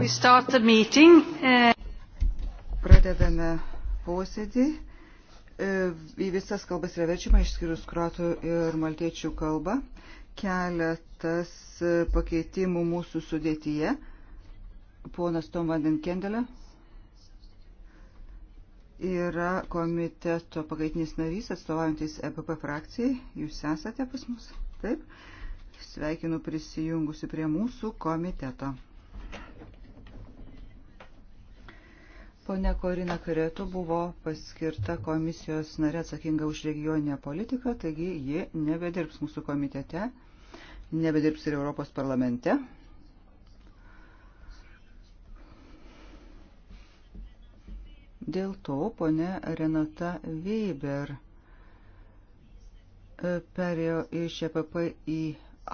We start the meeting. Eh. Pradedame posėdį. E, į visas kalbas yra verčiama, išskyrus kruatų ir maltiečių kalbą. Keletas e, pakeitimų mūsų sudėtyje. Ponas Tom Vandenkendelė yra komiteto pakaitinis narys, atstovaujantis EPP frakcijai. Jūs esate pas mus? Taip sveikinu prisijungusi prie mūsų komiteto. Pone Korina Karetu buvo paskirta komisijos nare atsakinga už regioninę politiką, taigi ji nebedirbs mūsų komitete, nebedirbs ir Europos parlamente. Dėl to ponė Renata Weber e, perėjo iš EPP į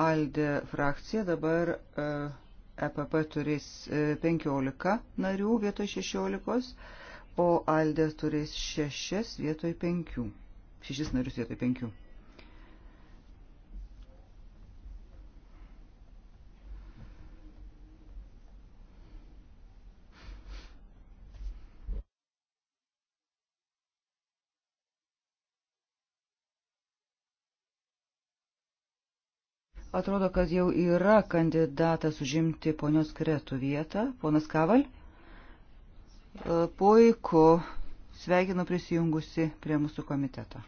Aldė frakcija dabar EPP e turės 15 e, narių vietoj 16, o Aldė turės 6 vietoj 5. 6 narius vietoj 5. Atrodo, kad jau yra kandidatas užimti ponios Kretų vietą. Ponas Kaval. E, puiku. Sveikinu prisijungusi prie mūsų komiteto.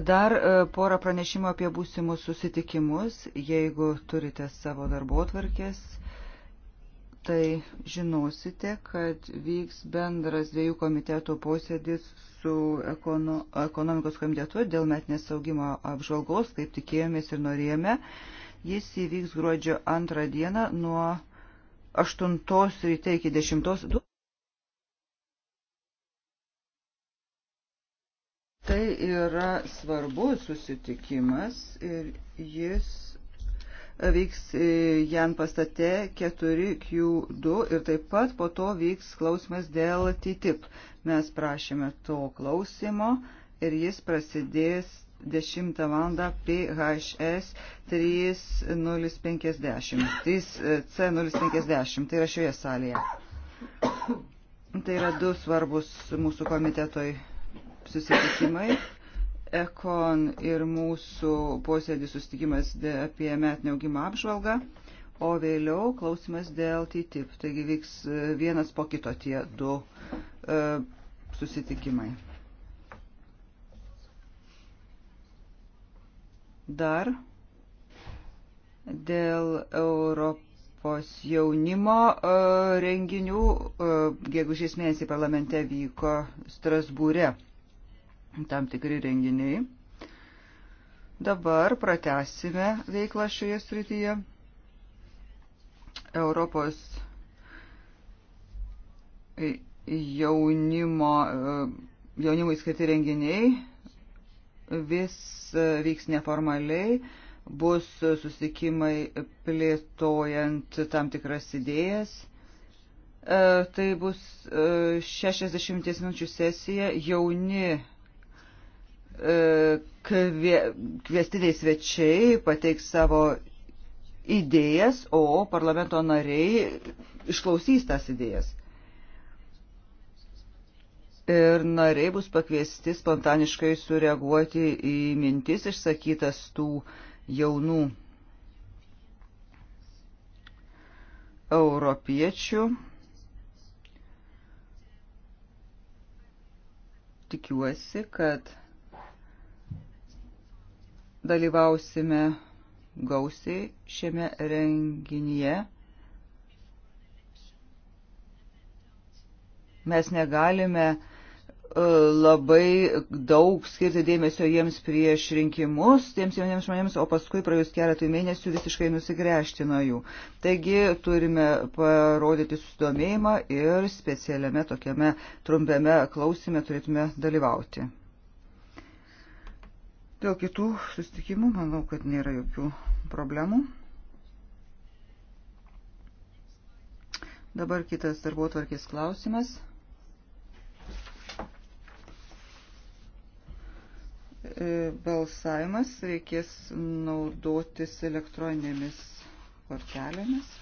Dar e, porą pranešimų apie būsimus susitikimus. Jeigu turite savo darbo tvarkės, tai žinosite, kad vyks bendras dviejų komitetų posėdis su ekono, ekonomikos komitetu dėl metinės saugimo apžvalgos, kaip tikėjomės ir norėjome. Jis įvyks gruodžio antrą dieną nuo 8 ryte iki 10. Tai yra svarbus susitikimas ir jis vyks e, Jan pastate 4Q2 ir taip pat po to vyks klausimas dėl TTIP. Mes prašėme to klausimo ir jis prasidės 10 val. PHS 3050. 3C050. Tai yra šioje salėje. Tai yra du svarbus mūsų komitetoj susitikimai. Ekon ir mūsų posėdis susitikimas apie metinio augimo apžvalgą, o vėliau klausimas dėl TTIP. Taigi vyks e, vienas po kito tie du e, susitikimai. Dar dėl Europos jaunimo e, renginių, e, gegužės mėnesį parlamente vyko Strasbūre. E, tam tikri renginiai. Dabar pratesime veiklą šioje srityje. Europos jaunimo, e, jaunimui skirti renginiai vis e, vyks neformaliai, bus susitikimai plėtojant tam tikras idėjas. E, tai bus 60 minučių sesija, jauni E, kvie, kvestiniai svečiai pateiks savo idėjas, o parlamento nariai išklausys tas idėjas. Ir nariai bus pakviesti spontaniškai sureaguoti į mintis išsakytas tų jaunų europiečių. Tikiuosi, kad dalyvausime gausiai šiame renginyje. Mes negalime e, labai daug skirti dėmesio jiems prieš rinkimus, tiems jauniems žmonėms, o paskui praėjus keletui mėnesių visiškai nusigręžti nuo jų. Taigi turime parodyti susidomėjimą ir specialiame tokiame trumpiame klausime turėtume dalyvauti. Dėl kitų sustikimų manau, kad nėra jokių problemų. Dabar kitas darbo tvarkės klausimas. E, balsavimas reikės naudotis elektroninėmis kortelėmis.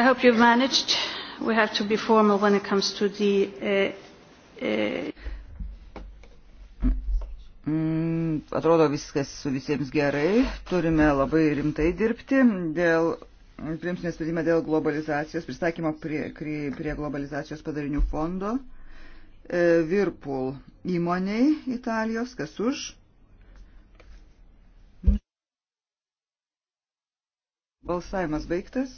I hope you've managed. We have to be formal when it comes to the. Uh, uh, Mm, atrodo viskas visiems gerai, turime labai rimtai dirbti dėl, priimsime sprendimą dėl globalizacijos, pristatymo prie, prie globalizacijos padarinių fondo. E, Virpul įmoniai Italijos, kas už? Balsavimas baigtas.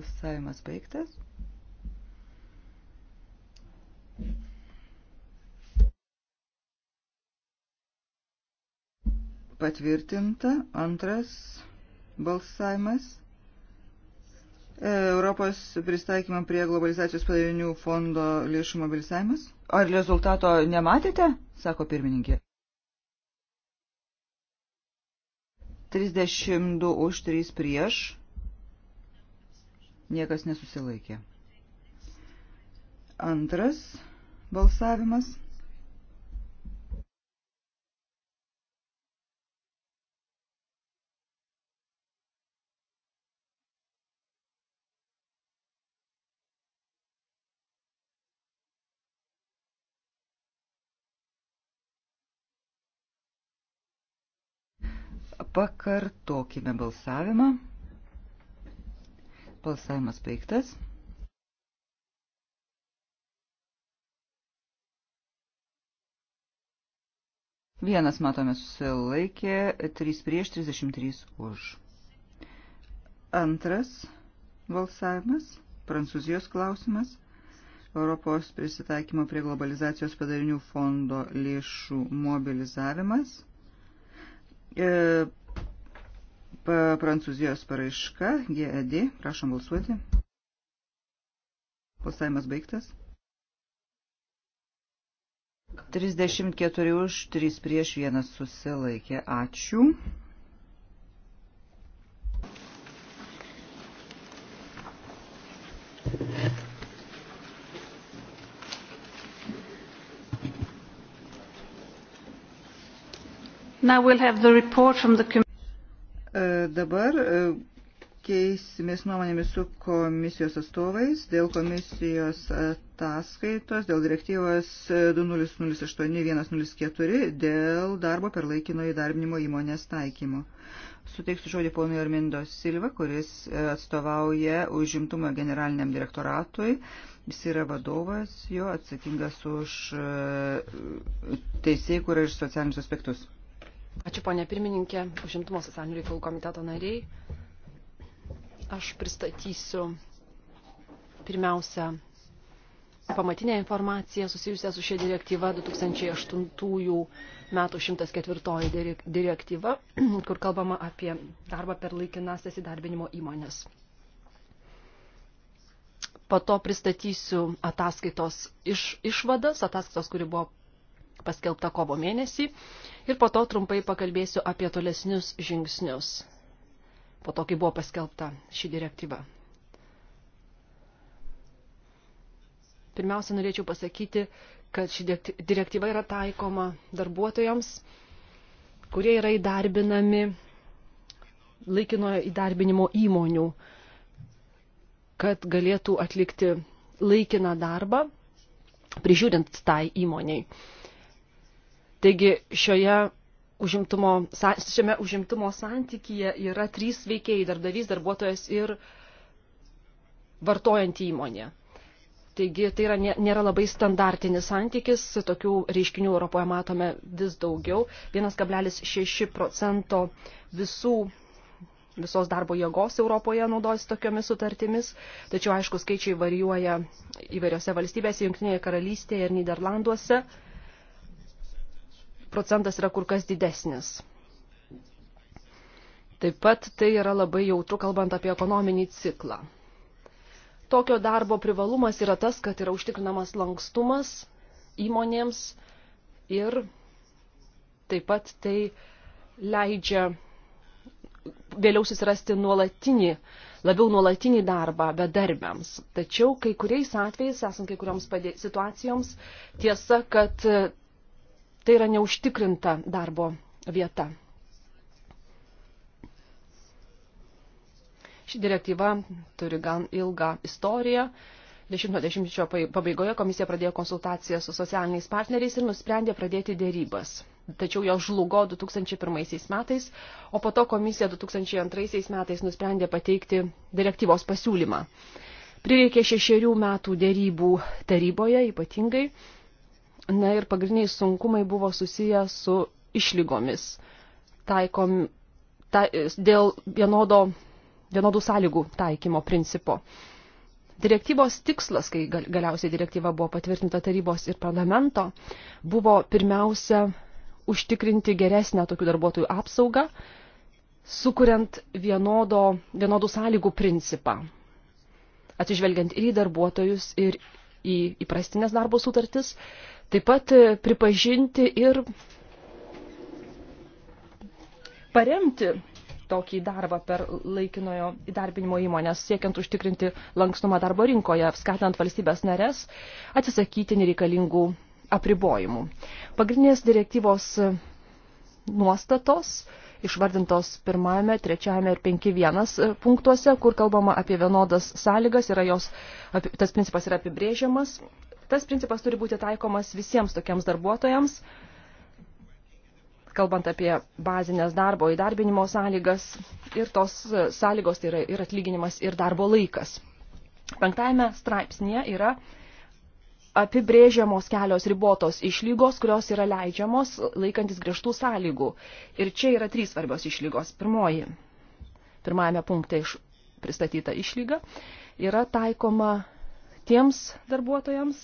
Balsavimas baigtas. Patvirtinta antras balsavimas. E, Europos pristaikymo prie globalizacijos padarinių fondo lėšų mobilizavimas? Ar rezultato nematėte, sako pirmininkė. 32 už 3 prieš. Niekas nesusilaikė. Antras balsavimas. Pakartokime balsavimą. Balsavimas baigtas. Vienas, matome, susilaikė, 3 prieš, 33 už. Antras balsavimas, Prancūzijos klausimas, Europos prisitaikymo prie globalizacijos padarinių fondo lėšų mobilizavimas. E, Prancūzijos paraiška GED. Prašom balsuoti. Balsavimas baigtas. 34 už, 3 prieš, 1 susilaikė. Ačiū. Now we'll have the report from the Dabar e, keisimės nuomonėmis su komisijos atstovais dėl komisijos ataskaitos, dėl direktyvos 2008-104 e, dėl darbo per laikino įdarbinimo įmonės taikymo. Suteiksiu žodį ponui Armindo Silva, kuris e, atstovauja užimtumo generaliniam direktoratui. Jis yra vadovas, jo atsakingas už teisėjų, kur ir socialinius aspektus. Ačiū, ponė pirmininkė, užimtumo socialinių reikalų komiteto nariai. Aš pristatysiu pirmiausia pamatinę informaciją susijusią su šia direktyva 2008 metų 104 direktyva, kur kalbama apie darbą per laikinasias įdarbinimo įmonės. Po to pristatysiu ataskaitos iš, išvadas, ataskaitos, kuri buvo paskelbta kovo mėnesį ir po to trumpai pakalbėsiu apie tolesnius žingsnius po to, kai buvo paskelbta ši direktyva. Pirmiausia, norėčiau pasakyti, kad ši direktyva yra taikoma darbuotojams, kurie yra įdarbinami laikinojo įdarbinimo įmonių, kad galėtų atlikti laikiną darbą, prižiūrint tai įmoniai. Taigi šioje užimtumo, šiame užimtumo santykyje yra trys veikėjai – darbdavys, darbuotojas ir vartojant įmonė. Taigi tai yra, nėra labai standartinis santykis, tokių reiškinių Europoje matome vis daugiau. 1,6 procento visų visos darbo jėgos Europoje naudojasi tokiomis sutartimis, tačiau aišku skaičiai varijuoja įvairiose valstybėse, Junktinėje karalystėje ir Niderlanduose procentas yra kur kas didesnis. Taip pat tai yra labai jautru, kalbant apie ekonominį ciklą. Tokio darbo privalumas yra tas, kad yra užtikrinamas lankstumas įmonėms ir taip pat tai leidžia vėliau susirasti nuolatinį, labiau nuolatinį darbą bedarbiams. Tačiau kai kuriais atvejais, esant kai kurioms padė, situacijoms, tiesa, kad tai yra neužtikrinta darbo vieta. Ši direktyva turi gan ilgą istoriją. 10-10 pabaigoje komisija pradėjo konsultaciją su socialiniais partneriais ir nusprendė pradėti dėrybas. Tačiau jo žlugo 2001 metais, o po to komisija 2002 metais nusprendė pateikti direktyvos pasiūlymą. Prireikė šešerių metų dėrybų taryboje ypatingai Na ir pagrindiniai sunkumai buvo susiję su išlygomis taikom, ta, dėl vienodo, vienodų sąlygų taikymo principo. Direktyvos tikslas, kai gal, galiausiai direktyva buvo patvirtinta tarybos ir parlamento, buvo pirmiausia užtikrinti geresnę tokių darbuotojų apsaugą, sukuriant vienodo, vienodų sąlygų principą, atsižvelgiant ir į darbuotojus, ir į įprastinės darbo sutartis, taip pat e, pripažinti ir paremti tokį darbą per laikinojo įdarbinimo įmonės, siekiant užtikrinti lankstumą darbo rinkoje, skatinant valstybės narės atsisakyti nereikalingų apribojimų. Pagrindinės direktyvos nuostatos išvardintos pirmame, trečiame ir 5.1 punktuose, kur kalbama apie vienodas sąlygas, yra jos, tas principas yra apibrėžiamas Tas principas turi būti taikomas visiems tokiems darbuotojams, kalbant apie bazinės darbo įdarbinimo sąlygas ir tos sąlygos tai yra ir atlyginimas, ir darbo laikas. Penktajame straipsnėje yra apibrėžiamos kelios ribotos išlygos, kurios yra leidžiamos laikantis griežtų sąlygų. Ir čia yra trys svarbios išlygos. Pirmoji, pirmajame punkte iš pristatyta išlyga, yra taikoma tiems darbuotojams,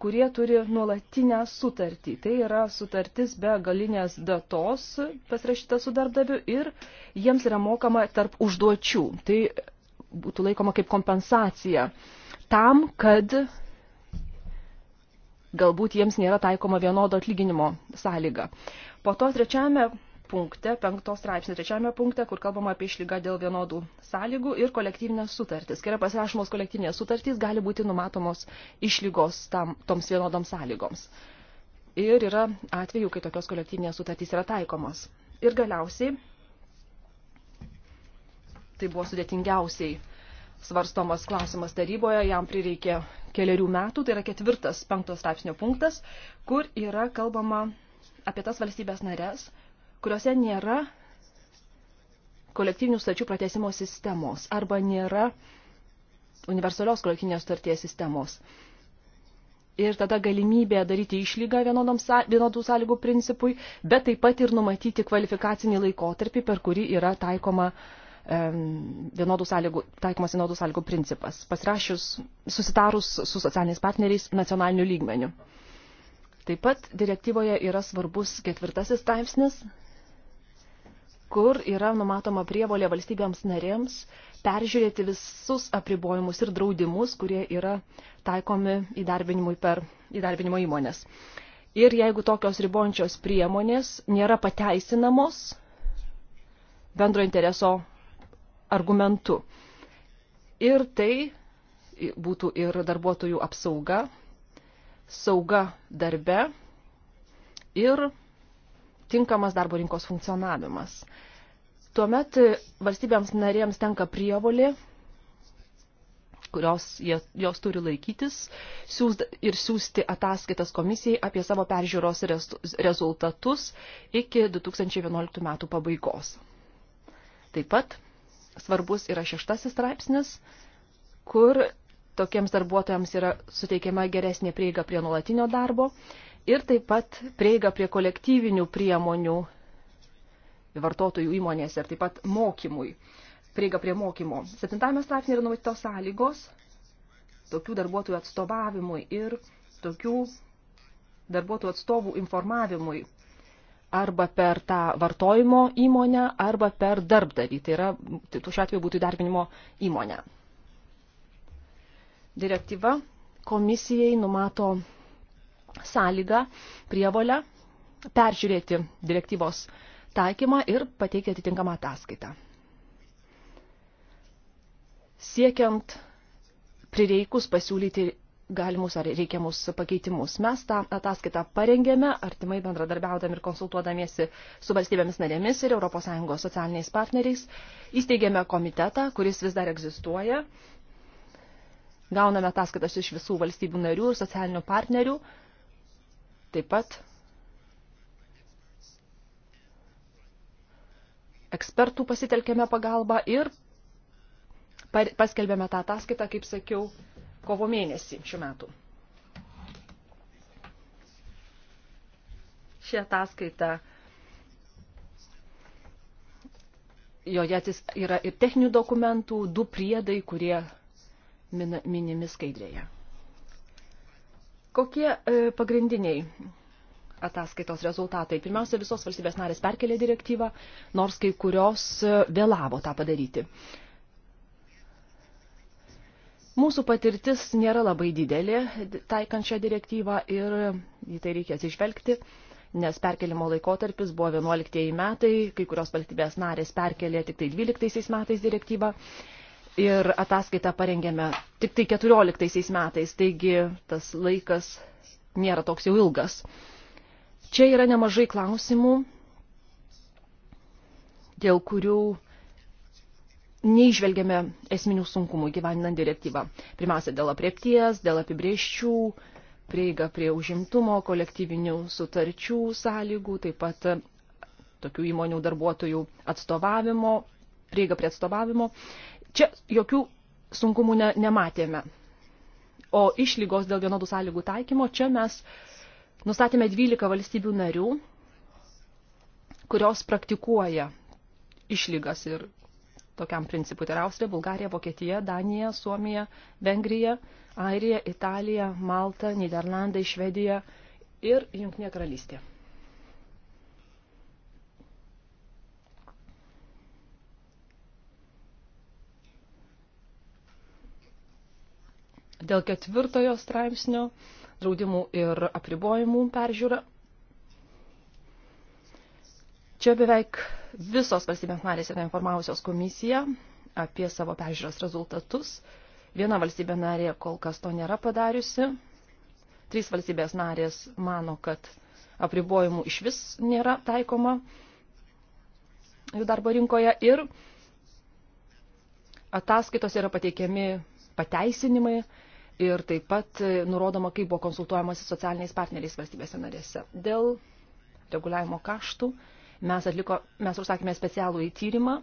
kurie turi nuolatinę sutartį. Tai yra sutartis be galinės datos pasirašyta su darbdaviu ir jiems yra mokama tarp užduočių. Tai būtų laikoma kaip kompensacija tam, kad galbūt jiems nėra taikoma vienodo atlyginimo sąlyga. Po to trečiame punkte, penktos straipsnio trečiame punkte, kur kalbama apie išlygą dėl vienodų sąlygų ir kolektyvinės sutartys. Kai yra pasirašomos kolektyvinės sutartys, gali būti numatomos išlygos tam, toms vienodoms sąlygoms. Ir yra atvejų, kai tokios kolektyvinės sutartys yra taikomos. Ir galiausiai, tai buvo sudėtingiausiai svarstomas klausimas taryboje, jam prireikė keliarių metų, tai yra ketvirtas penktos straipsnio punktas, kur yra kalbama apie tas valstybės narės, kuriuose nėra kolektyvinių stačių pratesimo sistemos arba nėra universalios kolektyvinės starties sistemos. Ir tada galimybė daryti išlygą vienodų sąlygų principui, bet taip pat ir numatyti kvalifikacinį laikotarpį, per kurį yra taikoma vienodų sąlygų, taikomas vienodų sąlygų principas, pasirašius susitarus su socialiniais partneriais nacionaliniu lygmeniu. Taip pat direktyvoje yra svarbus ketvirtasis straipsnis, kur yra numatoma prievolė valstybėms narėms peržiūrėti visus apribojimus ir draudimus, kurie yra taikomi įdarbinimui per įdarbinimo įmonės. Ir jeigu tokios ribojančios priemonės nėra pateisinamos bendro intereso argumentu. Ir tai būtų ir darbuotojų apsauga, sauga darbe ir tinkamas darbo rinkos funkcionavimas. Tuomet valstybėms narėms tenka prievolė, kurios jie, jos turi laikytis siūs, ir siūsti ataskaitas komisijai apie savo peržiūros rezultatus iki 2011 metų pabaigos. Taip pat svarbus yra šeštasis straipsnis, kur tokiems darbuotojams yra suteikiama geresnė prieiga prie nuolatinio darbo ir taip pat prieiga prie kolektyvinių priemonių vartotojų įmonėse ir taip pat mokymui. Prieiga prie mokymo. Septintame straipsnė yra numatytos sąlygos tokių darbuotojų atstovavimui ir tokių darbuotojų atstovų informavimui arba per tą vartojimo įmonę, arba per darbdavį. Tai yra, tai šiuo atveju būtų įdarbinimo įmonė. Direktyva komisijai numato sąlygą, prievolę peržiūrėti direktyvos taikymą ir pateikti atitinkamą ataskaitą. Siekiant prireikus pasiūlyti galimus ar reikiamus pakeitimus. Mes tą ataskaitą parengėme, artimai bendradarbiaudami ir konsultuodamiesi su valstybėmis narėmis ir ES socialiniais partneriais. Įsteigėme komitetą, kuris vis dar egzistuoja. Gauname ataskaitas iš visų valstybių narių ir socialinių partnerių. Taip pat ekspertų pasitelkėme pagalbą ir paskelbėme tą ataskaitą, kaip sakiau, kovo mėnesį šių metų. Ši ataskaita joje yra ir techninių dokumentų, du priedai, kurie minimi skaidrėje. Kokie e, pagrindiniai ataskaitos rezultatai? Pirmiausia, visos valstybės narės perkelė direktyvą, nors kai kurios e, vėlavo tą padaryti. Mūsų patirtis nėra labai didelė taikant šią direktyvą ir į tai reikia atsižvelgti, nes perkelimo laikotarpis buvo 11 metai, kai kurios valstybės narės perkelė tik tai 12 metais direktyvą ir ataskaitą parengėme tik tai 14 metais, taigi tas laikas nėra toks jau ilgas. Čia yra nemažai klausimų, dėl kurių neižvelgiame esminių sunkumų gyveninant direktyvą. Pirmiausia, dėl apriepties, dėl apibrieščių, prieiga prie užimtumo, kolektyvinių sutarčių sąlygų, taip pat tokių įmonių darbuotojų atstovavimo, prieiga prie atstovavimo Čia jokių sunkumų ne, nematėme. O išlygos dėl vienodų sąlygų taikymo, čia mes nustatėme 12 valstybių narių, kurios praktikuoja išlygas ir tokiam principui. Tai yra Austrija, Bulgarija, Vokietija, Danija, Suomija, Vengrija, Airija, Italija, Malta, Niderlandai, Švedija ir Junktinė karalystė. Dėl ketvirtojo straipsnio draudimų ir apribojimų peržiūra. Čia beveik visos valstybės narės yra informavusios komisiją apie savo peržiūros rezultatus. Viena valstybė narė kol kas to nėra padariusi. Trys valstybės narės mano, kad apribojimų iš vis nėra taikoma jų darbo rinkoje ir ataskaitos yra pateikiami pateisinimai ir taip pat e, nurodoma, kaip buvo konsultuojamasi socialiniais partneriais valstybėse narėse. Dėl reguliavimo kaštų mes, atliko, mes užsakėme specialų į tyrimą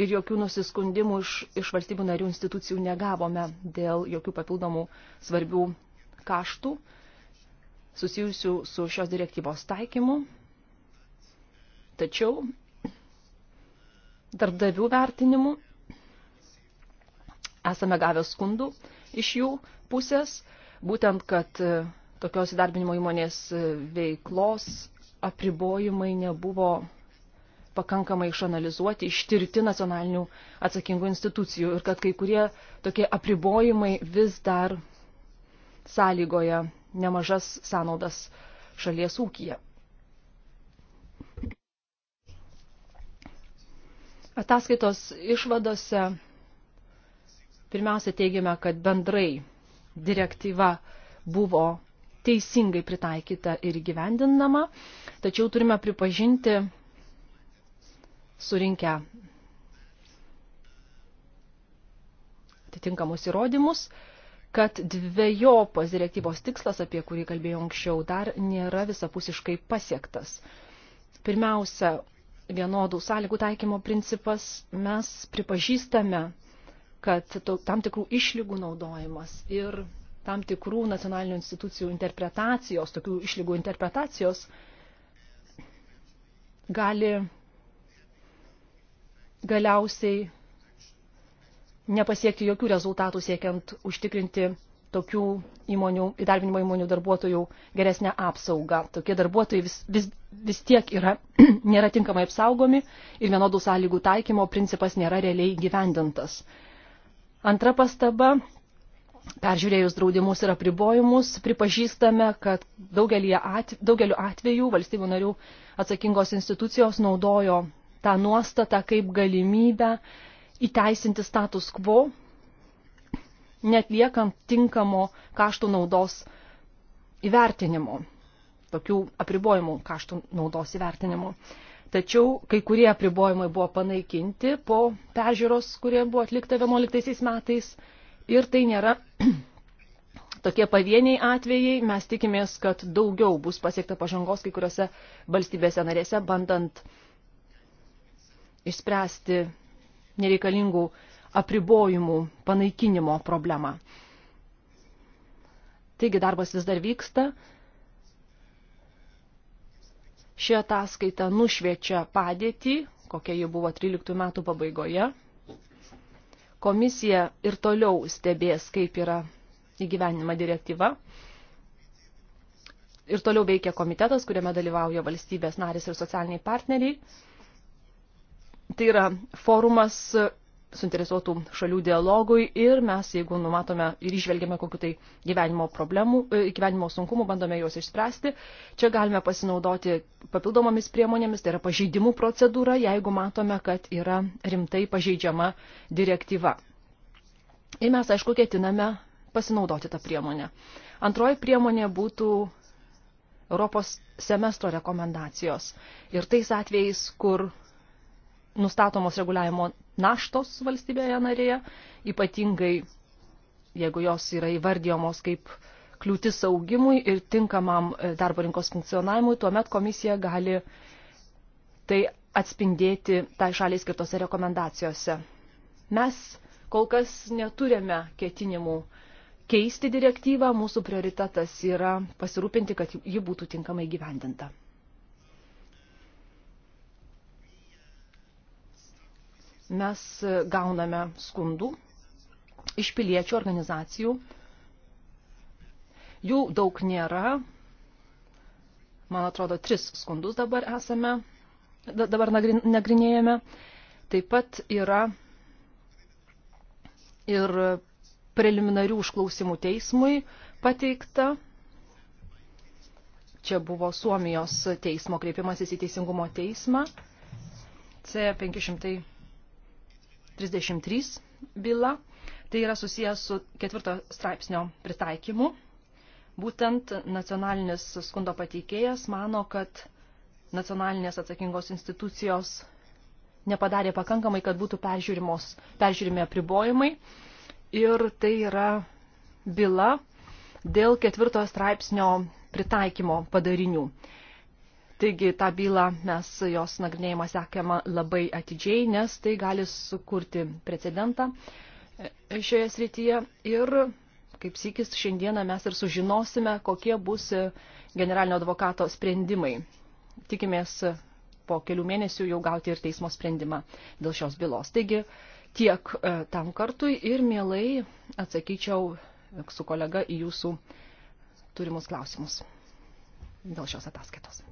ir jokių nusiskundimų iš, iš valstybių narių institucijų negavome dėl jokių papildomų svarbių kaštų susijusių su šios direktyvos taikymu. Tačiau darbdavių vertinimu esame gavę skundų iš jų, pusės, būtent, kad e, tokios įdarbinimo įmonės e, veiklos apribojimai nebuvo pakankamai išanalizuoti, ištirti nacionalinių atsakingų institucijų ir kad kai kurie tokie apribojimai vis dar sąlygoja nemažas sąnaudas šalies ūkija. Ataskaitos išvadose pirmiausia teigiame, kad bendrai direktyva buvo teisingai pritaikyta ir gyvendinama, tačiau turime pripažinti surinkę atitinkamus įrodymus, kad dviejopas direktyvos tikslas, apie kurį kalbėjau anksčiau, dar nėra visapusiškai pasiektas. Pirmiausia, vienodų sąlygų taikymo principas mes pripažįstame kad tam tikrų išlygų naudojimas ir tam tikrų nacionalinių institucijų interpretacijos, tokių išlygų interpretacijos gali galiausiai nepasiekti jokių rezultatų siekiant užtikrinti tokių įmonių, įdarbinimo įmonių darbuotojų geresnę apsaugą. Tokie darbuotojai vis, vis, vis tiek yra, nėra tinkamai apsaugomi ir vienodų sąlygų taikymo principas nėra realiai gyvendintas. Antra pastaba. Peržiūrėjus draudimus ir apribojimus, pripažįstame, kad daugeliu atveju valstybių narių atsakingos institucijos naudojo tą nuostatą kaip galimybę įteisinti status quo, netliekant tinkamo kaštų naudos įvertinimo, tokių apribojimų kaštų naudos įvertinimo. Uh, Tačiau kai kurie apribojimai buvo panaikinti po peržiūros, kurie buvo atlikta 11 metais. Ir tai nėra tokie pavieniai atvejai. Mes tikimės, kad daugiau bus pasiekta pažangos kai kuriuose valstybėse narėse, bandant išspręsti nereikalingų apribojimų panaikinimo problemą. Taigi darbas vis dar vyksta Ši ataskaita nušviečia padėtį, kokia ji buvo 13 metų pabaigoje. Komisija ir toliau stebės, kaip yra įgyvenima direktyva. Ir toliau veikia komitetas, kuriame dalyvauja valstybės narės ir socialiniai partneriai. Tai yra forumas suinteresuotų šalių dialogui ir mes, jeigu numatome ir išvelgiame kokiu tai gyvenimo problemų, e, gyvenimo sunkumų, bandome juos išspręsti. Čia galime pasinaudoti papildomomis priemonėmis, tai yra pažeidimų procedūra, jeigu matome, kad yra rimtai pažeidžiama direktyva. Ir mes, aišku, ketiname pasinaudoti tą priemonę. Antroji priemonė būtų Europos semestro rekomendacijos. Ir tais atvejais, kur nustatomos reguliavimo naštos valstybėje narėje, ypatingai jeigu jos yra įvardyjamos kaip kliūtis augimui ir tinkamam e, darbo rinkos funkcionavimui, tuomet komisija gali tai atspindėti tai šaliai skirtose rekomendacijose. Mes kol kas neturime ketinimų keisti direktyvą, mūsų prioritetas yra pasirūpinti, kad ji būtų tinkamai gyvendinta. mes gauname skundų iš piliečių organizacijų. Jų daug nėra. Man atrodo, tris skundus dabar esame, dabar nagrinėjame. Taip pat yra ir preliminarių užklausimų teismui pateikta. Čia buvo Suomijos teismo kreipimasis į teisingumo teismą. C500. 33 byla. Tai yra susijęs su ketvirto straipsnio pritaikymu. Būtent nacionalinis skundo pateikėjas mano, kad nacionalinės atsakingos institucijos nepadarė pakankamai, kad būtų peržiūrimi apribojimai. Ir tai yra byla dėl ketvirtojo straipsnio pritaikymo padarinių. Taigi tą bylą mes jos nagrinėjimą sekėme labai atidžiai, nes tai gali sukurti precedentą e, šioje srityje. Ir kaip sykis šiandieną mes ir sužinosime, kokie bus generalinio advokato sprendimai. Tikimės po kelių mėnesių jau gauti ir teismo sprendimą dėl šios bylos. Taigi tiek e, tam kartui ir mielai atsakyčiau e, su kolega į jūsų turimus klausimus dėl šios ataskaitos.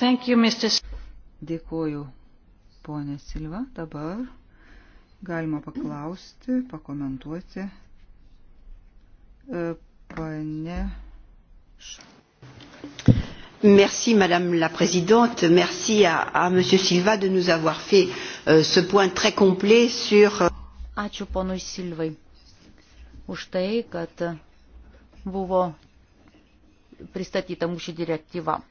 Thank you, Mr. Dėkuoju, ponė Silva. Dabar galima paklausti, pakomentuoti. E, pane. Merci Madame la Présidente, merci à, à Monsieur Silva de nous avoir fait euh, ce point très complet sur. Euh, Ačiū ponui Silvai už tai, kad buvo pristatyta mūsų direktyva.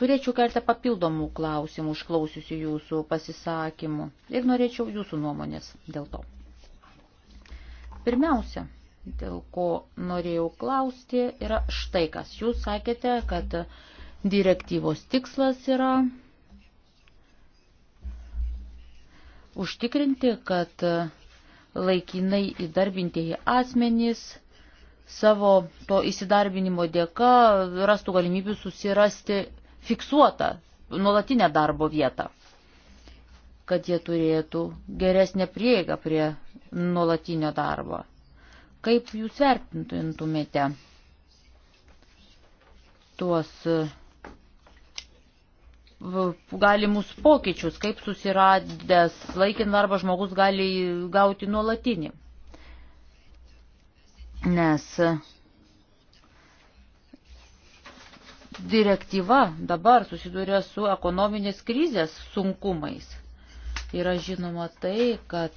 Turėčiau keletą papildomų klausimų užklausiusių jūsų pasisakymų ir norėčiau jūsų nuomonės dėl to. Pirmiausia, dėl ko norėjau klausti, yra štai kas. Jūs sakėte, kad direktyvos tikslas yra užtikrinti, kad laikinai įdarbintieji asmenys savo to įsidarbinimo dėka rastų galimybių susirasti fiksuotą nuolatinę darbo vietą, kad jie turėtų geresnę prieigą prie nuolatinio darbo. Kaip jūs vertintumėte tuos galimus pokyčius, kaip susiradęs laikin darbą žmogus gali gauti nuolatinį? Nes direktyva dabar susiduria su ekonominės krizės sunkumais. Yra žinoma tai, kad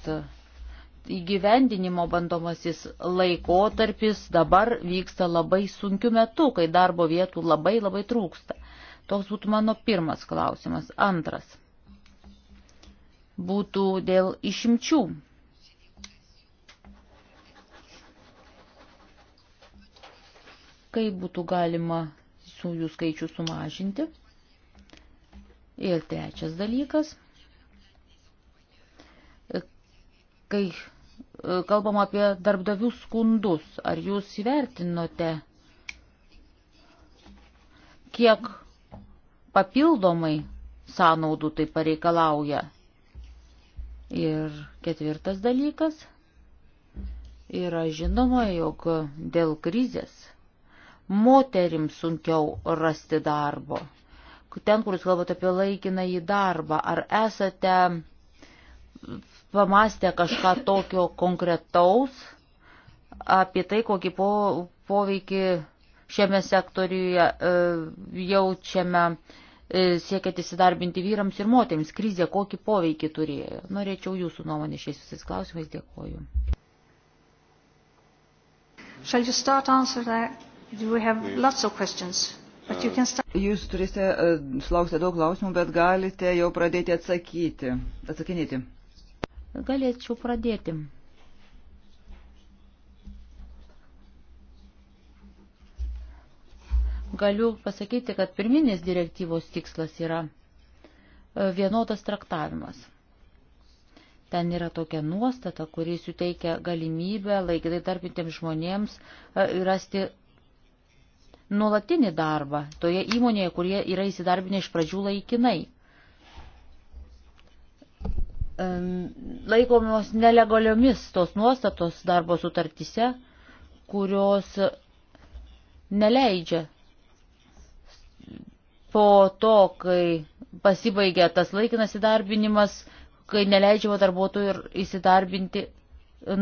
įgyvendinimo bandomasis laikotarpis dabar vyksta labai sunkiu metu, kai darbo vietų labai labai trūksta. Toks būtų mano pirmas klausimas. Antras būtų dėl išimčių. Kaip būtų galima su jų skaičių sumažinti. Ir trečias dalykas, kai e, kalbam apie darbdavių skundus, ar jūs įvertinote, kiek papildomai sąnaudų tai pareikalauja. Ir ketvirtas dalykas yra žinoma, jog dėl krizės moterims sunkiau rasti darbo. Ten, kur jūs kalbate apie laikiną į darbą, ar esate pamastę kažką tokio konkretaus apie tai, kokį po, poveikį šiame sektoriuje e, jaučiame e, siekiant įsidarbinti vyrams ir moteriams. Krizė kokį poveikį turėjo. Norėčiau jūsų nuomonę šiais visais klausimais. Dėkoju. Shall you start answer that Jūs turite, sulaukite daug klausimų, bet galite jau pradėti atsakyti, atsakinėti. Galėčiau pradėti. Galiu pasakyti, kad pirminis direktyvos tikslas yra e, vienodas traktavimas. Ten yra tokia nuostata, kuri suteikia galimybę laikinai darbintiems žmonėms e, rasti nuolatinį darbą toje įmonėje, kurie yra įsidarbinę iš pradžių laikinai. Laikomos nelegaliomis tos nuostatos darbo sutartise, kurios neleidžia po to, kai pasibaigia tas laikinas įdarbinimas, kai neleidžiama darbuotojų ir įsidarbinti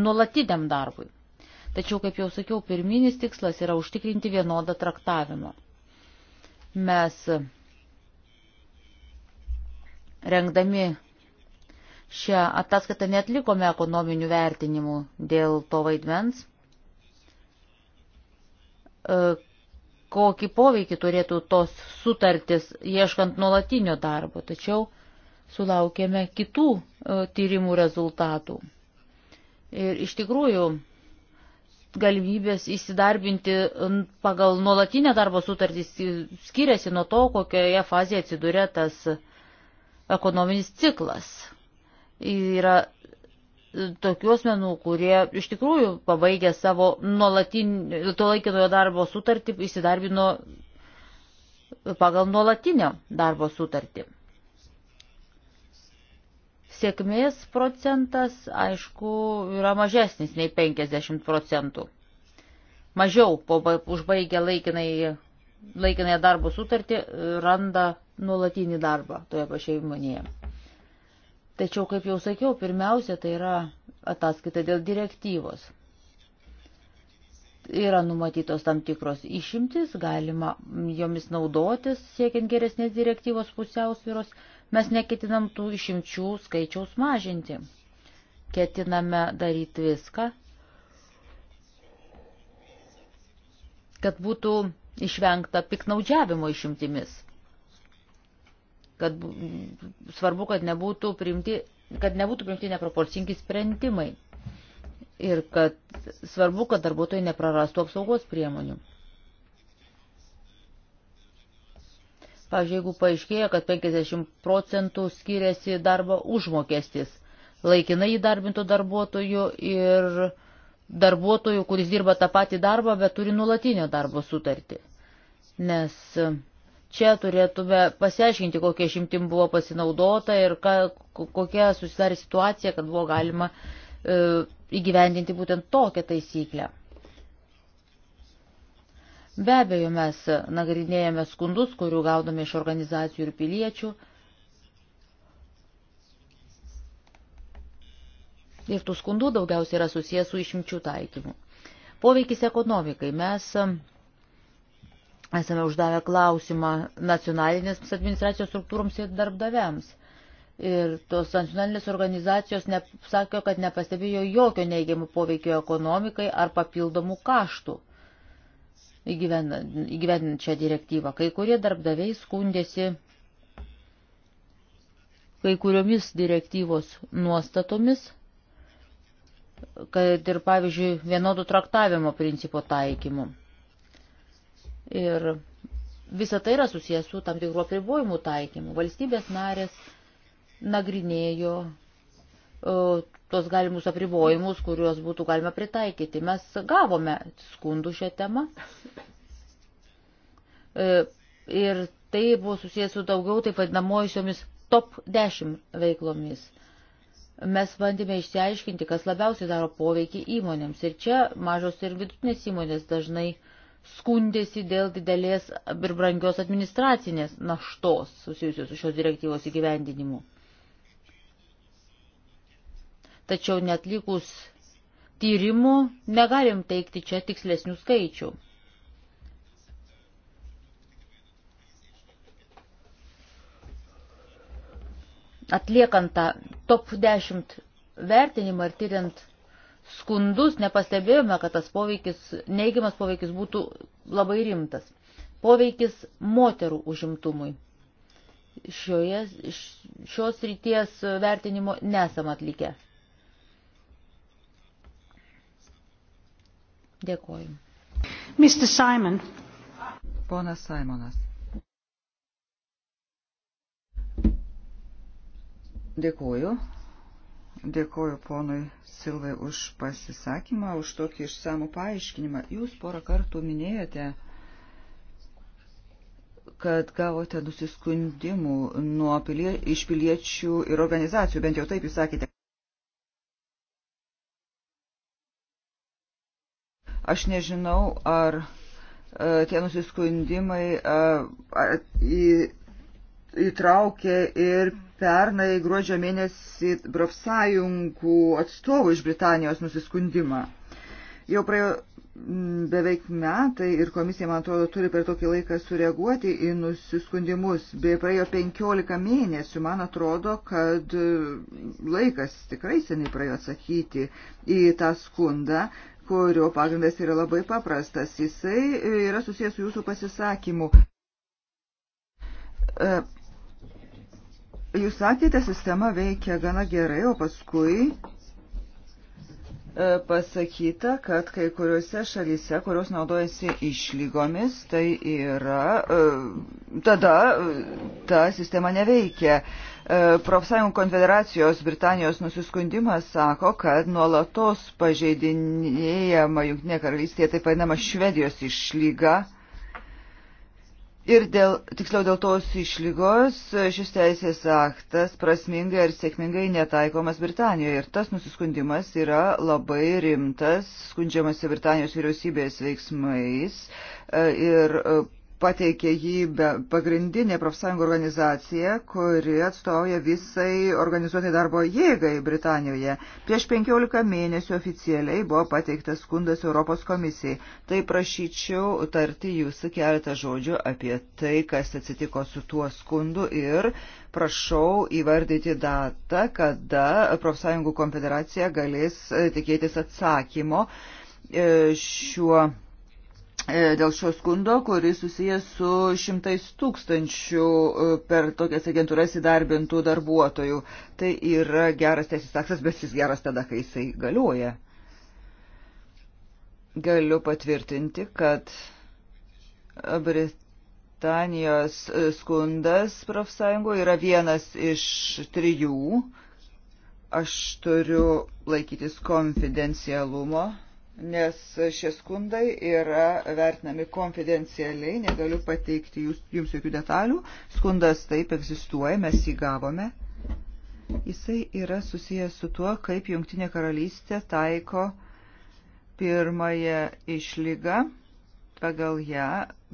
nuolatiniam darbui. Tačiau, kaip jau sakiau, pirminis tikslas yra užtikrinti vienodą traktavimą. Mes rengdami šią ataskaitą netlikome ekonominių vertinimų dėl to vaidmens, e, kokį poveikį turėtų tos sutartis ieškant nuolatinio darbo, tačiau sulaukėme kitų e, tyrimų rezultatų. Ir iš tikrųjų galimybės įsidarbinti pagal nuolatinę darbo sutartį skiriasi nuo to, kokioje fazėje atsiduria tas ekonominis ciklas. Yra e, tokių asmenų, kurie iš tikrųjų pabaigė savo nuolatinį, to laikinojo darbo sutartį, įsidarbino pagal nuolatinę darbo sutartį sėkmės procentas, aišku, yra mažesnis nei 50 procentų. Mažiau po užbaigę laikinai, laikinąją darbo sutartį randa nuolatinį darbą toje pačioje įmonėje. Tačiau, kaip jau sakiau, pirmiausia, tai yra ataskaita dėl direktyvos. Yra numatytos tam tikros išimtis, galima jomis naudotis, siekiant geresnės direktyvos pusiausvyros. vyros Mes neketinam tų išimčių skaičiaus mažinti. Ketiname daryti viską, kad būtų išvengta piknaudžiavimo išimtimis. Kad svarbu, kad nebūtų priimti, kad nebūtų priimti neproporcingi sprendimai. Ir kad svarbu, kad darbuotojai neprarastų apsaugos priemonių. Pavyzdžiui, jeigu paaiškėja, kad 50 procentų skiriasi darbo užmokestis laikinai įdarbintų darbuotojų ir darbuotojų, kuris dirba tą patį darbą, bet turi nulatinio darbo sutartį. Nes čia turėtume pasiaiškinti, kokie šimtim buvo pasinaudota ir ka, kokia susidarė situacija, kad buvo galima e, įgyvendinti būtent tokią taisyklę. Be abejo, mes nagrinėjame skundus, kurių gaudome iš organizacijų ir piliečių. Ir tų skundų daugiausiai yra susijęs su išimčių taikymu. Poveikis ekonomikai. Mes um, esame uždavę klausimą nacionalinės administracijos struktūroms ir darbdaviams. Ir tos nacionalinės organizacijos ne, sakė, kad nepastebėjo jokio neigiamų poveikio ekonomikai ar papildomų kaštų įgyvendinant šią direktyvą. Kai kurie darbdaviai skundėsi kai kuriomis direktyvos nuostatomis, kad ir, pavyzdžiui, vienodų traktavimo principo taikymu. Ir visa tai yra susijęs su tam tikruo apribojimų taikymu. Valstybės narės nagrinėjo tuos galimus apribojimus, kuriuos būtų galima pritaikyti. Mes gavome skundų šią temą. E, ir tai buvo susijęs su daugiau taip vadinamojusiomis top 10 veiklomis. Mes bandėme išsiaiškinti, kas labiausiai daro poveikį įmonėms. Ir čia mažos ir vidutinės įmonės dažnai skundėsi dėl didelės ir brangios administracinės naštos susijusios su šios direktyvos įgyvendinimu tačiau netlikus tyrimų negalim teikti čia tikslesnių skaičių. Atliekant tą top 10 vertinimą ir tyriant skundus, nepastebėjome, kad tas poveikis, neigiamas poveikis būtų labai rimtas. Poveikis moterų užimtumui. Šioje, šios ryties vertinimo nesam atlikę. Dėkoju. Mr. Simon. Ponas Simonas. Dėkoju. Dėkoju ponui Silvai už pasisakymą, už tokį išsamų paaiškinimą. Jūs porą kartų minėjote, kad gavote nusiskundimų nuo pilie, iš piliečių ir organizacijų, bent jau taip jūs sakėte. Aš nežinau, ar e, tie nusiskundimai e, įtraukė ir pernai gruodžio mėnesį profsąjungų atstovų iš Britanijos nusiskundimą. Jau praėjo beveik metai ir komisija, man atrodo, turi per tokį laiką sureaguoti į nusiskundimus. Be praėjo 15 mėnesių, man atrodo, kad e, laikas tikrai seniai praėjo atsakyti į tą skundą, kurio pagrindas yra labai paprastas. Jisai yra susijęs su jūsų pasisakymu. E, jūs sakėte, sistema veikia gana gerai, o paskui E, pasakyta, kad kai kuriuose šalyse, kurios naudojasi išlygomis, tai yra, e, tada e, ta sistema neveikia. Profsąjungų konfederacijos Britanijos nusiskundimas sako, kad nuolatos pažeidinėjama Junktinė karalystė, taip vadinama Švedijos išlyga Ir dėl, tiksliau dėl tos išlygos šis teisės aktas prasmingai ar sėkmingai netaikomas Britanijoje. Ir tas nusiskundimas yra labai rimtas, skundžiamasi Britanijos vyriausybės veiksmais e, ir e, pateikė jį be pagrindinė profsąjungo organizacija, kuri atstovauja visai organizuotai darbo jėgai Britanijoje. Prieš 15 mėnesių oficialiai buvo pateiktas skundas Europos komisijai. Tai prašyčiau tarti jūsų keletą žodžių apie tai, kas atsitiko su tuo skundu ir prašau įvardyti datą, kada profsąjungų konfederacija galės tikėtis atsakymo e, šiuo E, dėl šio skundo, kuris susijęs su šimtais tūkstančių e, per tokias agentūras įdarbintų darbuotojų. Tai yra geras teisės aktas, bet jis geras tada, kai jisai galioja. Galiu patvirtinti, kad Britanijos e, skundas profsąjungų yra vienas iš trijų. Aš turiu laikytis konfidencialumo nes šie skundai yra vertinami konfidencialiai, negaliu pateikti jūs, jums jokių detalių. Skundas taip egzistuoja, mes jį gavome. Jisai yra susijęs su tuo, kaip Junktinė karalystė taiko pirmąją išlygą. Pagal ją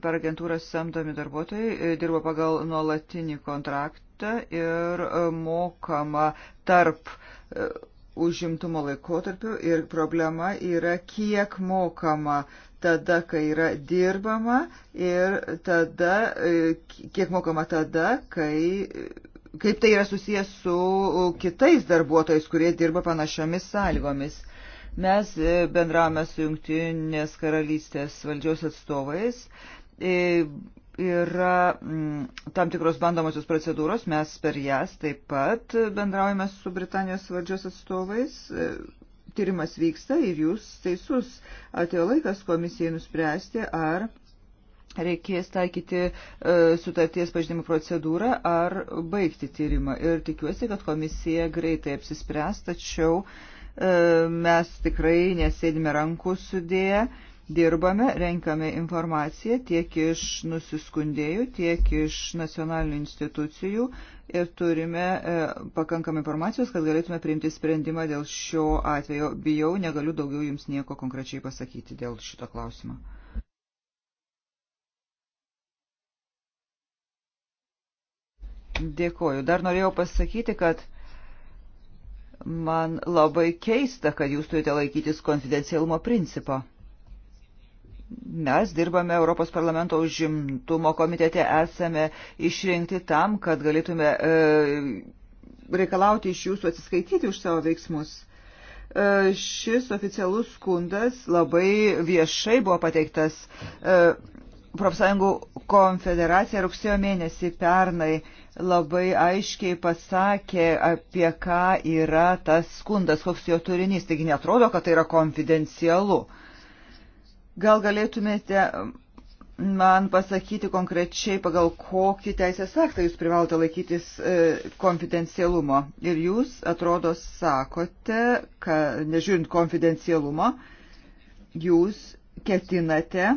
per agentūrą samdomi darbuotojai e, dirba pagal nuolatinį kontraktą ir e, mokama tarp e, užimtumo laikotarpiu ir problema yra, kiek mokama tada, kai yra dirbama ir tada, e, kiek mokama tada, kai, kaip tai yra susijęs su kitais darbuotojais, kurie dirba panašiomis sąlygomis. Mes e, bendravome su Junktinės karalystės valdžios atstovais e, yra m, mm, tam tikros bandomosios procedūros, mes per jas taip pat bendraujame su Britanijos valdžios atstovais. E, tyrimas vyksta ir jūs teisus. Atėjo laikas komisijai nuspręsti, ar reikės taikyti e, sutarties pažinimo procedūrą ar baigti tyrimą. Ir tikiuosi, kad komisija greitai apsispręs, tačiau e, mes tikrai nesėdime rankų sudėję. E, dirbame, renkame informaciją tiek iš nusiskundėjų, tiek iš nacionalinių institucijų ir turime e, pakankamai informacijos, kad galėtume priimti sprendimą dėl šio atvejo. Bijau, negaliu daugiau jums nieko konkrečiai pasakyti dėl šito klausimo. Dėkoju. Dar norėjau pasakyti, kad man labai keista, kad jūs turite laikytis konfidencialumo principo mes dirbame Europos parlamento užimtumo komitete, esame išrinkti tam, kad galėtume e, reikalauti iš jūsų atsiskaityti už savo veiksmus. E, šis oficialus skundas labai viešai buvo pateiktas e, profsąjungų konfederacija rugsėjo mėnesį pernai labai aiškiai pasakė, apie ką yra tas skundas, koks jo turinys. Taigi netrodo, kad tai yra konfidencialu. E, Gal galėtumėte um, man pasakyti konkrečiai, pagal kokį teisės aktą jūs privalote laikytis e, konfidencialumo. Ir jūs, atrodo, sakote, kad nežiūrint konfidencialumo, jūs ketinate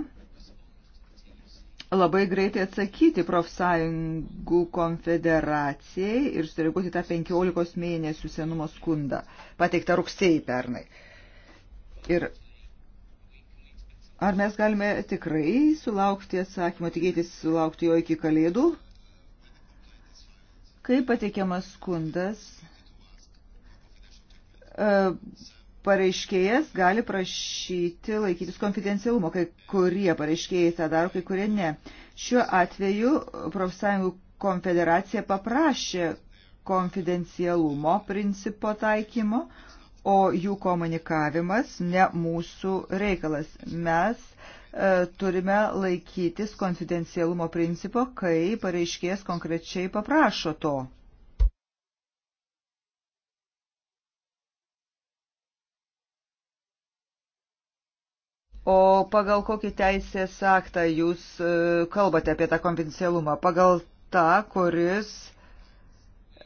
labai greitai atsakyti profsąjungų konfederacijai ir sureaguoti tą 15 mėnesių senumo skundą pateiktą rugsėjai pernai. Ir Ar mes galime tikrai sulaukti atsakymo, tikėtis sulaukti jo iki kalėdų? Kai pateikiamas skundas, e, pareiškėjas gali prašyti laikytis konfidencialumo, kai kurie pareiškėjai tą daro, kai kurie ne. Šiuo atveju profsąjungų konfederacija paprašė konfidencialumo principo taikymo, o jų komunikavimas ne mūsų reikalas. Mes e, turime laikytis konfidencialumo principo, kai pareiškės konkrečiai paprašo to. O pagal kokį teisės aktą jūs e, kalbate apie tą konfidencialumą? Pagal tą, kuris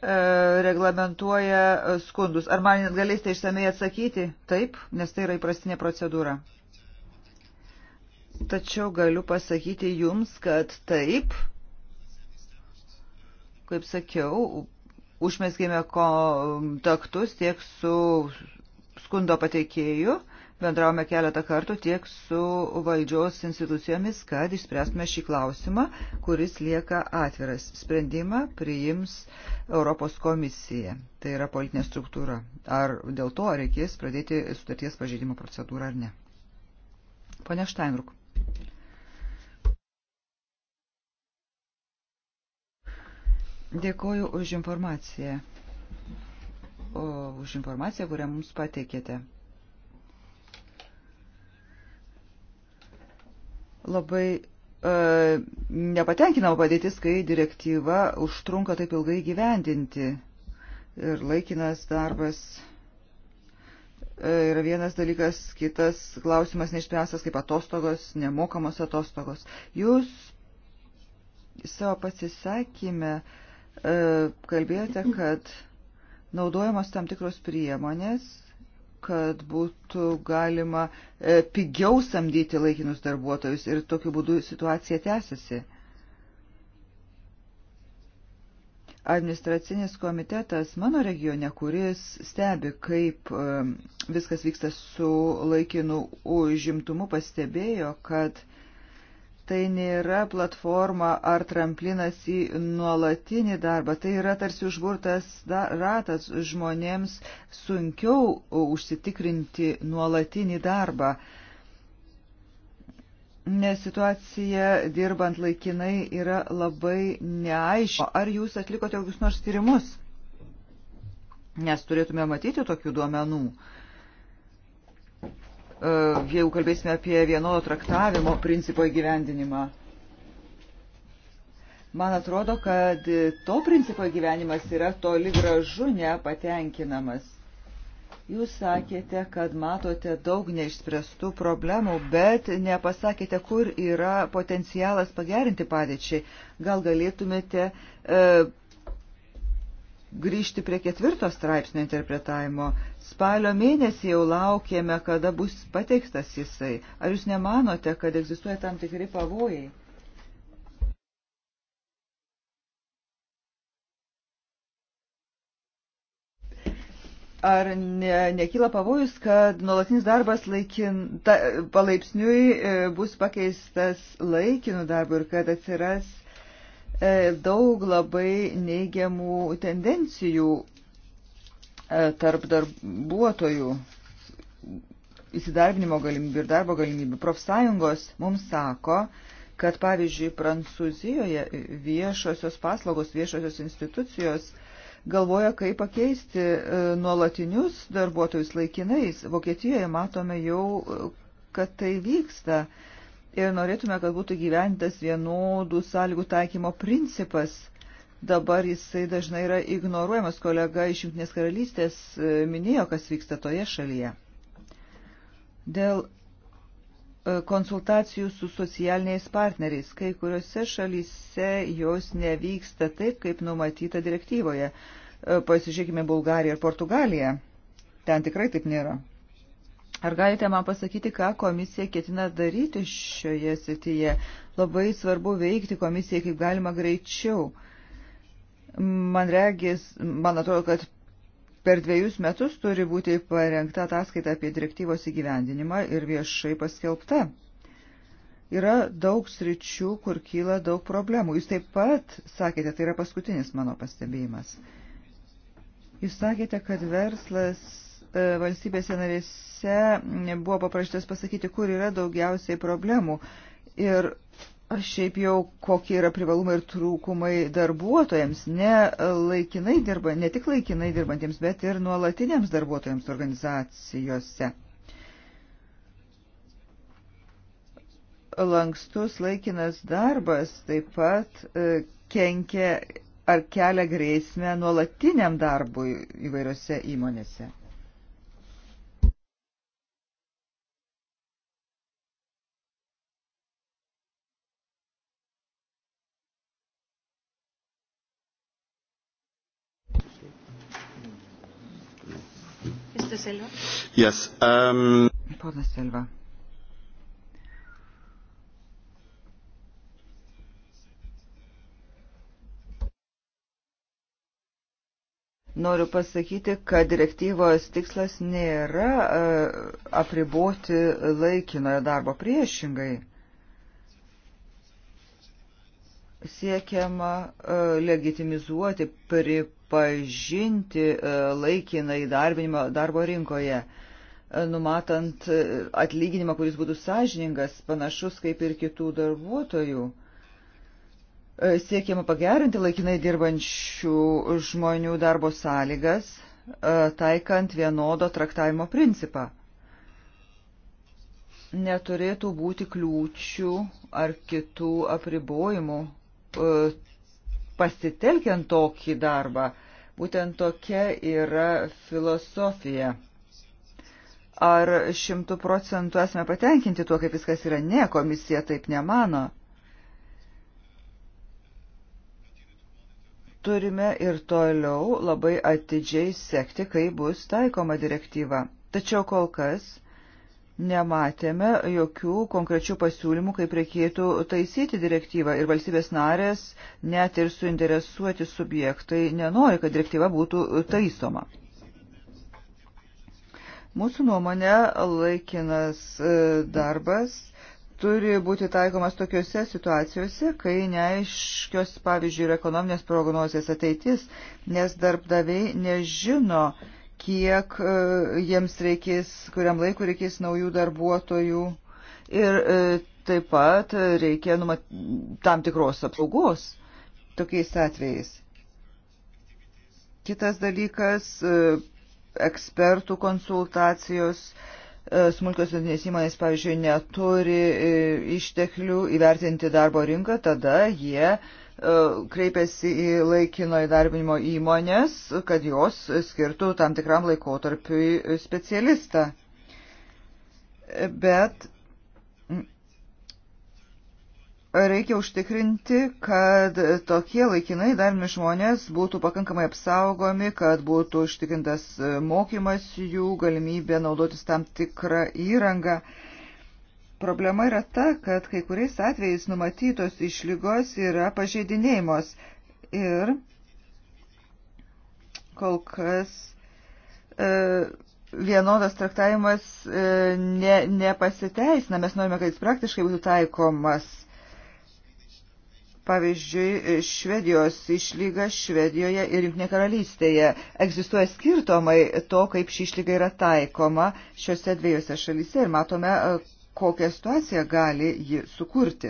E, reglamentuoja skundus. Ar man galėsite išsamei atsakyti? Taip, nes tai yra įprastinė procedūra. Tačiau galiu pasakyti jums, kad taip, kaip sakiau, užmeskime kontaktus tiek su skundo pateikėju, bendravome keletą kartų tiek su valdžios institucijomis, kad išspręstume šį klausimą, kuris lieka atviras. Sprendimą priims Europos komisija, tai yra politinė struktūra. Ar dėl to reikės pradėti sutarties pažeidimo procedūrą ar ne? Pone Štainruk. Dėkoju už informaciją, o, už informaciją, kurią mums pateikėte. labai e, nepatenkinama padėtis, kai direktyva užtrunka taip ilgai gyvendinti. Ir laikinas darbas e, yra vienas dalykas, kitas klausimas neišspręstas kaip atostogos, nemokamos atostogos. Jūs savo pasisakymę e, kalbėjote, kad naudojamos tam tikros priemonės kad būtų galima e, pigiau samdyti laikinus darbuotojus ir tokiu būdu situacija tęsiasi. Administracinis komitetas mano regione, kuris stebi, kaip e, viskas vyksta su laikinu užimtumu, pastebėjo, kad tai nėra platforma ar tramplinas į nuolatinį darbą, tai yra tarsi užburtas ratas žmonėms sunkiau užsitikrinti nuolatinį darbą. Nes situacija dirbant laikinai yra labai neaiški. Ar jūs atlikote kokius nors tyrimus? Nes turėtume matyti tokių duomenų. Uh, E, jeigu kalbėsime apie vienodo traktavimo principo įgyvendinimą. Man atrodo, kad to principo gyvenimas yra toli gražu nepatenkinamas. Jūs sakėte, kad matote daug neišspręstų problemų, bet nepasakėte, kur yra potencialas pagerinti padėčiai. Gal galėtumėte e, grįžti prie ketvirto straipsnio interpretavimo. Spalio mėnesį jau laukėme, kada bus pateiktas jisai. Ar jūs nemanote, kad egzistuoja tam tikri pavojai? Ar ne, nekyla pavojus, kad nuolatinis darbas laikin, ta, palaipsniui e, bus pakeistas laikinų darbų ir kad atsiras E, daug labai neigiamų tendencijų e, tarp darbuotojų įsidarbinimo galimybių ir darbo galimybių. Profsąjungos mums sako, kad pavyzdžiui Prancūzijoje viešosios paslaugos, viešosios institucijos galvoja, kaip pakeisti e, nuolatinius darbuotojus laikinais. Vokietijoje matome jau, kad tai vyksta ir norėtume, kad būtų gyventas vienodų sąlygų taikymo principas. Dabar jisai dažnai yra ignoruojamas. Kolega iš Junktinės karalystės e, minėjo, kas vyksta toje šalyje. Dėl e, konsultacijų su socialiniais partneriais. Kai kuriuose šalyse jos nevyksta taip, kaip numatyta direktyvoje. E, pasižiūrėkime Bulgariją ir Portugaliją. Ten tikrai taip nėra. Ar galite man pasakyti, ką komisija ketina daryti šioje srityje? Labai svarbu veikti komisijai kaip galima greičiau. Man regis, man atrodo, kad per dviejus metus turi būti parengta ataskaita apie direktyvos įgyvendinimą ir viešai paskelbta. Yra daug sričių, kur kyla daug problemų. Jūs taip pat sakėte, tai yra paskutinis mano pastebėjimas. Jūs sakėte, kad verslas E, valstybėse narėse buvo paprašytas pasakyti, kur yra daugiausiai problemų. Ir Aš šiaip jau, kokie yra privalumai ir trūkumai darbuotojams, ne laikinai dirba, ne tik laikinai dirbantiems, bet ir nuolatiniams darbuotojams organizacijose. Lankstus laikinas darbas taip pat e, kenkia ar kelia grėsmę nuolatiniam darbui įvairiose įmonėse. Silva. Yes, um... Ponas Silva. Noriu pasakyti, kad direktyvos tikslas nėra e, apriboti laikinojo darbo priešingai. siekiama e, legitimizuoti, pripažinti e, laikiną įdarbinimą darbo rinkoje, e, numatant atlyginimą, kuris būtų sąžiningas, panašus kaip ir kitų darbuotojų. Siekiama pagerinti laikinai dirbančių žmonių darbo sąlygas, taikant vienodo traktavimo principą neturėtų būti kliūčių ar kitų apribojimų E, pasitelkiant tokį darbą. Būtent tokia yra filosofija. Ar šimtų procentų esame patenkinti tuo, kaip viskas yra? Ne, komisija taip nemano. Turime ir toliau labai atidžiai sekti, kai bus taikoma direktyva. Tačiau kol kas nematėme jokių konkrečių pasiūlymų, kaip reikėtų taisyti direktyvą. Ir valstybės narės, net ir suinteresuoti subjektai, nenori, kad direktyva būtų taisoma. Mūsų nuomonė laikinas e, darbas turi būti taikomas tokiuose situacijose, kai neaiškios, pavyzdžiui, ir ekonominės prognozijas ateitis, nes darbdaviai nežino, kiek e, jiems reikės, kuriam laiku reikės naujų darbuotojų. Ir e, taip pat reikia numat, tam tikros apsaugos tokiais atvejais. Kitas dalykas e, - ekspertų konsultacijos. Smulkios vidinės įmonės, pavyzdžiui, neturi išteklių įvertinti darbo rinką, tada jie uh, E, kreipiasi į laikino įdarbinimo įmonės, kad jos skirtų tam tikram laikotarpiui specialistą. Bet reikia užtikrinti, kad tokie laikinai įdarbinami žmonės būtų pakankamai apsaugomi, kad būtų užtikrintas mokymas jų, galimybė naudotis tam tikrą įrangą. Uh, Problema yra ta, kad kai kuriais atvejais numatytos išlygos yra pažeidinėjimos ir kol kas e, vienodas traktavimas e, ne, nepasiteisina. Mes norime, kad jis praktiškai būtų taikomas. Pavyzdžiui, Švedijos išlyga Švedijoje ir Junktinė karalystėje egzistuoja skirtomai to, kaip ši išlyga yra taikoma šiuose dviejose šalyse ir matome, e, kokią situaciją gali ji sukurti.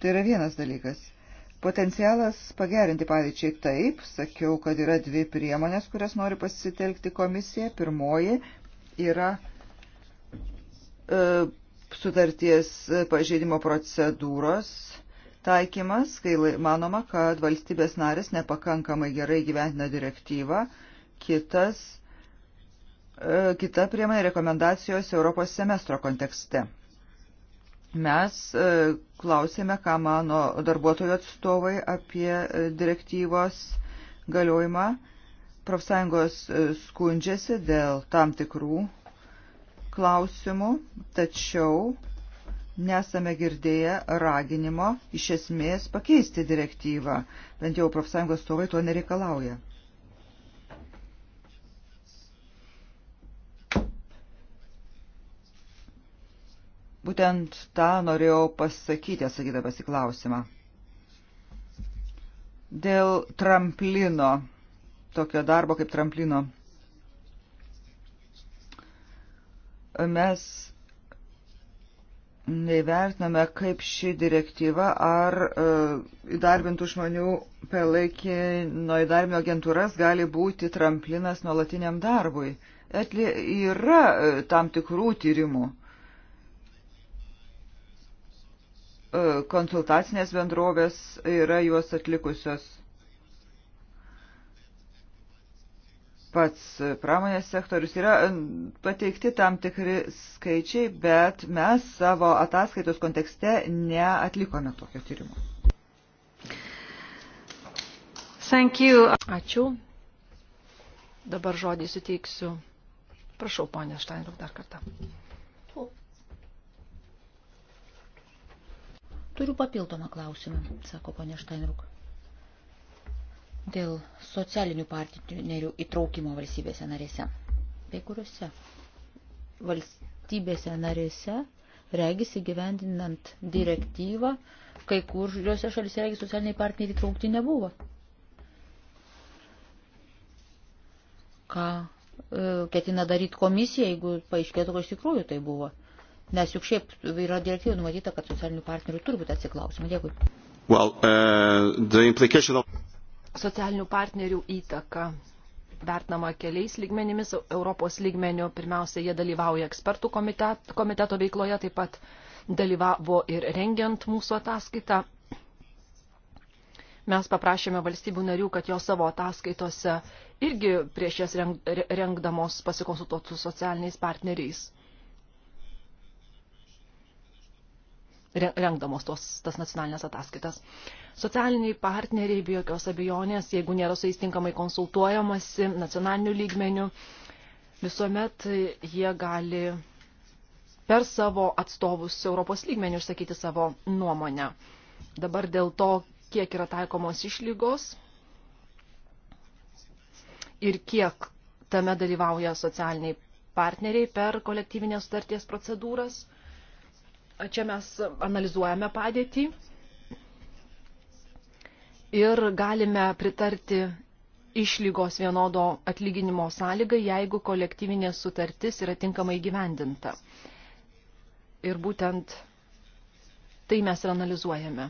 Tai yra vienas dalykas. Potencialas pagerinti padėčiai taip, sakiau, kad yra dvi priemonės, kurias nori pasitelkti komisija. Pirmoji yra e, sutarties pažeidimo procedūros taikymas, kai manoma, kad valstybės narės nepakankamai gerai gyventina direktyvą. Kitas E, kita priemonė rekomendacijos Europos semestro kontekste. Mes e, klausėme, ką mano darbuotojų atstovai apie e, direktyvos galiojimą. Profsąjungos skundžiasi dėl tam tikrų klausimų, tačiau nesame girdėję raginimo iš esmės pakeisti direktyvą. Bent jau profsąjungos atstovai to nereikalauja. Būtent tą norėjau pasakyti, sakydamas į klausimą. Dėl tramplino, tokio darbo kaip tramplino. Mes neįvertiname, kaip ši direktyva ar e, įdarbintų žmonių pelaikino įdarbinio agentūras gali būti tramplinas nuolatiniam darbui. Atli yra e, tam tikrų tyrimų E, konsultacinės bendrovės yra juos atlikusios. Pats pramonės sektorius yra e, pateikti tam tikri skaičiai, bet mes savo ataskaitos kontekste neatlikome tokio tyrimo. Thank you. Ačiū. Dabar žodį suteiksiu. Prašau, ponė Štainruk, dar kartą. Turiu papildomą klausimą, sako ponė Štainruk. Dėl socialinių partnerių įtraukimo valstybėse narėse. Bei kuriuose valstybėse narėse regis įgyvendinant direktyvą, kai kuriuose šalise regis socialiniai partneriai įtraukti nebuvo. Ką e, ketina daryti komisija, jeigu paaiškėtų, kad iš tikrųjų tai buvo. Nes juk šiaip yra direktyvai numatyta, kad socialinių partnerių turi būti atsiklausimų. Dėkui. Well, uh, of... Socialinių partnerių įtaka vertinama keliais lygmenimis. Europos lygmeniu pirmiausia, jie dalyvauja ekspertų komitet, komiteto veikloje, taip pat dalyvavo ir rengiant mūsų ataskaitą. Mes paprašėme valstybių narių, kad jos savo ataskaitose irgi prieš jas rengdamos pasikonsultuotų su socialiniais partneriais rengdamos tos, tas nacionalinės ataskaitas. Socialiniai partneriai, be jokios abejonės, jeigu nėra su jais tinkamai konsultuojamasi nacionaliniu lygmeniu, visuomet jie gali per savo atstovus Europos lygmenių išsakyti savo nuomonę. Dabar dėl to, kiek yra taikomos išlygos ir kiek tame dalyvauja socialiniai partneriai per kolektyvinės sutarties procedūras – Čia mes analizuojame padėtį ir galime pritarti išlygos vienodo atlyginimo sąlygai, jeigu kolektyvinė sutartis yra tinkamai gyvendinta. Ir būtent tai mes ir analizuojame.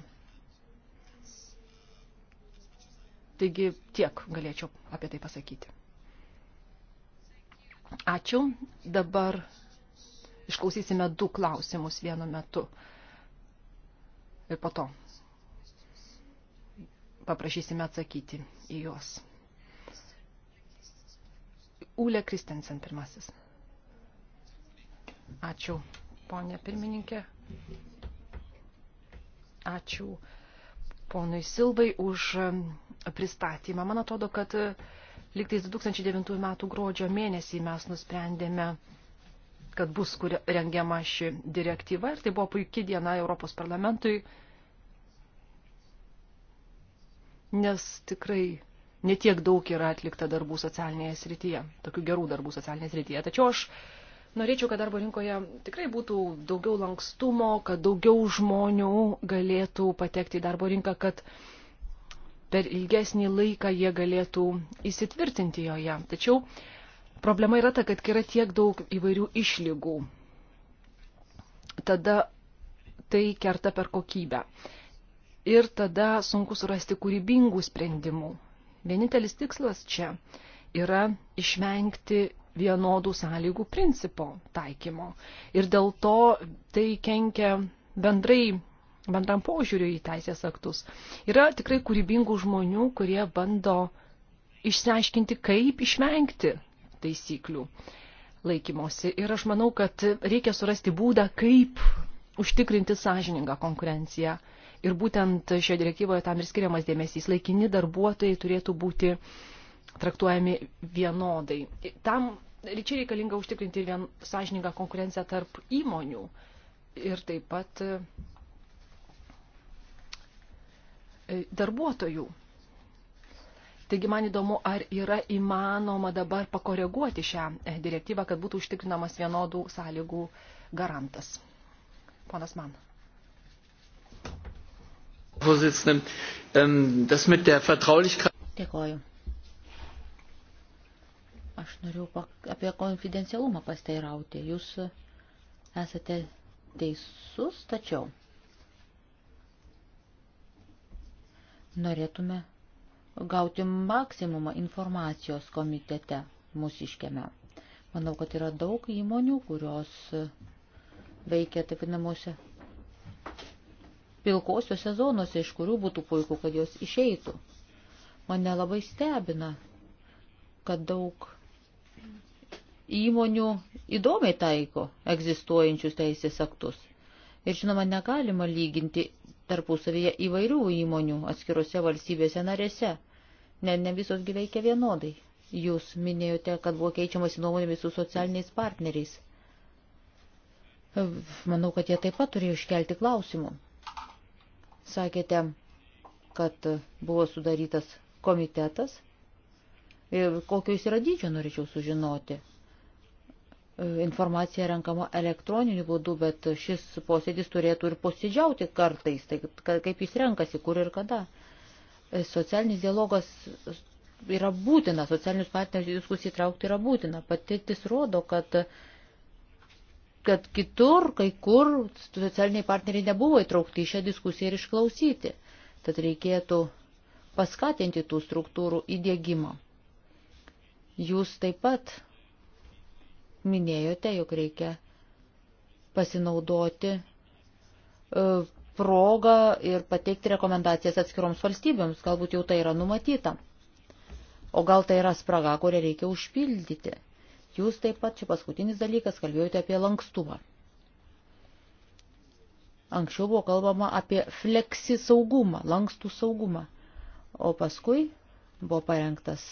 Taigi tiek galėčiau apie tai pasakyti. Ačiū. Dabar išklausysime du klausimus vienu metu. Ir po to paprašysime atsakyti į juos. Ūlė Kristensen pirmasis. Ačiū, ponė pirmininkė. Ačiū ponui Silvai už um, pristatymą. Man atrodo, kad uh, liktais 2009 metų gruodžio mėnesį mes nusprendėme kad bus rengiama ši direktyva ir tai buvo puikia diena Europos parlamentui, nes tikrai netiek daug yra atlikta darbų socialinėje srityje, tokių gerų darbų socialinėje srityje. Tačiau aš norėčiau, kad darbo rinkoje tikrai būtų daugiau lankstumo, kad daugiau žmonių galėtų patekti į darbo rinką, kad per ilgesnį laiką jie galėtų įsitvirtinti joje. Tačiau problema yra ta, kad yra tiek daug įvairių išlygų. Tada tai kerta per kokybę. Ir tada sunku surasti kūrybingų sprendimų. Vienintelis tikslas čia yra išvengti vienodų sąlygų principo taikymo. Ir dėl to tai kenkia bendrai, bendram požiūriu į teisės aktus. Yra tikrai kūrybingų žmonių, kurie bando išsiaiškinti, kaip išvengti taisyklių laikymosi. Ir aš manau, kad reikia surasti būdą, kaip užtikrinti sąžiningą konkurenciją. Ir būtent šioje direktyvoje tam ir skiriamas dėmesys. Laikini darbuotojai turėtų būti traktuojami vienodai. Tam čia reikalinga užtikrinti ir vien sąžiningą konkurenciją tarp įmonių. Ir taip pat e, darbuotojų Taigi man įdomu, ar yra įmanoma dabar pakoreguoti šią e, direktyvą, kad būtų užtikrinamas vienodų sąlygų garantas. Ponas man. Ähm, Dėkoju. Aš noriu apie konfidencialumą pasteirauti. Jūs esate teisus, tačiau norėtume gauti maksimumą informacijos komitete mūsiškiame. Manau, kad yra daug įmonių, kurios veikia taip vadinamuose pilkosiuose zonuose, iš kurių būtų puiku, kad jos išeitų. Mane labai stebina, kad daug įmonių įdomiai taiko egzistuojančius teisės aktus. Ir žinoma, negalima lyginti tarpusavyje įvairių įmonių atskirose valstybėse narėse. Net ne visos gyveikia vienodai. Jūs minėjote, kad buvo keičiamasi nuomonėmis su socialiniais partneriais. Manau, kad jie taip pat turėjo iškelti klausimų. Sakėte, kad buvo sudarytas komitetas. Ir kokio jis yra dydžio, norėčiau sužinoti informacija renkama elektroniniu būdu, bet šis posėdis turėtų ir posėdžiauti kartais, tai kaip jis renkasi, kur ir kada. E, socialinis dialogas yra būtina, socialinius partnerius diskusijai traukti yra būtina. Patirtis rodo, kad, kad kitur, kai kur, socialiniai partneriai nebuvo įtraukti į šią diskusiją ir išklausyti. Tad reikėtų paskatinti tų struktūrų įdėgymą. Jūs taip pat minėjote, jog reikia pasinaudoti e, progą ir pateikti rekomendacijas atskiroms valstybėms. Galbūt jau tai yra numatyta. O gal tai yra spraga, kurią reikia užpildyti. Jūs taip pat, čia paskutinis dalykas, kalbėjote apie lankstumą. Anksčiau buvo kalbama apie fleksi saugumą, lankstų saugumą. O paskui buvo parengtas,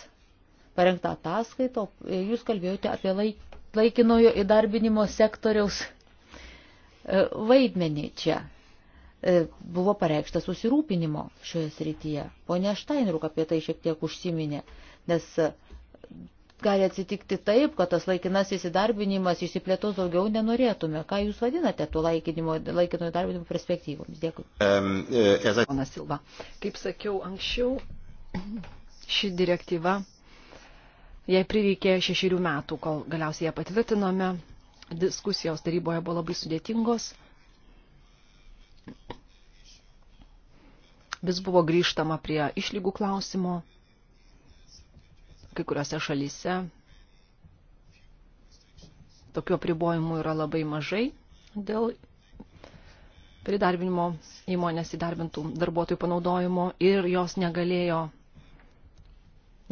parengta ataskaita, jūs kalbėjote apie laik, laikinojo įdarbinimo sektoriaus e, vaidmenį čia. E, buvo pareikšta susirūpinimo šioje srityje. Pone Štainruk apie tai šiek tiek užsiminė, nes e, gali atsitikti taip, kad tas laikinas įsidarbinimas įsiplėtos daugiau nenorėtume. Ką Jūs vadinate tuo laikinimo, laikino įdarbinimo perspektyvomis? Dėkui. Um, uh, as... Pana Silva, kaip sakiau anksčiau, ši direktyva Jei prireikė šešerių metų, kol galiausiai ją patvirtinome, diskusijos taryboje buvo labai sudėtingos. Vis buvo grįžtama prie išlygų klausimo. Kai kuriuose šalyse tokių apribojimų yra labai mažai dėl pridarbinimo įmonės įdarbintų darbuotojų panaudojimo ir jos negalėjo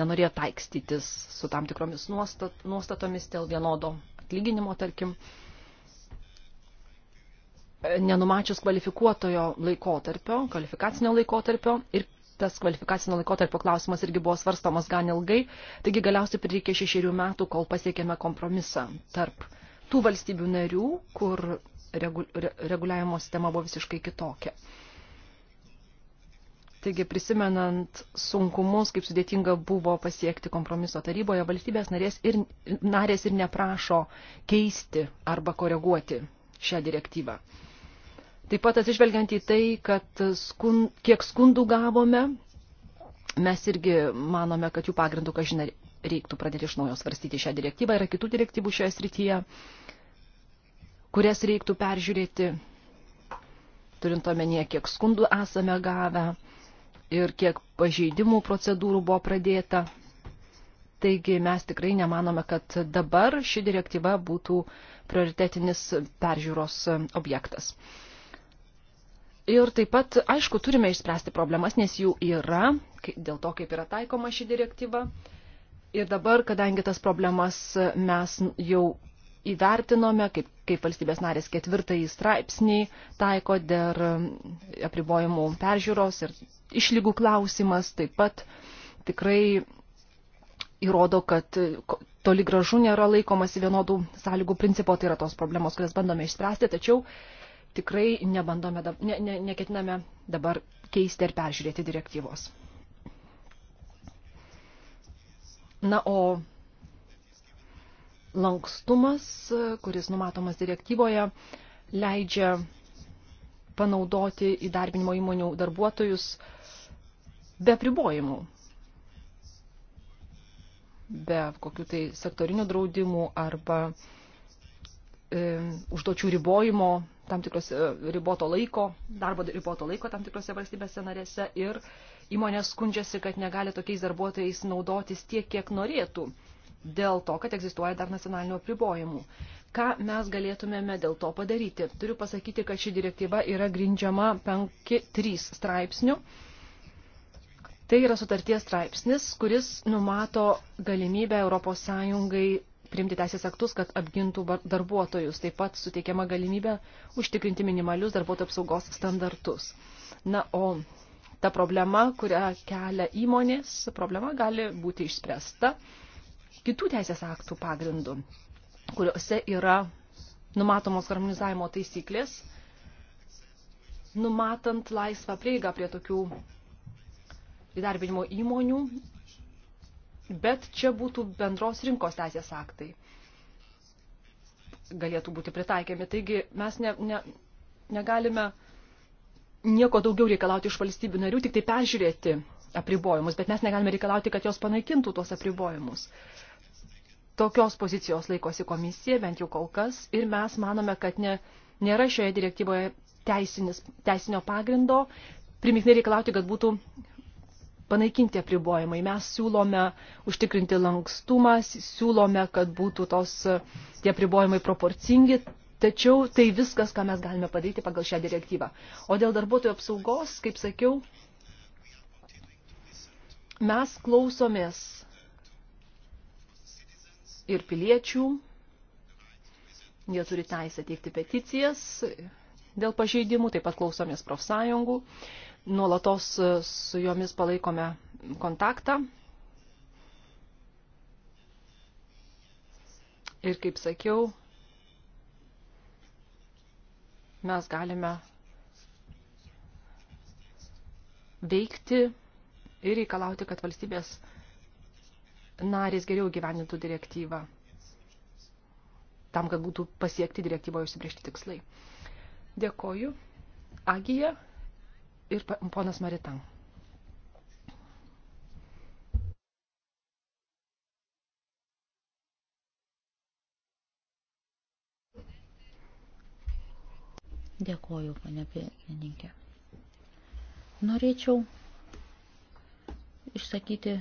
nenorėjo taikstytis su tam tikromis nuostat, nuostatomis dėl vienodo atlyginimo, tarkim, nenumačius kvalifikuotojo laikotarpio, kvalifikacinio laikotarpio ir tas kvalifikacinio laikotarpio klausimas irgi buvo svarstomas gan ilgai, taigi galiausiai prireikė šešerių metų, kol pasiekėme kompromisą tarp tų valstybių narių, kur reguliavimo sistema buvo visiškai kitokia. Taigi prisimenant sunkumus, kaip sudėtinga buvo pasiekti kompromiso taryboje, valstybės narės ir, narės ir neprašo keisti arba koreguoti šią direktyvą. Taip pat atsižvelgiant į tai, kad skun, kiek skundų gavome, mes irgi manome, kad jų pagrindų, kažina, reiktų pradėti iš naujo svarstyti šią direktyvą. Yra kitų direktyvų šioje srityje, kurias reiktų peržiūrėti, turint omenyje, kiek skundų esame gavę ir kiek pažeidimų procedūrų buvo pradėta. Taigi mes tikrai nemanome, kad dabar ši direktyva būtų prioritetinis peržiūros objektas. Ir taip pat, aišku, turime išspręsti problemas, nes jų yra, dėl to, kaip yra taikoma ši direktyva. Ir dabar, kadangi tas problemas mes jau įvertinome, kaip, kaip valstybės narės ketvirtąjį straipsnį taiko dėl um, apribojimų peržiūros ir išlygų klausimas taip pat tikrai įrodo, kad uh, toli gražu nėra laikomasi vienodų sąlygų principo, tai yra tos problemos, kurias bandome išspręsti, tačiau tikrai nebandome, ne, ne, neketiname dabar keisti ir peržiūrėti direktyvos. Na, o lankstumas, kuris numatomas direktyvoje, leidžia panaudoti įdarbinimo įmonių darbuotojus be pribojimų, be kokių tai sektorinių draudimų arba e, užduočių ribojimo tam tikros e, riboto laiko, darbo riboto laiko tam tikrose valstybėse narėse ir įmonės skundžiasi, kad negali tokiais darbuotojais naudotis tiek, kiek norėtų. E, dėl to, kad egzistuoja dar nacionalinių apribojimų. Ką mes galėtumėme dėl to padaryti? Turiu pasakyti, kad ši direktyva yra grindžiama 5.3 straipsniu. Tai yra sutarties straipsnis, kuris numato galimybę ES priimti teisės aktus, kad apgintų darbuotojus. Taip pat suteikiama galimybė užtikrinti minimalius darbuotojų apsaugos standartus. Na, o ta problema, kurią kelia įmonės, problema gali būti išspręsta kitų teisės aktų pagrindų, kuriuose yra numatomos harmonizavimo taisyklės, numatant laisvą prieigą prie tokių įdarbinimo įmonių, bet čia būtų bendros rinkos teisės aktai. Galėtų būti pritaikiami. Taigi mes ne, ne, negalime nieko daugiau reikalauti iš valstybių narių, tik tai peržiūrėti apribojimus, bet mes negalime reikalauti, kad jos panaikintų tuos apribojimus. Tokios pozicijos laikosi komisija, bent jau kol kas, ir mes manome, kad ne, nėra šioje direktyvoje teisinis, teisinio pagrindo primiknai reikalauti, kad būtų panaikinti apribojimai. Mes siūlome užtikrinti lankstumą, siūlome, kad būtų tos tie apribojimai proporcingi, tačiau tai viskas, ką mes galime padaryti pagal šią direktyvą. O dėl darbuotojų apsaugos, kaip sakiau, Mes klausomės ir piliečių, jie turi teisę teikti peticijas dėl pažeidimų, taip pat klausomės profsąjungų, nuolatos su jomis palaikome kontaktą. Ir kaip sakiau, mes galime veikti ir reikalauti, kad valstybės narės geriau gyvenintų direktyvą, tam, kad būtų pasiekti direktyvoje užsibriežti tikslai. Dėkoju. Agija ir ponas Maritan. Dėkoju, pane pirmininkė. Norėčiau išsakyti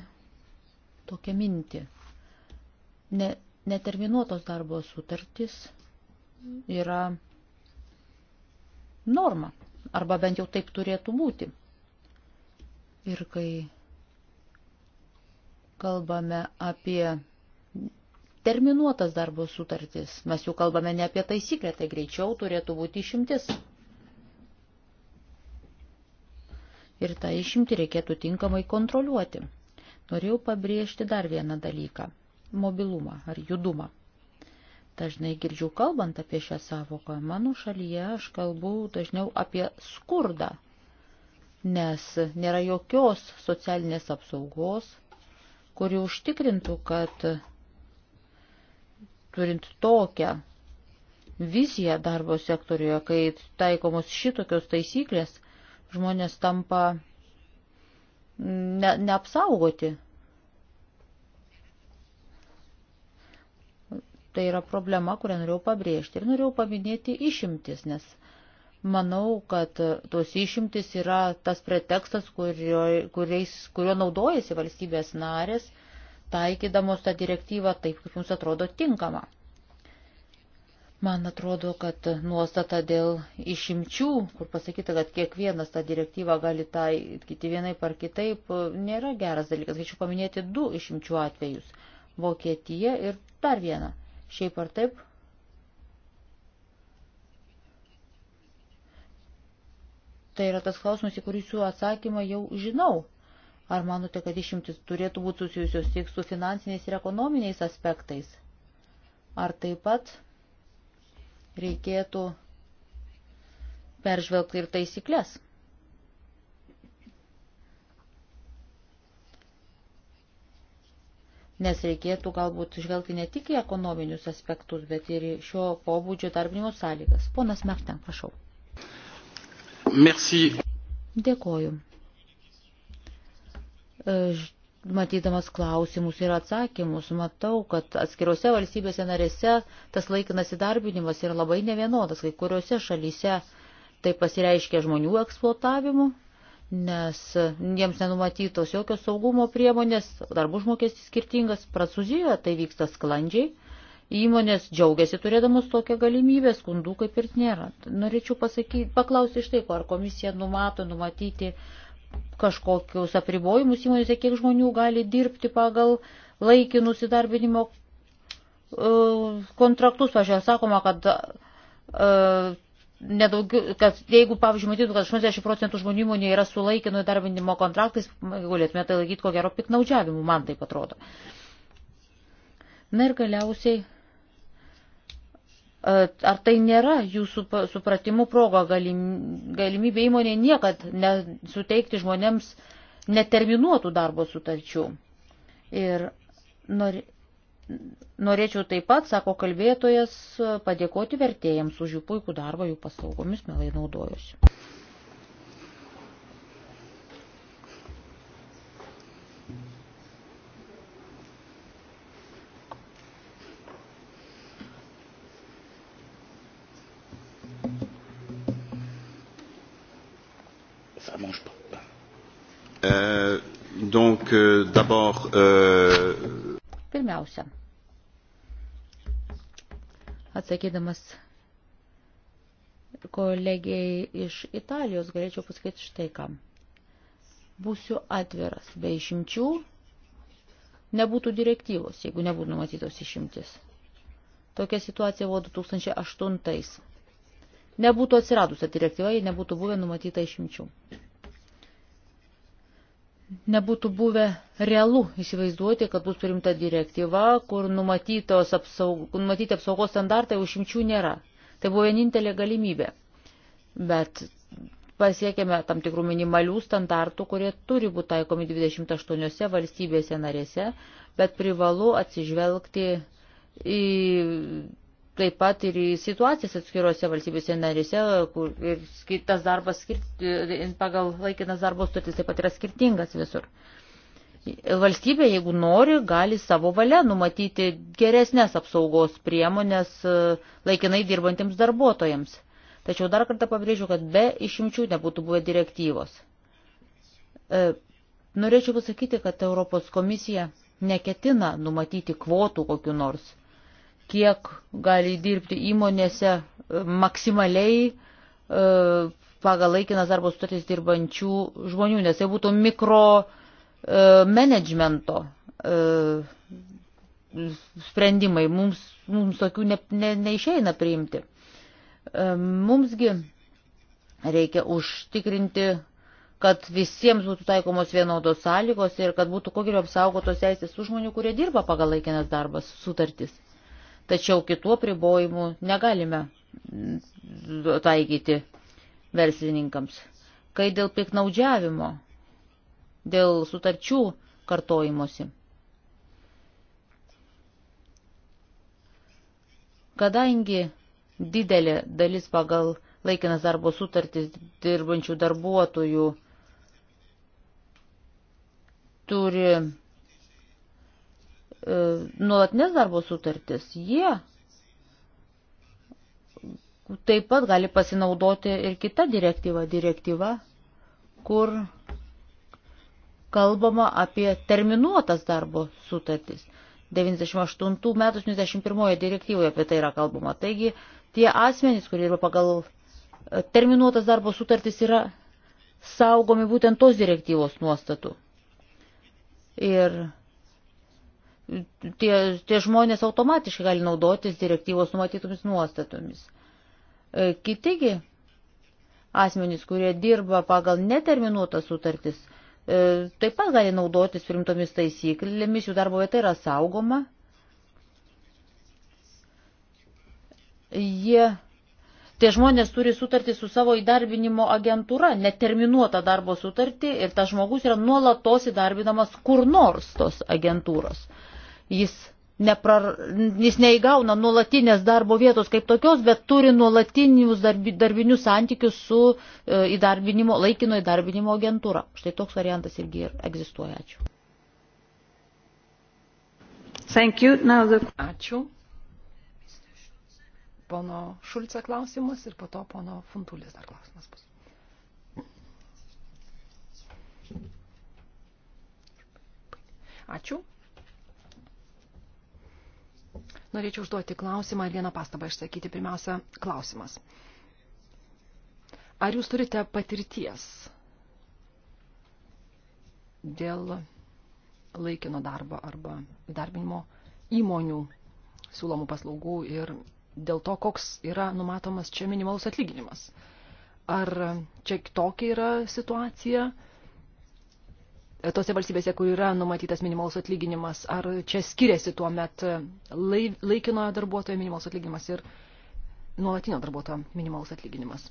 tokią mintį. Ne, neterminuotos darbo sutartys yra norma, arba bent jau taip turėtų būti. Ir kai kalbame apie terminuotas darbo sutartis, mes jau kalbame ne apie taisyklę, tai greičiau turėtų būti išimtis ir tą išimti reikėtų tinkamai kontroliuoti. Norėjau pabrėžti dar vieną dalyką – mobilumą ar judumą. Dažnai girdžiu kalbant apie šią savoką. Mano šalyje aš kalbu dažniau apie skurdą, nes nėra jokios socialinės apsaugos, kuri užtikrintų, kad turint tokią viziją darbo sektorijoje, kai taikomos šitokios taisyklės – žmonės tampa ne, neapsaugoti. Tai yra problema, kurią norėjau pabrėžti ir norėjau paminėti išimtis, nes manau, kad tos išimtis yra tas pretekstas, kurio, kuriais, kurio naudojasi valstybės narės, taikydamos tą direktyvą taip, kaip jums atrodo tinkama. Man atrodo, kad nuostata dėl išimčių, kur pasakyta, kad kiekvienas tą direktyvą gali taikyti vienai par kitaip, nėra geras dalykas. Galėčiau paminėti du išimčių atvejus - Vokietija ir dar vieną. Šiaip ar taip? Tai yra tas klausimas, į kurį jų atsakymą jau žinau. Ar manote, kad išimtis turėtų būti susijusios tik su finansiniais ir ekonominiais aspektais? Ar taip pat reikėtų peržvelgti ir taisyklės. Nes reikėtų galbūt žvelgti ne tik į ekonominius aspektus, bet ir į šio pobūdžio darbinimo sąlygas. Ponas Merten, prašau. Merci. Dėkoju matydamas klausimus ir atsakymus, matau, kad atskirose valstybėse narėse tas laikinas įdarbinimas yra labai nevienodas. Kai kuriuose šalyse tai pasireiškia žmonių eksploatavimu, nes jiems nenumatytos jokios saugumo priemonės, darbų užmokestis skirtingas. Prancūzijoje tai vyksta sklandžiai. Įmonės džiaugiasi turėdamos tokią galimybę, skundų kaip ir nėra. Norėčiau pasakyti, paklausti iš tai, ar komisija numato numatyti uh, kažkokius apribojimus įmonėse, kiek žmonių gali dirbti pagal laikinus įdarbinimo e, kontraktus. Pavyzdžiui, sakoma, kad, e, nedaugiu, kad jeigu, pavyzdžiui, matytų, kad 80 procentų žmonių įmonėje yra su laikinu įdarbinimo kontraktais, galėtume tai laikyti ko gero piknaudžiavimu, man tai atrodo. Na ir galiausiai E, ar tai nėra jūsų supratimu proga galimybė įmonė niekad nesuteikti žmonėms neterminuotų darbo sutarčių? Ir nori, norėčiau taip pat, sako kalbėtojas, padėkoti vertėjams už jų puikų darbą, jų paslaugomis melai naudojusi. mange pas. Euh, donc, euh, d'abord. Euh... Pirmiausia. Atsakydamas kolegiai iš Italijos galėčiau pasakyti štai kam. Būsiu atviras, be išimčių nebūtų direktyvos, jeigu nebūtų numatytos išimtis. Tokia situacija buvo 2008. Nebūtų atsiradusi direktyva, jei nebūtų buvę numatyta išimčių nebūtų buvę realu įsivaizduoti, kad bus priimta direktyva, kur apsaug, numatyti apsaugos standartai užimčių nėra. Tai buvo vienintelė galimybė. Bet pasiekėme tam tikrų minimalių standartų, kurie turi būti taikomi 28 valstybėse narėse, bet privalu atsižvelgti į taip pat ir į situacijas atskiruose valstybėse narėse, kur tas darbas skirti, pagal laikinas darbo sutartis taip pat yra skirtingas visur. Valstybė, jeigu nori, gali savo valia numatyti geresnės apsaugos priemonės e, laikinai dirbantiems darbuotojams. Tačiau dar kartą pabrėžiu, kad be išimčių nebūtų buvę direktyvos. E, norėčiau pasakyti, kad Europos komisija neketina numatyti kvotų kokiu nors kiek gali dirbti įmonėse e, maksimaliai e, pagal laikinas darbo sutartys dirbančių žmonių, nes tai būtų mikro e, managemento sprendimai. Mums, mums tokių ne, ne, neišeina priimti. Mumsgi reikia užtikrinti, kad visiems būtų taikomos vienodos sąlygos ir kad būtų kuo geriau apsaugotos teisės tų žmonių, kurie dirba pagal laikinas darbas sutartys tačiau kitų apribojimų negalime taikyti verslininkams. Kai dėl piknaudžiavimo, dėl sutarčių kartojimosi. Kadangi didelė dalis pagal laikinas darbo sutartis dirbančių darbuotojų turi E, nuolatinės darbo sutartis, jie taip pat gali pasinaudoti ir kita direktyva, direktyva, kur kalbama apie terminuotas darbo sutartis. 98 metų 91 direktyvoje apie tai yra kalbama. Taigi tie asmenys, kurie yra pagal e, terminuotas darbo sutartis, yra saugomi būtent tos direktyvos nuostatų. Ir tie, tie žmonės automatiškai gali naudotis direktyvos numatytomis nuostatomis. E, kitigi asmenys, kurie dirba pagal neterminuotas sutartis, e, taip pat gali naudotis primtomis taisyklėmis, jų darbo vieta yra saugoma. Jie, tie žmonės turi sutartį su savo įdarbinimo agentūra, neterminuotą darbo sutartį ir tas žmogus yra nuolatos įdarbinamas kur nors tos agentūros. Uh, Jis, neprar, jis neįgauna nuolatinės darbo vietos kaip tokios, bet turi nuolatinius darbi, darbinius santykius su e, įdarbinimo, laikino įdarbinimo agentūra. Štai toks variantas irgi ir egzistuoja. Ačiū. Thank you. Now the... Ačiū pono Šulce klausimas ir po to pono Funtulės dar klausimas bus. Ačiū. Norėčiau užduoti klausimą ir vieną pastabą išsakyti. Pirmiausia, klausimas. Ar jūs turite patirties dėl laikino darbo arba darbinimo įmonių siūlomų paslaugų ir dėl to, koks yra numatomas čia minimalus atlyginimas? Ar čia tokia yra situacija? tose valstybėse, kur yra numatytas minimalus atlyginimas, ar čia skiriasi tuo met laikinojo darbuotojo minimalus atlyginimas ir nuolatinio darbuotojo minimalus atlyginimas.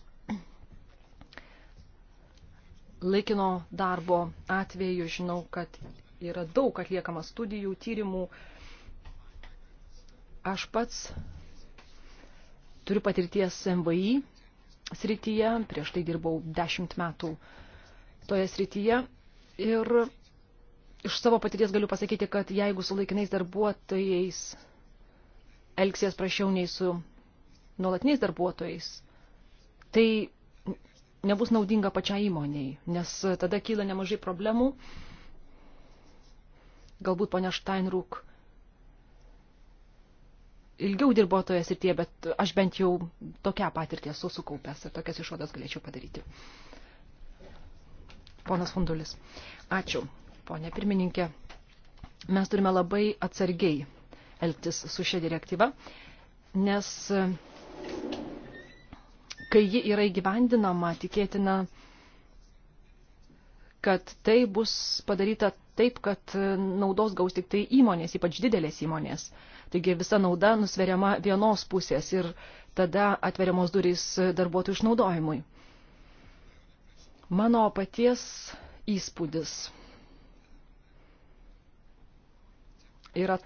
Laikino darbo atveju žinau, kad yra daug atliekama studijų, tyrimų. Aš pats turiu patirties MVI srityje, prieš tai dirbau dešimt metų toje srityje Ir iš savo patirties galiu pasakyti, kad jeigu su laikinais darbuotojais elgsies prašiau nei su nuolatiniais darbuotojais, tai nebus naudinga pačiai įmoniai, nes tada kyla nemažai problemų. Galbūt ponia Steinruk ilgiau dirbo toje srityje, bet aš bent jau tokią patirtį esu sukaupęs ir tokias išvadas galėčiau padaryti. Ponas Fundulis. Ačiū, ponė pirmininkė. Mes turime labai atsargiai elgtis su šia direktyva, nes kai ji yra įgyvendinama, tikėtina, kad tai bus padaryta taip, kad naudos gaus tik tai įmonės, ypač didelės įmonės. Taigi visa nauda nusveriama vienos pusės ir tada atveriamos durys darbuotojų išnaudojimui. Mano paties įspūdis yra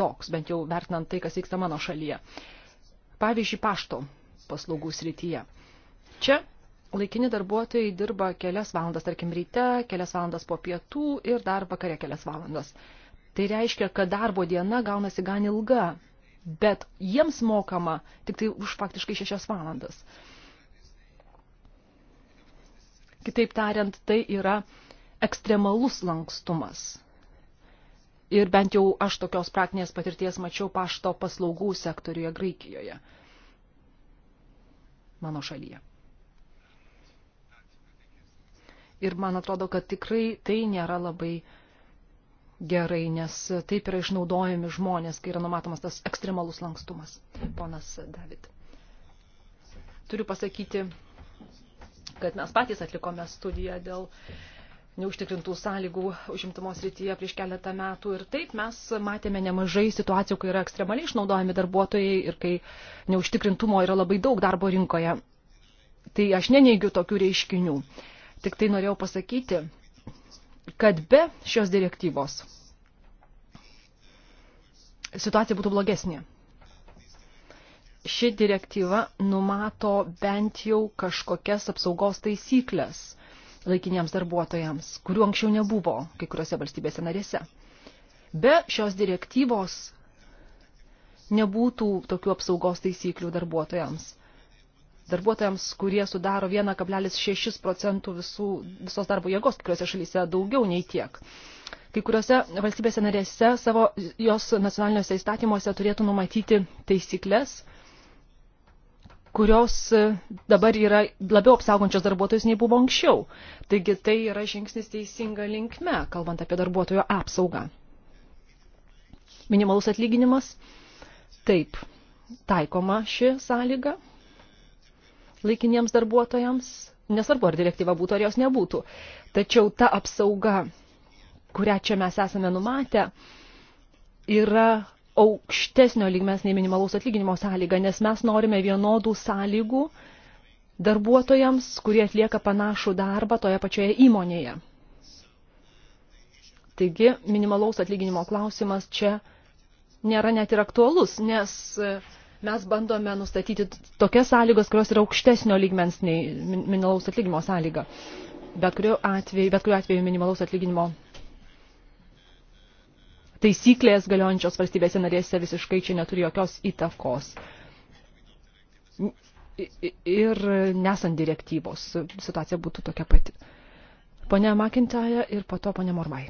toks, bent jau vertinant tai, kas vyksta mano šalyje. Pavyzdžiui, pašto paslaugų srityje. Čia laikini darbuotojai dirba kelias valandas, tarkim, ryte, kelias valandas po pietų ir dar vakare kelias valandas. Tai reiškia, kad darbo diena gaunasi gan ilga, bet jiems mokama tik tai už faktiškai šešias valandas. Kitaip tariant, tai yra ekstremalus lankstumas. Ir bent jau aš tokios praktinės patirties mačiau pašto paslaugų sektoriuje Graikijoje, mano šalyje. Ir man atrodo, kad tikrai tai nėra labai gerai, nes taip yra išnaudojami žmonės, kai yra numatomas tas ekstremalus lankstumas, ponas David. Turiu pasakyti, kad mes patys atlikome studiją dėl neužtikrintų sąlygų užimtumo srityje prieš keletą metų. Ir taip mes matėme nemažai situacijų, kai yra ekstremaliai išnaudojami darbuotojai ir kai neužtikrintumo yra labai daug darbo rinkoje. Tai aš neneigiu tokių reiškinių. Tik tai norėjau pasakyti, kad be šios direktyvos situacija būtų blogesnė ši direktyva numato bent jau kažkokias apsaugos taisyklės laikiniems darbuotojams, kurių anksčiau nebuvo kai kuriuose valstybėse narėse. Be šios direktyvos nebūtų tokių apsaugos taisyklių darbuotojams. Darbuotojams, kurie sudaro 1,6 procentų visų, visos darbo jėgos, kai kuriuose šalyse daugiau nei tiek. Kai kuriuose valstybėse narėse savo jos nacionaliniuose įstatymuose turėtų numatyti taisyklės, kurios e, dabar yra labiau apsaugančios darbuotojus nei buvo anksčiau. Taigi tai yra žingsnis teisinga linkme, kalbant apie darbuotojo apsaugą. Minimalus atlyginimas. Taip, taikoma ši sąlyga laikiniems darbuotojams, nesvarbu, ar direktyva būtų, ar jos nebūtų. Tačiau ta apsauga, kurią čia mes esame numatę, yra aukštesnio lygmens nei minimalaus atlyginimo sąlyga, nes mes norime vienodų sąlygų darbuotojams, kurie atlieka panašų darbą toje pačioje įmonėje. Taigi, minimalaus atlyginimo klausimas čia nėra net ir aktualus, nes mes bandome nustatyti tokias sąlygas, kurios yra aukštesnio lygmens nei minimalaus atlyginimo sąlyga. Bet kuriuo atveju, bet kuriuo atveju minimalaus atlyginimo taisyklės galiojančios valstybėse narėse visiškai čia neturi jokios įtakos. Ir nesant direktyvos situacija būtų tokia pati. Pone Makintaja ir po to pone Mormai.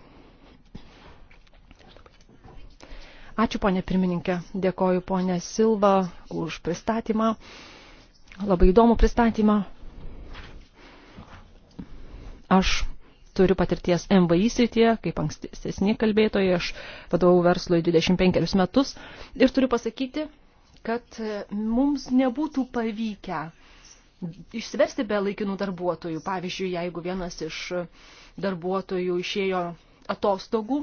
Ačiū, ponė pirmininkė. Dėkoju, ponė Silva, už pristatymą. Labai įdomų pristatymą. Aš turiu patirties MVI srityje, kaip ankstesni kalbėtojai, aš vadovau verslui 25 metus ir turiu pasakyti, kad e, mums nebūtų pavykę išsiversti be laikinų darbuotojų. Pavyzdžiui, jeigu vienas iš darbuotojų išėjo atostogų,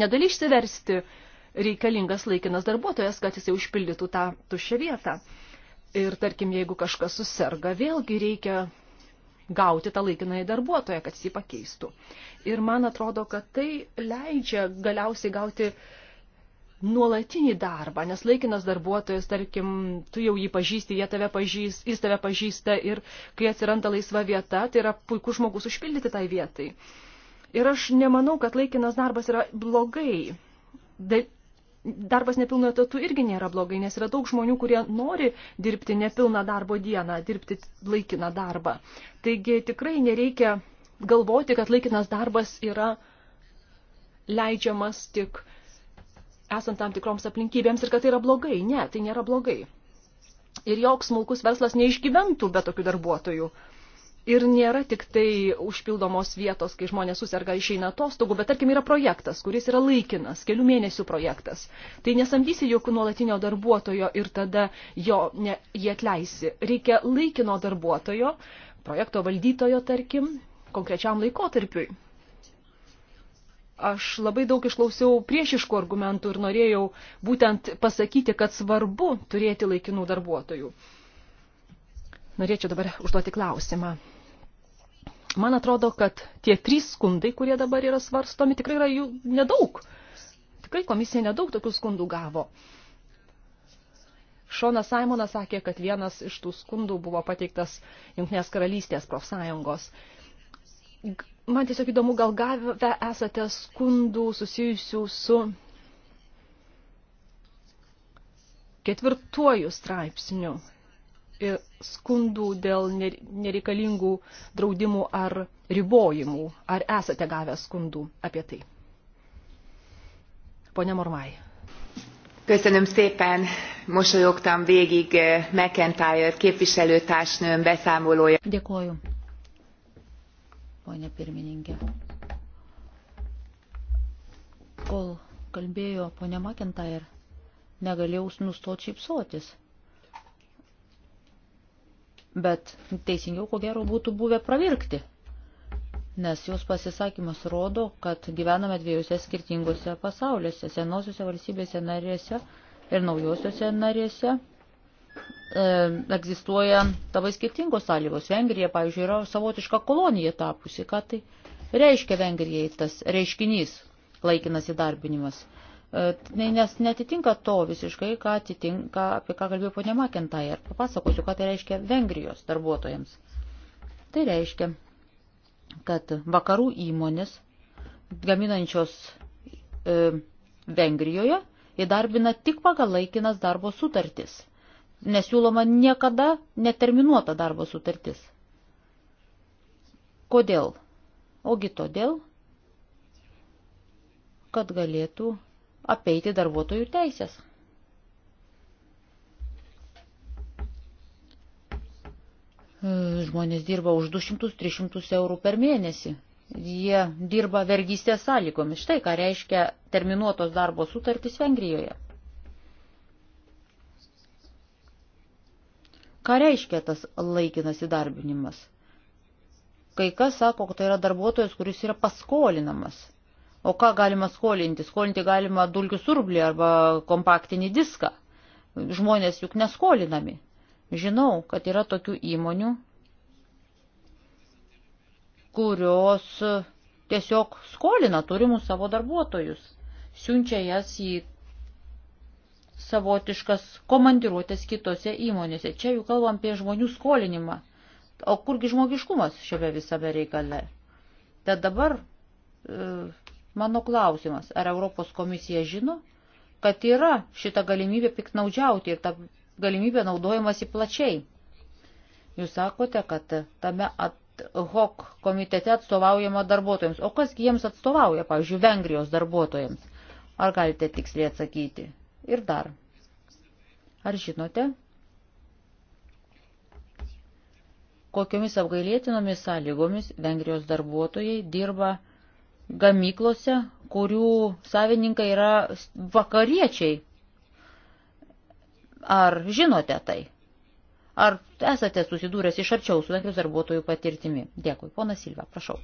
negali išsiversti reikalingas laikinas darbuotojas, kad jisai užpildytų tą tuščią vietą. Ir tarkim, jeigu kažkas susirga, vėlgi reikia gauti tą laikinąją darbuotoją, kad jį pakeistų. Ir man atrodo, kad tai leidžia galiausiai gauti nuolatinį darbą, nes laikinas darbuotojas, tarkim, tu jau jį pažįsti, jie tave pažįst, jis tave pažįsta ir kai atsiranda laisva vieta, tai yra puikus žmogus užpildyti tai vietai. Ir aš nemanau, kad laikinas darbas yra blogai darbas nepilnu etatu irgi nėra blogai, nes yra daug žmonių, kurie nori dirbti nepilną darbo dieną, dirbti laikiną darbą. Taigi tikrai nereikia galvoti, kad laikinas darbas yra leidžiamas tik esant tam tikroms aplinkybėms ir kad tai yra blogai. Ne, tai nėra blogai. Ir joks smulkus verslas neišgyventų be tokių darbuotojų ir nėra tik tai užpildomos vietos, kai žmonės susirga išeina atostogų, bet tarkim yra projektas, kuris yra laikinas, kelių mėnesių projektas. Tai nesamdysi jokių nuolatinio darbuotojo ir tada jo ne, jį atleisi. Reikia laikino darbuotojo, projekto valdytojo, tarkim, konkrečiam laikotarpiui. Aš labai daug išklausiau priešiškų argumentų ir norėjau būtent pasakyti, kad svarbu turėti laikinų darbuotojų. Norėčiau dabar užduoti klausimą. Man atrodo, kad tie trys skundai, kurie dabar yra svarstomi, tikrai yra jų nedaug. Tikrai komisija nedaug tokių skundų gavo. Šonas Simonas sakė, kad vienas iš tų skundų buvo pateiktas Junknės karalystės profsąjungos. Man tiesiog įdomu, gal gavę esate skundų susijusių su ketvirtuoju straipsniu E, skundų dėl nereikalingų draudimų ar ribojimų? Ar esate gavę skundų apie tai? Pone Mormai. Köszönöm szépen, mosolyogtam végig e, McIntyre képviselőtársnőm beszámolója. Dėkoju, ponia pirmininkė. Kol kalbėjo ponia McIntyre, negalėjau nustoti šypsotis bet teisingiau ko gero būtų buvę pravirkti, nes jos pasisakymas rodo, kad gyvename dviejose skirtingose pasauliuose, senosiuose valstybėse narėse ir naujosiuose narėse. E, egzistuoja labai skirtingos sąlygos. Vengrija, pavyzdžiui, yra savotiška kolonija tapusi. Ką tai reiškia Vengrijai tas reiškinys laikinas įdarbinimas? E, E, nes netitinka to visiškai, ką atitinka, apie ką kalbėjo ponė Makentai. Ir papasakosiu, ką tai reiškia Vengrijos darbuotojams. Tai reiškia, kad vakarų įmonės gaminančios e, Vengrijoje įdarbina tik pagal laikinas darbo sutartis, nes siūloma niekada neterminuota darbo sutartis. Kodėl? Ogi todėl, kad galėtų apeiti darbuotojų teisės. Žmonės dirba už 200-300 eurų per mėnesį. Jie dirba vergystės sąlygomis. Štai ką reiškia terminuotos darbo sutartys Vengrijoje. Ką reiškia tas laikinas įdarbinimas? Kai kas sako, kad tai yra darbuotojas, kuris yra paskolinamas. O ką galima skolinti? Skolinti galima dulkių surblį arba kompaktinį diską. Žmonės juk neskolinami. Žinau, kad yra tokių įmonių, kurios tiesiog skolina turimus savo darbuotojus, siunčia jas į savotiškas komandiruotės kitose įmonėse. Čia jau kalbam apie žmonių skolinimą. O kurgi žmogiškumas šiame visame reikale? Tad dabar e, Mano klausimas, ar Europos komisija žino, kad yra šita galimybė piknaudžiauti ir ta galimybė naudojamasi plačiai? Jūs sakote, kad tame ad hoc komitete atstovaujama darbuotojams. O kas jiems atstovauja, pavyzdžiui, Vengrijos darbuotojams? Ar galite tiksliai atsakyti? Ir dar. Ar žinote, kokiomis apgailėtinomis sąlygomis Vengrijos darbuotojai dirba gamyklose, kurių savininkai yra vakariečiai. Ar žinote tai? Ar esate susidūręs iš arčiau su tokius darbuotojų patirtimi? Dėkui, ponas Silva, prašau.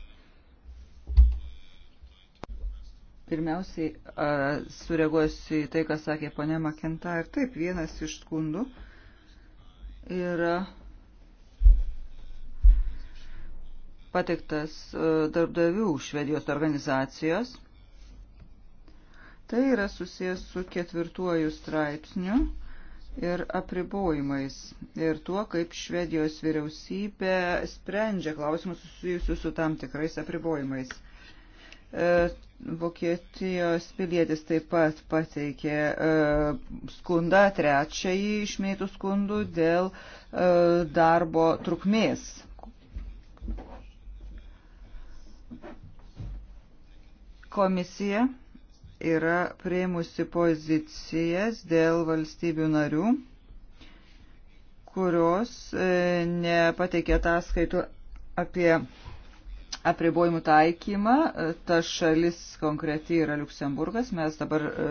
Pirmiausiai sureaguosiu į tai, ką sakė ponė Makinta. Ir taip, vienas iš skundų yra pateiktas e, darbdavių švedijos organizacijos. Tai yra susijęs su ketvirtuoju straipsniu ir apribojimais ir tuo, kaip Švedijos vyriausybė sprendžia klausimus susijusius su tam tikrais apribojimais. E, Vokietijos pilietis taip pat pateikė e, skundą, trečiąjį išmėtų skundų dėl darbo trukmės Komisija yra prieimusi pozicijas dėl valstybių narių, kurios e, nepateikė ataskaitų apie apribojimų taikymą. E, ta šalis konkreti yra Luksemburgas. Mes dabar e,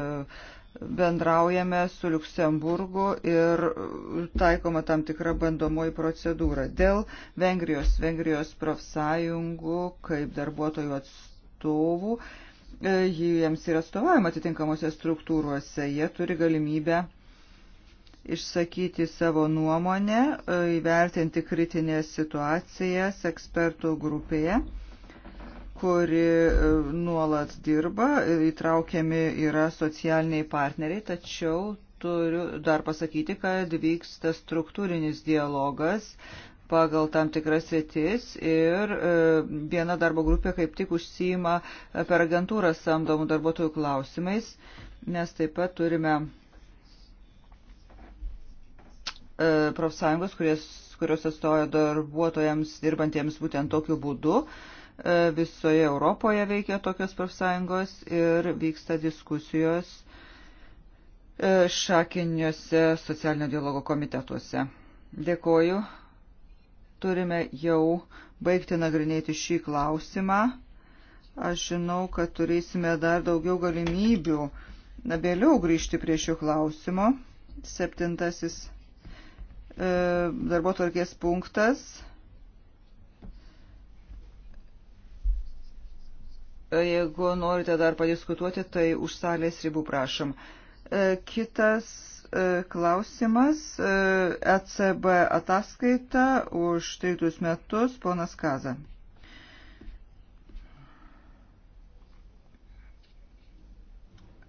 bendraujame su Luksemburgu ir taikoma tam tikra bandomoji procedūra. Dėl Vengrijos, Vengrijos profsąjungų kaip darbuotojų atstovų, atstovų E, jiems yra atstovavimo atitinkamosios struktūruose, jie turi galimybę išsakyti savo nuomonę, e, įvertinti kritinės situacijas ekspertų grupėje, kuri e, nuolat dirba, įtraukiami yra socialiniai partneriai, tačiau turiu dar pasakyti, kad vyksta struktūrinis dialogas pagal tam tikras sritis ir e, viena darbo grupė kaip tik užsima e, per agentūrą samdomų darbuotojų klausimais. Mes taip pat turime e, profsąjungos, kurios, kurios atstovauja darbuotojams dirbantiems būtent tokiu būdu. Visoje Europoje veikia tokios profsąjungos ir vyksta diskusijos šakiniuose socialinio dialogo komitetuose. Dėkoju turime jau baigti nagrinėti šį klausimą. Aš žinau, kad turėsime dar daugiau galimybių vėliau grįžti prie šio klausimo. Septintasis e, darbo tvarkės punktas. E, jeigu norite dar padiskutuoti, tai už salės ribų prašom. E, kitas E, klausimas. ECB e ataskaita už 13 metus, ponas Kaza.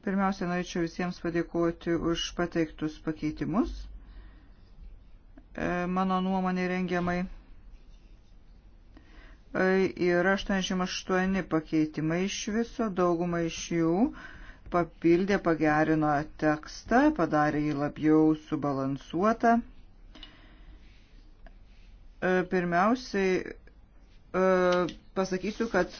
Pirmiausia, norėčiau visiems padėkoti už pateiktus pakeitimus. E, mano nuomonė rengiamai yra 88 pakeitimai iš viso, dauguma iš jų papildė, pagerino tekstą, padarė jį labiau subalansuotą. E, pirmiausiai e, pasakysiu, kad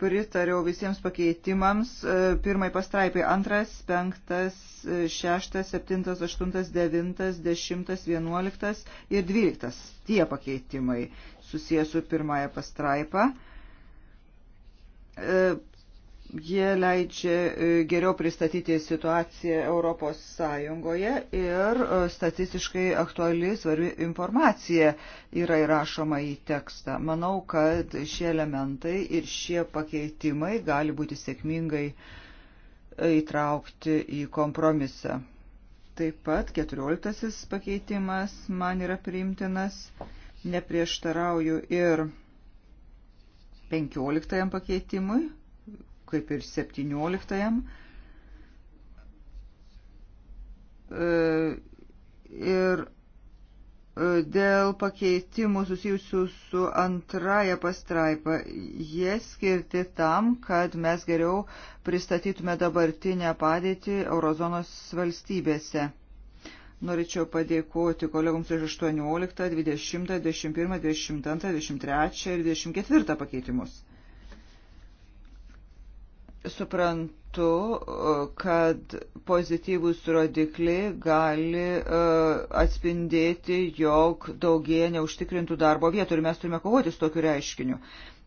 pritariau visiems pakeitimams. E, pirmai pastraipai antras, penktas, šeštas, septintas, aštuntas, devintas, dešimtas, vienuoliktas ir dvyliktas. Tie pakeitimai susijęs su pirmąją pastraipą Jie leidžia e, geriau pristatyti situaciją Europos Sąjungoje ir e, statistiškai aktuali svarbi informacija yra įrašoma į tekstą. Manau, kad šie elementai ir šie pakeitimai gali būti sėkmingai įtraukti į kompromisą. Taip pat keturioliktasis pakeitimas man yra priimtinas, neprieštarauju ir penkioliktajam pakeitimui kaip ir 17. E, ir e, dėl pakeitimų susijusių su antraja pastraipa, jie skirti tam, kad mes geriau pristatytume dabartinę padėtį eurozonos valstybėse. Norėčiau padėkoti kolegoms iš 18, 20, 21, 22, 23 ir 24 pakeitimus suprantu, e, kad pozityvūs rodikliai gali e, atspindėti, jog daugėja neužtikrintų darbo vietų ir mes turime kovoti su tokiu reiškiniu.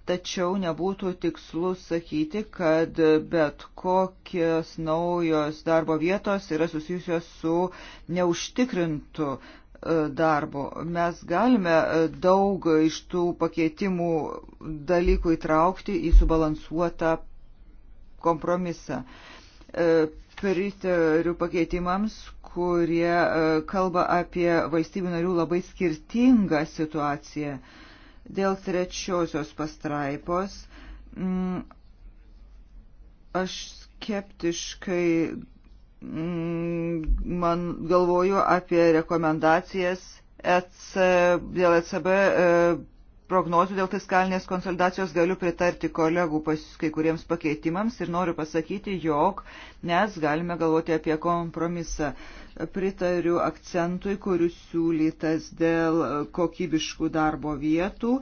Tačiau nebūtų tikslu sakyti, kad bet kokios naujos darbo vietos yra susijusios su neužtikrintu e, darbo. Mes galime daug iš tų pakeitimų dalykų įtraukti į subalansuotą kompromisą. E, pritariu pakeitimams, kurie e, kalba apie valstybių narių labai skirtingą situaciją. Dėl trečiosios pastraipos mm, aš skeptiškai mm, man galvoju apie rekomendacijas EC, dėl ECB e, prognozių dėl fiskalinės konsolidacijos galiu pritarti kolegų pas, kai kuriems pakeitimams ir noriu pasakyti, jog mes galime galvoti apie kompromisą. Pritariu akcentui, kuris siūlytas dėl kokybiškų darbo vietų.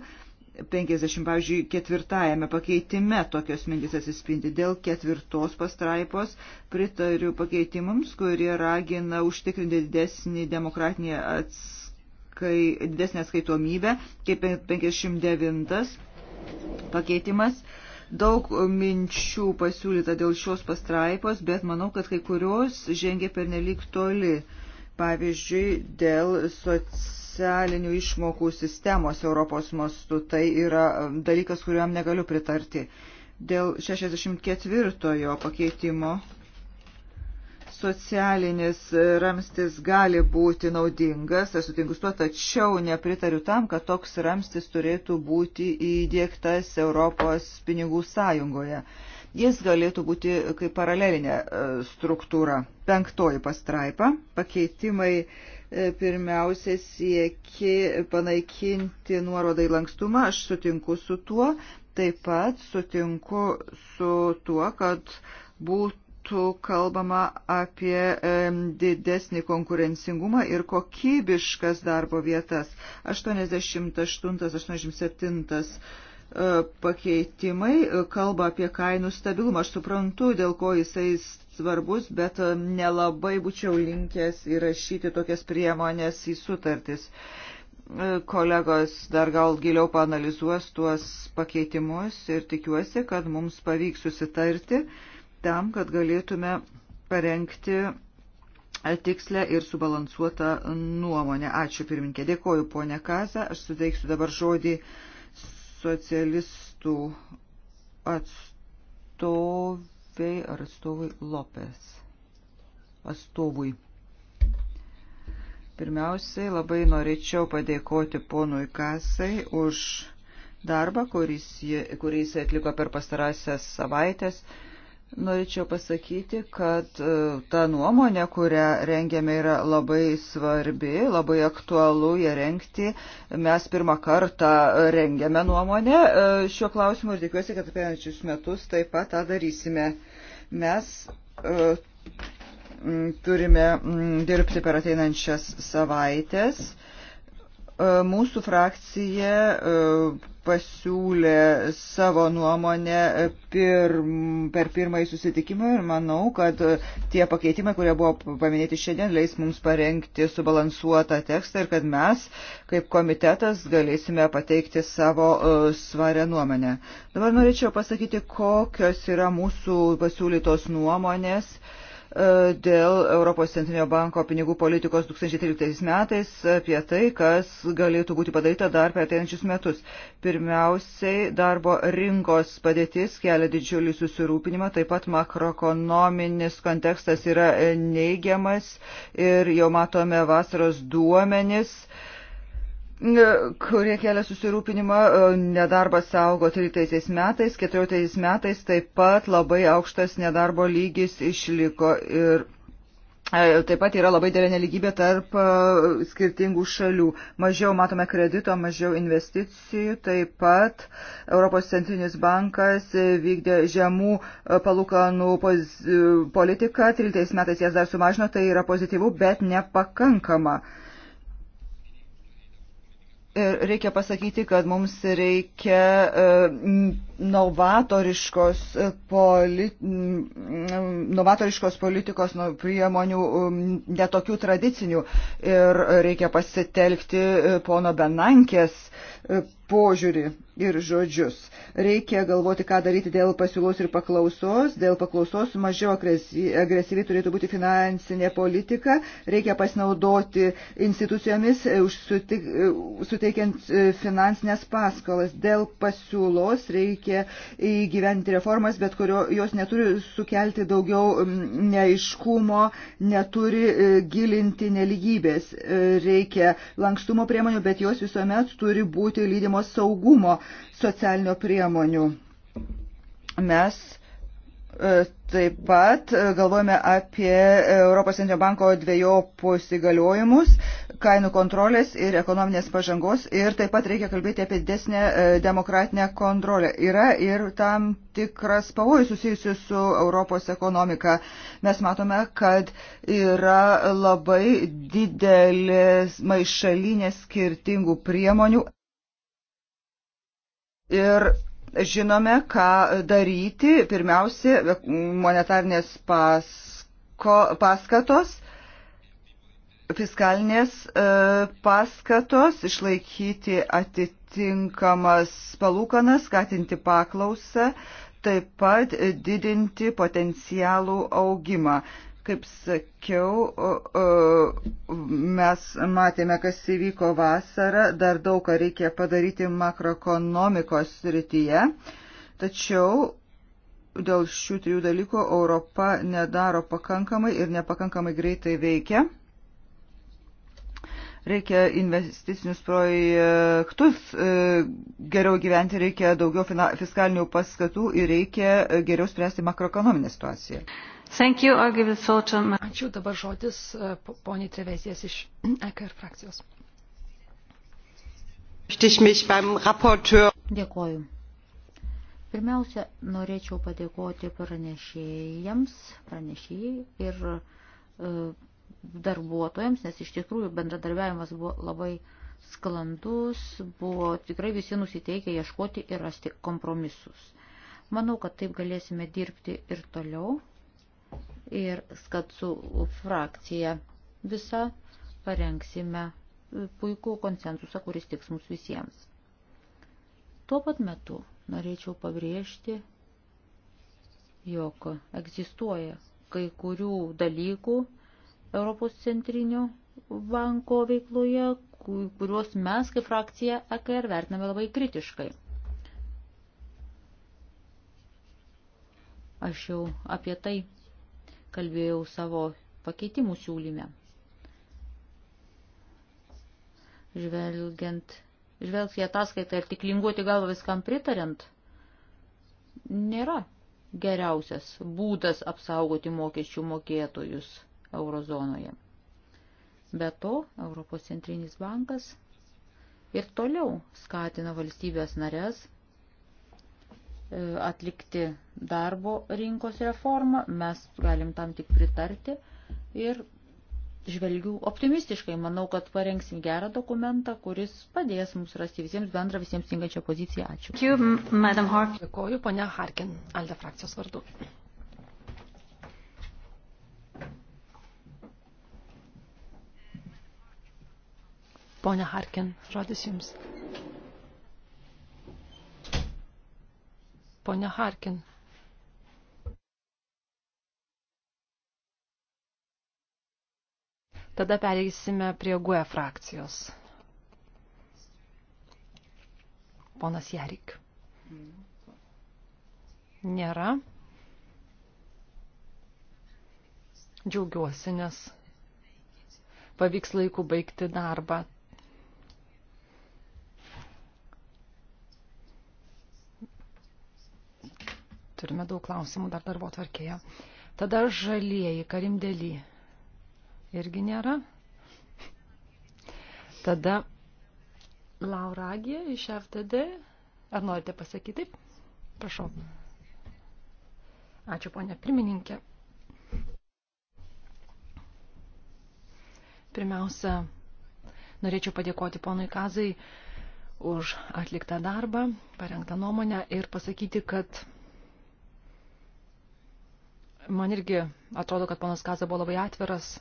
50, pavyzdžiui, ketvirtajame pakeitime tokios mintys atsispindi. Dėl ketvirtos pastraipos pritariu pakeitimams, kurie ragina užtikrinti didesnį demokratinį atsakymą kai didesnė skaitomybė, kaip 59 pakeitimas. Daug minčių pasiūlyta dėl šios pastraipos, bet manau, kad kai kurios žengia per nelik toli. Pavyzdžiui, dėl socialinių išmokų sistemos Europos mastu. Tai yra um, dalykas, kuriuom negaliu pritarti. Dėl 64 pakeitimo socialinis ramstis gali būti naudingas, aš sutinku su tuo, tačiau nepritariu tam, kad toks ramstis turėtų būti įdėktas Europos pinigų sąjungoje. Jis galėtų būti kaip paralelinė e, struktūra. Penktoji pastraipa. Pakeitimai e, pirmiausia sieki panaikinti nuorodą į lankstumą. Aš sutinku su tuo. Taip pat sutinku su tuo, kad būtų būtų kalbama apie didesnį konkurencingumą ir kokybiškas darbo vietas. 88-87 e, pakeitimai e, kalba apie kainų stabilumą. Aš suprantu, dėl ko jisai svarbus, bet e, nelabai būčiau linkęs įrašyti tokias priemonės į sutartis kolegos dar gal giliau panalizuos tuos pakeitimus ir tikiuosi, kad mums pavyks susitarti. Uh, tam, kad galėtume parengti tikslę ir subalansuotą nuomonę. Ačiū pirminkė. Dėkoju ponė Kaza. Aš suteiksiu dabar žodį socialistų atstoviai ar atstovui Lopes. Atstovui. Pirmiausiai labai norėčiau padėkoti ponui Kasai už darbą, kuris, kuris atliko per pastarąsias savaitės. Uh, Norėčiau pasakyti, kad e, ta nuomonė, kurią rengiame, yra labai svarbi, labai aktualu ją renkti. Mes pirmą kartą rengiame nuomonę e, šiuo klausimu ir tikiuosi, kad apie ančius metus taip pat tą darysime. Mes e, turime dirbti per ateinančias savaitės E, mūsų frakcija e, pasiūlė savo nuomonę pirm, per pirmąjį susitikimą ir manau, kad tie pakeitimai, kurie buvo paminėti šiandien, leis mums parengti subalansuotą tekstą ir kad mes, kaip komitetas, galėsime pateikti savo e, svarę nuomonę. Dabar norėčiau pasakyti, kokios yra mūsų pasiūlytos nuomonės. Uh, E, dėl Europos centrinio banko pinigų politikos 2013 metais apie tai, kas galėtų būti padaryta dar per ateinančius metus. Pirmiausiai, darbo rinkos padėtis kelia didžiulį susirūpinimą, taip pat makroekonominis kontekstas yra neigiamas ir jau matome vasaros duomenis. Uh, kurie kelia susirūpinimą, e, nedarbas augo 13 metais, 14 metais taip pat labai aukštas nedarbo lygis išliko ir e, taip pat yra labai dėlė neligybė tarp e, skirtingų šalių. Mažiau matome kredito, mažiau investicijų, taip pat Europos centrinis bankas vykdė žemų palūkanų politiką, 13 metais jas dar sumažino, tai yra pozityvų, bet nepakankama. E, reikia pasakyti, kad mums reikia e, novatoriškos, e, polit, novatoriškos politikos priemonių, netokių tradicinių. Ir reikia pasitelkti pono Benankės požiūrį ir žodžius. Reikia galvoti, ką daryti dėl pasiūlos ir paklausos. Dėl paklausos mažiau agresyvi turėtų būti finansinė politika. Reikia pasinaudoti institucijomis, e, e, suteikiant e, finansinės paskolas. Dėl pasiūlos reikia įgyventi reformas, bet kurio jos neturi sukelti daugiau neiškumo, neturi gilinti neligybės. Reikia lankstumo priemonių, bet jos visuomet turi būti darbuotojų lydimo saugumo socialinio priemonių. Mes e, taip pat e, galvojame apie Europos Centrinio banko dviejopus įgaliojimus, kainų kontrolės ir ekonominės pažangos ir taip pat reikia kalbėti apie desnę e, demokratinę kontrolę. Yra ir tam tikras pavojus susijusius su Europos ekonomika. Mes matome, kad yra labai didelis maišalinės skirtingų priemonių Ir žinome, ką daryti. Pirmiausia, monetarnės pasko, paskatos, fiskalinės e, paskatos, išlaikyti atitinkamas palūkanas, skatinti paklausą, taip pat didinti potencialų augimą. Kaip sakiau, mes matėme, kas įvyko vasarą, dar daug ką reikia padaryti makroekonomikos srityje, tačiau dėl šių trijų dalykų Europa nedaro pakankamai ir nepakankamai greitai veikia. Reikia investicinius projektus e, geriau gyventi, reikia daugiau fiskalinių paskatų ir reikia e, geriau spręsti makroekonominę situaciją. Ačiū dabar žodis e, poniai Trevesijas iš EKR frakcijos. Dėkoju. Pirmiausia, norėčiau padėkoti pranešėjams, pranešėjai ir e, darbuotojams, nes iš tikrųjų bendradarbiavimas buvo labai sklandus, buvo tikrai visi nusiteikę ieškoti ir rasti kompromisus. Manau, kad taip galėsime dirbti ir toliau ir kad su frakcija visa parengsime puikų konsensusą, kuris tiks mums visiems. Tuo pat metu norėčiau pabrėžti, jog egzistuoja kai kurių dalykų Europos centrinio banko veikloje, kuriuos mes kaip frakcija EKR vertiname labai kritiškai. Aš jau apie tai kalbėjau savo pakeitimų siūlyme. Žvelgiant, žvelgti ataskaitą ir tik linguoti galvą viskam pritariant, nėra geriausias būdas apsaugoti mokesčių mokėtojus eurozonoje. Be to, Europos centrinis bankas ir toliau skatina valstybės narės E, atlikti darbo rinkos reformą, mes galim tam tik pritarti ir žvelgiu optimistiškai. Manau, kad parengsim gerą dokumentą, kuris padės mums rasti visiems bendrą, visiems tinkančią poziciją. Ačiū. Dėkoju, ponia Harkin, Alde frakcijos vardu. Ponia Harkin, žodis jums. Pone Harkin. Tada pereisime prie GUE frakcijos. Ponas Jarik. Nėra. Džiaugiuosi, nes pavyks laiku baigti darbą. Turime daug klausimų dar darbo tvarkėje. Tada žalieji karimdėlį irgi nėra. Tada Lauragė iš FTD. Ar norite pasakyti? Prašau. Ačiū, ponia pirmininkė. Pirmiausia, norėčiau padėkoti ponui Kazai už atliktą darbą, parengtą nuomonę ir pasakyti, kad Man irgi atrodo, kad ponas Kaza buvo labai atviras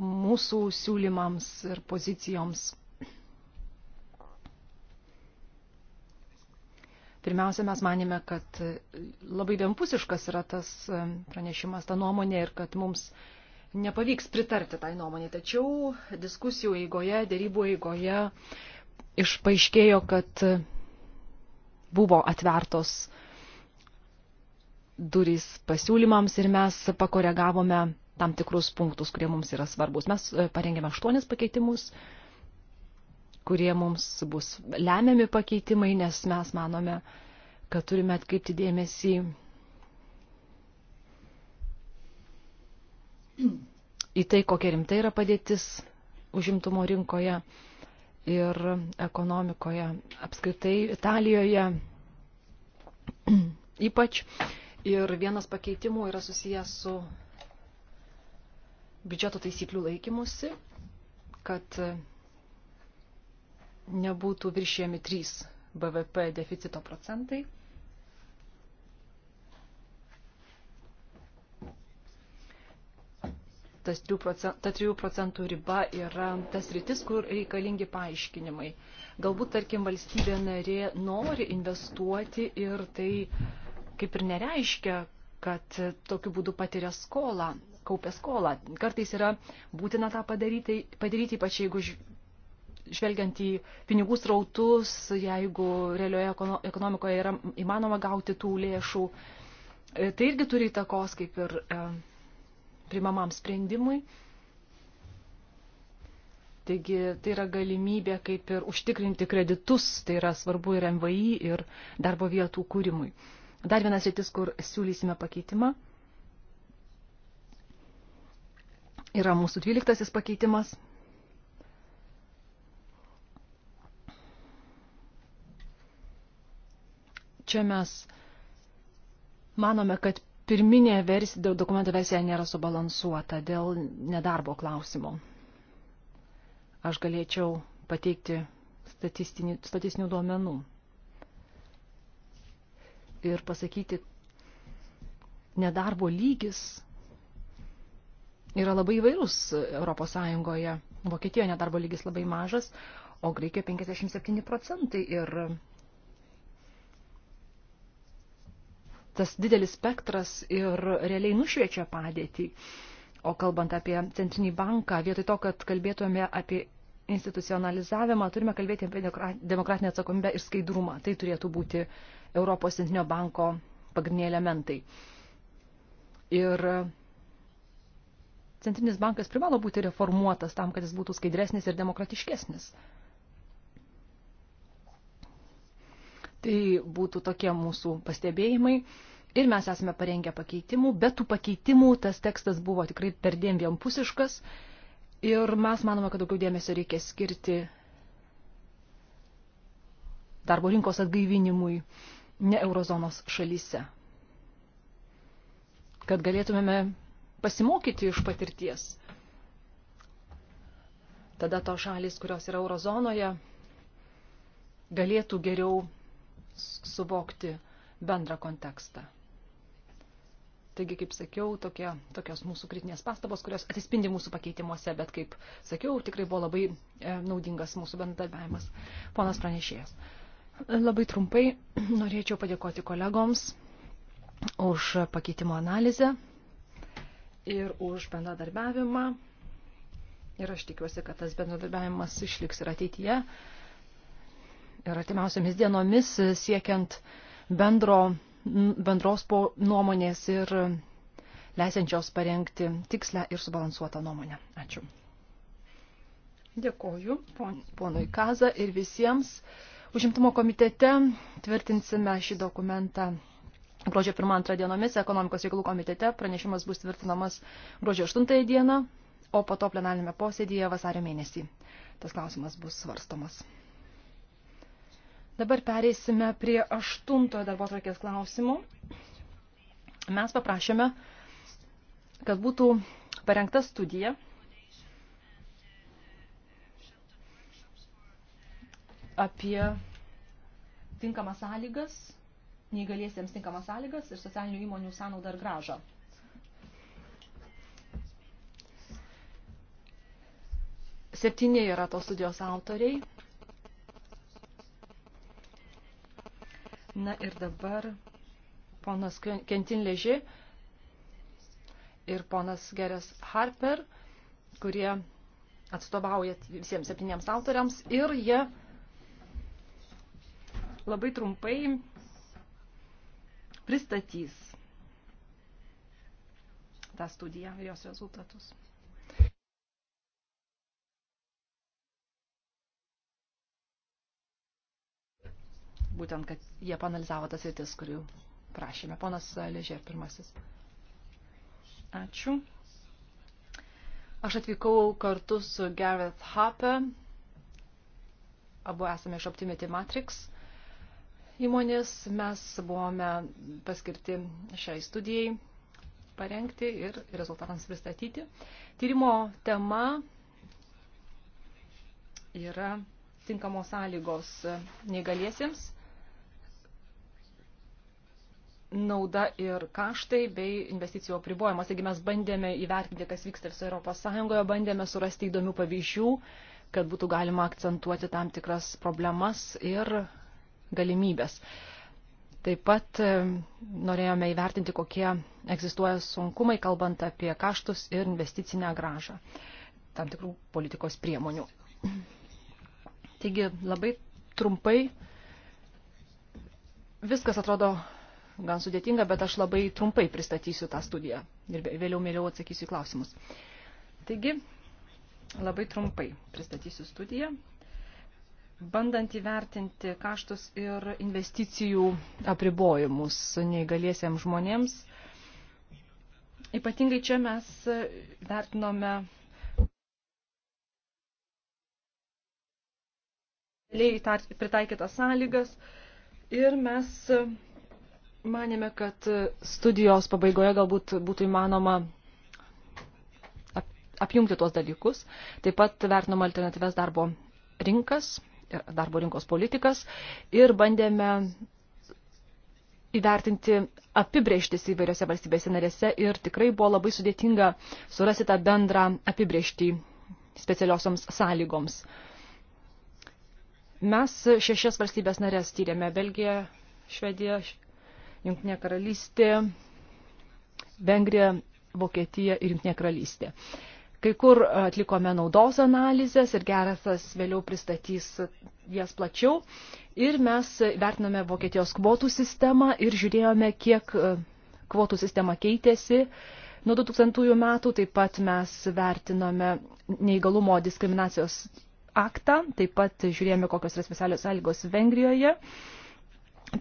mūsų siūlymams ir pozicijoms. Pirmiausia, mes manėme, kad labai vienpusiškas yra tas e, pranešimas, ta nuomonė ir kad mums nepavyks pritarti tai nuomonė. Tačiau diskusijų eigoje, dėrybų eigoje išpaaiškėjo, kad buvo atvertos uh, durys pasiūlymams ir mes pakoregavome tam tikrus punktus, kurie mums yra svarbus. Mes e, parengėme aštuonis pakeitimus, kurie mums bus lemiami pakeitimai, nes mes manome, kad turime atkreipti dėmesį į tai, kokia rimta yra padėtis užimtumo rinkoje ir ekonomikoje apskritai Italijoje ypač Ir vienas pakeitimų yra susijęs su biudžeto taisyklių laikymusi, kad nebūtų viršėjami 3 BVP deficito procentai. Tas 3 procentų, ta 3 procentų riba yra tas rytis, kur reikalingi paaiškinimai. Galbūt, tarkim, valstybė narė nori investuoti ir tai uh, kaip ir nereiškia, kad tokiu būdu patiria skolą, kaupia skolą. Kartais yra būtina tą padaryti, padaryti ypač jeigu žvelgiant į pinigų srautus, jeigu realioje ekonomikoje yra įmanoma gauti tų lėšų. E, tai irgi turi įtakos kaip ir e, primamam sprendimui. Taigi tai yra galimybė kaip ir užtikrinti kreditus, tai yra svarbu ir MVI, ir darbo vietų kūrimui. Dar vienas rytis, kur siūlysime pakeitimą, yra mūsų dvyliktasis pakeitimas. Čia mes manome, kad pirminė versija, dokumento versija nėra subalansuota dėl nedarbo klausimo. Aš galėčiau pateikti statistinių duomenų ir pasakyti, nedarbo lygis yra labai įvairus Europos Sąjungoje. Vokietijoje nedarbo lygis labai mažas, o Graikijoje 57 procentai ir tas didelis spektras ir realiai nušviečia padėtį. O kalbant apie centrinį banką, vietoj to, kad kalbėtume apie institucionalizavimą, turime kalbėti apie demokratinę atsakomybę ir skaidrumą. Tai turėtų būti Europos centrinio banko pagrindiniai elementai. Ir centrinis bankas privalo būti reformuotas tam, kad jis būtų skaidresnis ir demokratiškesnis. Tai būtų tokie mūsų pastebėjimai. Ir mes esame parengę pakeitimų, bet tų pakeitimų tas tekstas buvo tikrai perdėm vienpusiškas. pusiškas Ir mes manome, kad daugiau dėmesio reikia skirti darbo rinkos atgaivinimui ne eurozonos šalyse. Kad galėtumėme pasimokyti iš patirties. Tada to šalis, kurios yra eurozonoje, galėtų geriau suvokti bendrą kontekstą. Taigi, kaip sakiau, tokie, tokios mūsų kritinės pastabos, kurios atsispindi mūsų pakeitimuose, bet, kaip sakiau, tikrai buvo labai e, naudingas mūsų bendradarbiavimas. Ponas pranešėjas. Labai trumpai norėčiau padėkoti kolegoms už pakeitimo analizę ir už bendradarbiavimą. Ir aš tikiuosi, kad tas bendradarbiavimas išliks ir ateityje. Ir atimiausiamis dienomis siekiant bendro bendros po nuomonės ir leisiančios parengti tikslę ir subalansuotą nuomonę. Ačiū. Dėkoju ponui Kaza ir visiems. Užimtumo komitete tvirtinsime šį dokumentą gruodžio 1-2 dienomis, ekonomikos reikalų komitete pranešimas bus tvirtinamas gruodžio 8 dieną, o po to plenarinėme posėdėje vasario mėnesį. Tas klausimas bus svarstomas. Dabar pereisime prie aštuntojo darbo tvarkės klausimų. Mes paprašėme, kad būtų parengta studija apie tinkamas sąlygas, neįgaliesiems tinkamas sąlygas ir socialinių įmonių sąnaudą ir gražą. Septyni yra tos studijos autoriai. Na ir dabar ponas Kentin Leži ir ponas Geras Harper, kurie atstovauja visiems septyniems autoriams ir jie labai trumpai pristatys tą studiją ir jos rezultatus. būtent, kad jie panalizavo tas rytis, kurių prašėme. Ponas Ležė, pirmasis. Ačiū. Aš atvykau kartu su Gareth Hape. Abu esame iš Optimity Matrix įmonės. Mes buvome paskirti šiai studijai parengti ir rezultatams pristatyti. Tyrimo tema yra tinkamos sąlygos neįgaliesiems nauda ir kaštai bei investicijų apribojimas. Taigi mes bandėme įvertinti, kas vyksta visoje Europos Sąjungoje, bandėme surasti įdomių pavyzdžių, kad būtų galima akcentuoti tam tikras problemas ir galimybės. Taip pat e, norėjome įvertinti, kokie egzistuoja sunkumai, kalbant apie kaštus ir investicinę gražą tam tikrų politikos priemonių. Taigi labai trumpai viskas atrodo gan sudėtinga, bet aš labai trumpai pristatysiu tą studiją ir vėliau mėliau atsakysiu į klausimus. Taigi, labai trumpai pristatysiu studiją, bandant įvertinti kaštus ir investicijų apribojimus neįgaliesiems žmonėms. Ypatingai čia mes vertinome realiai pritaikytas sąlygas ir mes Manėme, kad studijos pabaigoje galbūt būtų įmanoma apjungti tuos dalykus. Taip pat vertinom alternatyves darbo rinkas, e, darbo rinkos politikas ir bandėme įvertinti apibrieštis įvairiose valstybėse narėse ir tikrai buvo labai sudėtinga surasti tą bendrą apibrieštį specialiosioms sąlygoms. Mes šešias valstybės narės tyrėme Belgiją, Švediją, Junktinė karalystė, Vengrija, Vokietija ir Junktinė karalystė. Kai kur atlikome naudos analizės ir Gerasas vėliau pristatys jas plačiau. Ir mes vertiname Vokietijos kvotų sistemą ir žiūrėjome, kiek e, kvotų sistema keitėsi. Nuo 2000 metų taip pat mes vertinome neįgalumo diskriminacijos aktą, taip pat žiūrėjome, kokios yra specialios sąlygos Vengrijoje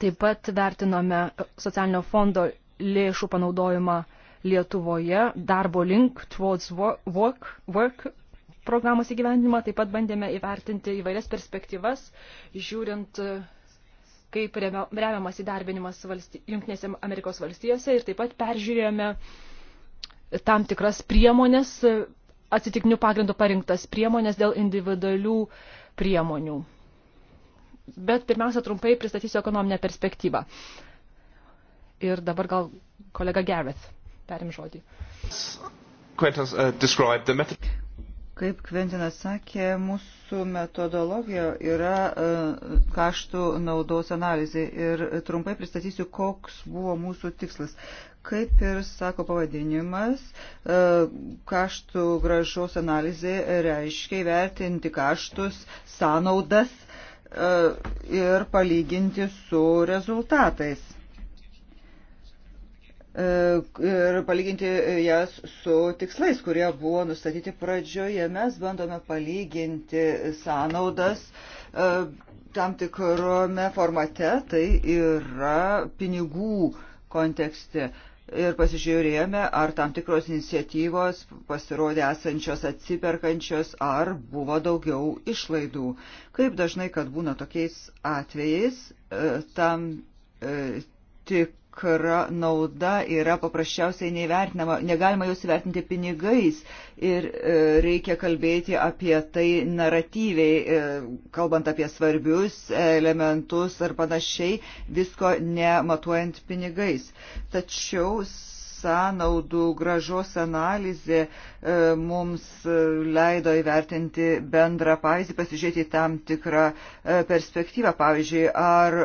Taip pat vertinome socialinio fondo lėšų panaudojimą Lietuvoje, darbo link, towards work, work programos įgyvendimą. Taip pat bandėme įvertinti įvairias perspektyvas, žiūrint, kaip remiamas įdarbinimas valsty, Junktinėse Amerikos valstijose ir taip pat peržiūrėjome tam tikras priemonės, atsitiknių pagrindų parinktas priemonės dėl individualių priemonių Bet pirmiausia, trumpai pristatysiu ekonominę perspektyvą. Ir dabar gal kolega Gareth perim žodį. Uh, kaip Kventinas sakė, mūsų metodologija yra uh, kaštų naudos analizė ir trumpai pristatysiu, koks buvo mūsų tikslas kaip ir sako pavadinimas, uh, kaštų gražos analizė reiškia įvertinti kaštus, sąnaudas E, ir palyginti su rezultatais. E, ir palyginti jas su tikslais, kurie buvo nustatyti pradžioje. Mes bandome palyginti sąnaudas e, tam tikrome formate, tai yra pinigų kontekste ir pasižiūrėjome, ar tam tikros iniciatyvos pasirodė esančios atsiperkančios, ar buvo daugiau išlaidų. Kaip dažnai, kad būna tokiais atvejais, e, tam e, tik tikra nauda yra paprasčiausiai neįvertinama, negalima jos įvertinti pinigais ir e, reikia kalbėti apie tai naratyviai, e, kalbant apie svarbius elementus ar panašiai, visko nematuojant pinigais. Tačiau sąnaudų gražos analizė e, mums e, leido įvertinti bendrą pavyzdį, pasižiūrėti tam tikrą e, perspektyvą. Pavyzdžiui, ar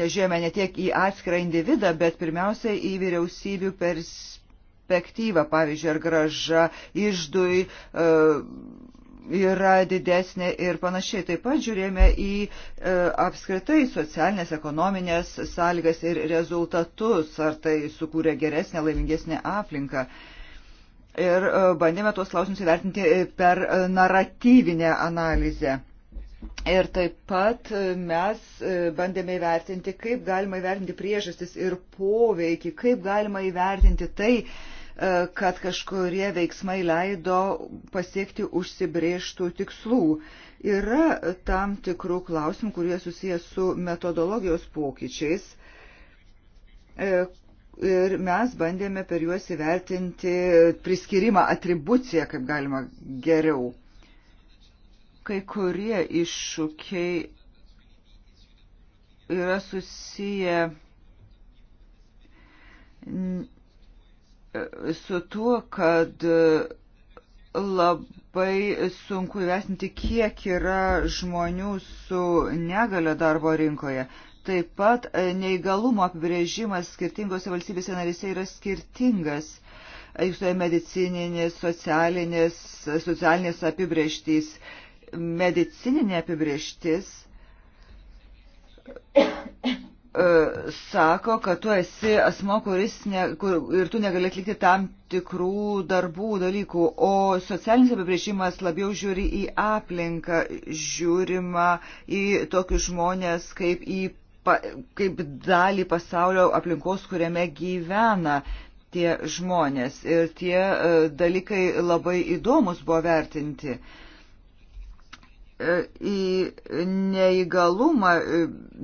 nežiūrėjome ne tiek į atskirą individą, bet pirmiausia į vyriausybių perspektyvą perspektyvą, pavyzdžiui, ar graža išdui yra didesnė ir panašiai. Taip pat žiūrėjome į e, apskritai socialinės, ekonominės sąlygas ir rezultatus, ar tai sukūrė geresnę, laimingesnę aplinką. Ir e, bandėme tuos klausimus įvertinti e, per naratyvinę analizę. Ir taip pat e, mes e, bandėme įvertinti, kaip galima įvertinti priežastis ir poveikį, kaip galima įvertinti tai, e, E, kad kažkurie veiksmai leido pasiekti užsibrėžtų tikslų. Yra tam tikrų klausimų, kurie susijęs su metodologijos pokyčiais. E, ir mes bandėme per juos įvertinti priskirimą, atribuciją, kaip galima geriau. Kai kurie iššūkiai yra susiję su tuo, kad labai sunku įvertinti, kiek yra žmonių su negale darbo rinkoje. Taip pat neįgalumo apibrėžimas skirtingose valstybėse narise yra skirtingas. Jūsų medicininės, socialinės, socialinės apibrėžtys, medicininė apibrėžtis E, sako, kad tu esi asmo, kuris ne, kur, ir tu negali atlikti tam tikrų darbų, dalykų, o socialinis apibrėžimas labiau žiūri į aplinką, žiūrima į tokius žmonės kaip į pa, kaip dalį pasaulio aplinkos, kuriame gyvena tie žmonės. Ir tie e, dalykai labai įdomus buvo vertinti. Uh, į neįgalumą,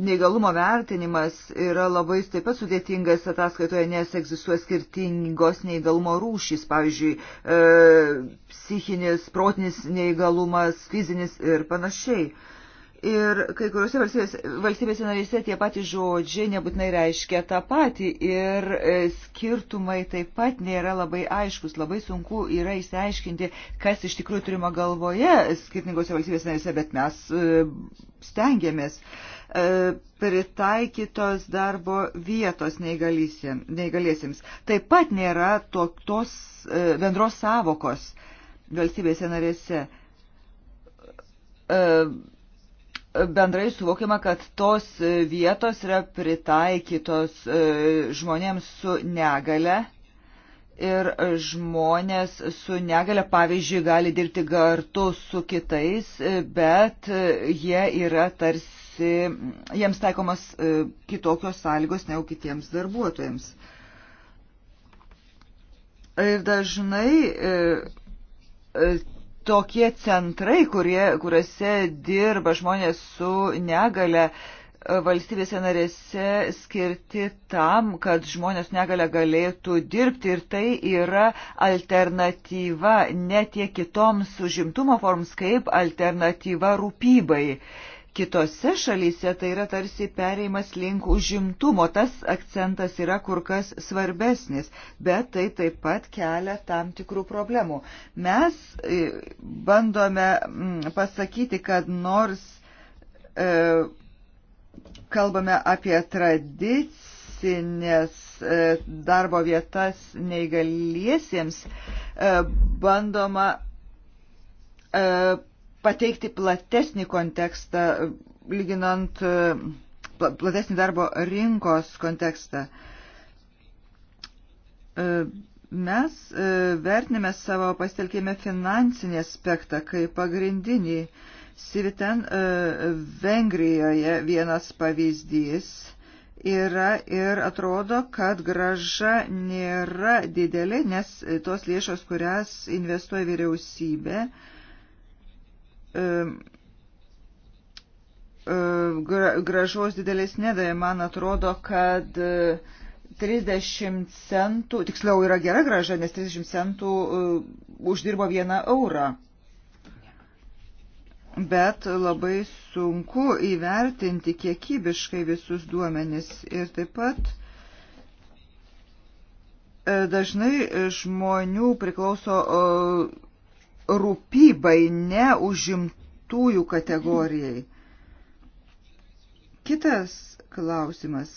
neįgalumo vertinimas yra labai taip pat sudėtingas ataskaitoje, nes egzistuoja skirtingos neįgalumo rūšys, pavyzdžiui, e, psichinis, protinis neįgalumas, fizinis ir panašiai. E, Ir kai kuriuose valstybės, valstybėse narėse tie patys žodžiai nebūtinai reiškia tą patį ir e, skirtumai taip pat nėra labai aiškus. Labai sunku yra įsiaiškinti, kas iš tikrųjų turima galvoje skirtingose valstybės narėse, bet mes e, stengiamės e, pritaikytos darbo vietos neįgaliesiems. Taip pat nėra to, tos bendros savokos valstybėse narėse. Uh, bendrai suvokiama, kad tos vietos yra pritaikytos e, žmonėms su negale ir žmonės su negale, pavyzdžiui, gali dirbti kartu su kitais, e, bet e, jie yra tarsi, jiems taikomas kitokios sąlygos negu kitiems darbuotojams. Ir dažnai tokie centrai, kurie, kuriuose dirba žmonės su negale, e, valstybėse narėse skirti tam, kad žmonės negalę galėtų dirbti ir tai yra alternatyva ne tiek kitoms užimtumo forms, kaip alternatyva rūpybai kitose šalyse tai yra tarsi pereimas link užimtumo. Tas akcentas yra kur kas svarbesnis, bet tai taip pat kelia tam tikrų problemų. Mes e, bandome mm, pasakyti, kad nors e, kalbame apie tradicinės e, darbo vietas neįgaliesiems, e, bandoma e, pateikti platesnį kontekstą, lyginant e, platesnį darbo rinkos kontekstą. E, mes e, vertiname savo pasitelkime finansinį aspektą kaip pagrindinį. Siviten Vengrijoje vienas pavyzdys yra ir atrodo, kad graža nėra didelė, nes tos lėšos, kurias investuoja vyriausybė, gražos didelės nedavė. Man atrodo, kad 30 e, centų, tiksliau yra gera graža, nes 30 centų e, uždirbo vieną eurą. Bet labai sunku įvertinti kiekybiškai visus duomenis ir taip pat e, dažnai žmonių priklauso rūpybai, ne užimtųjų kategorijai. Kitas klausimas.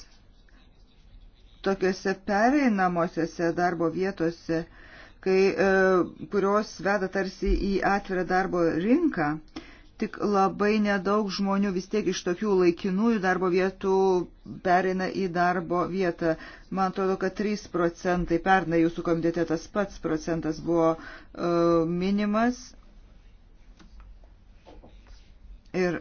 Tokiuose pereinamosiose darbo vietose, kai, e, kurios veda tarsi į atvirą darbo rinką, tik labai nedaug žmonių vis tiek iš tokių laikinųjų darbo vietų pereina į darbo vietą. Man atrodo, kad 3 procentai, pernai jūsų komitete tas pats procentas buvo uh, minimas. Ir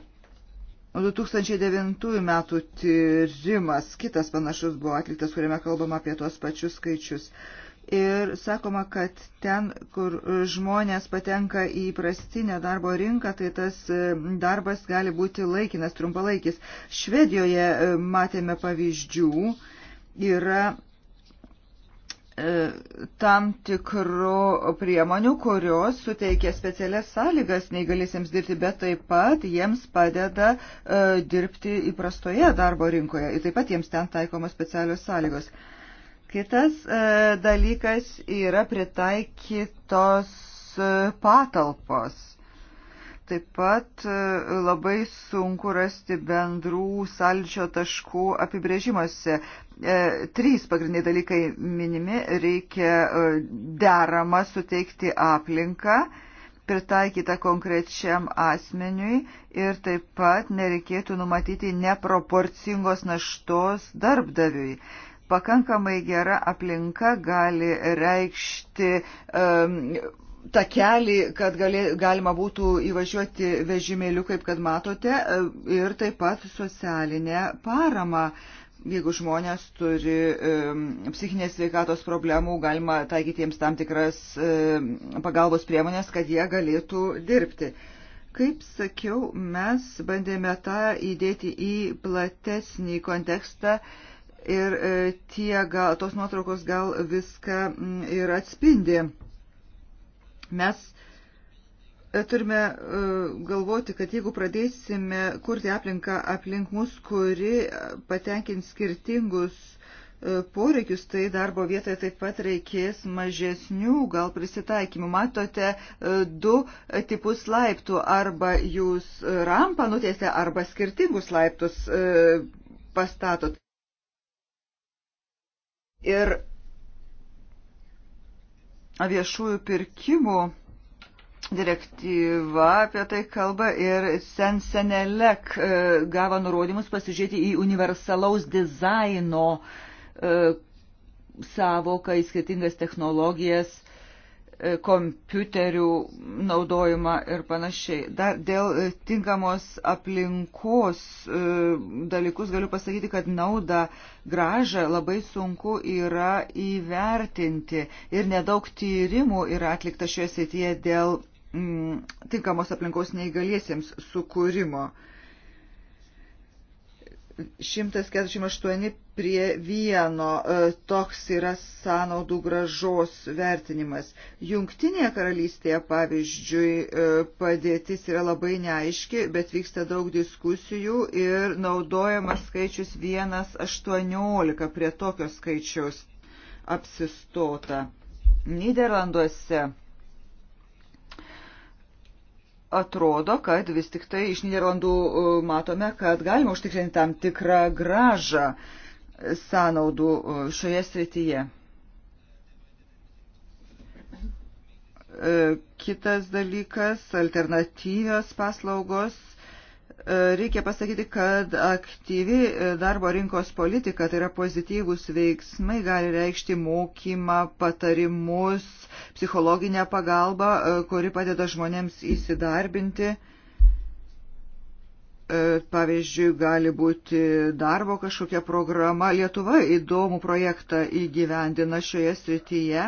2009 metų tyrimas, kitas panašus buvo atliktas, kuriame kalbama apie tuos pačius skaičius. Uh, ir sakoma, kad ten, kur žmonės patenka į prastinę darbo rinką, tai tas e, darbas gali būti laikinas, trumpalaikis. Švedijoje e, matėme pavyzdžių, yra e, tam tikrų priemonių, kurios suteikia specialias sąlygas neįgaliesiems dirbti, bet taip pat jiems padeda dirbti įprastoje darbo rinkoje ir taip pat jiems ten taikomos specialios sąlygos. Uh, Kitas e, dalykas yra pritaikytos e, patalpos. Taip pat e, labai sunku rasti bendrų salčio taškų apibrėžimuose. Trys pagrindiniai dalykai minimi - reikia deramą suteikti aplinką, pritaikytą konkrečiam asmeniui ir taip pat nereikėtų numatyti neproporcingos naštos darbdaviui pakankamai gera aplinka gali reikšti um, takelį, kad gali, galima būtų įvažiuoti vežimėliu, kaip kad matote, e, ir taip pat socialinę paramą. Jeigu žmonės turi um, psichinės sveikatos problemų, galima taikyti jiems tam tikras um, pagalbos priemonės, kad jie galėtų dirbti. Kaip sakiau, mes bandėme tą įdėti į platesnį kontekstą. Uh, ir e, tie, gal, tos nuotraukos gal viską ir atspindi. Mes e, turime e, galvoti, kad jeigu pradėsime kurti aplinką aplink mus, kuri patenkins skirtingus poreikius, tai darbo vietoje taip pat reikės mažesnių gal prisitaikymų. Matote du tipus laiptų, arba jūs rampą nutiesite, arba skirtingus laiptus pastatot. Ir viešųjų pirkimų direktyva apie tai kalba ir Sensenelek e, gavo nurodymus pasižiūrėti į universalaus dizaino e, savoką, į skirtingas technologijas E, kompiuterių naudojimą ir panašiai. Dar dėl e, tinkamos aplinkos e, dalykus galiu pasakyti, kad naudą gražą labai sunku yra įvertinti ir nedaug tyrimų yra atlikta šioje srityje dėl mm, tinkamos aplinkos neįgaliesiems sukūrimo. 148 prie 1 e, toks yra sąnaudų gražos vertinimas. Jungtinėje karalystėje, pavyzdžiui, e, padėtis yra labai neaiški, bet vyksta daug diskusijų ir naudojamas skaičius 1,18 prie tokio skaičiaus apsistota. Niderlanduose atrodo, kad vis tik tai iš Niderlandų e, matome, kad galima užtikrinti tam tikrą gražą sąnaudų e, šioje srityje. E, kitas dalykas - alternatyvios paslaugos E, reikia pasakyti, kad aktyvi e, darbo rinkos politika, tai yra pozityvūs veiksmai, gali reikšti mokymą, patarimus, psichologinę pagalbą, e, kuri padeda žmonėms įsidarbinti. Pavyzdžiui, gali būti darbo kažkokia programa. Lietuva įdomų projektą įgyvendina šioje srityje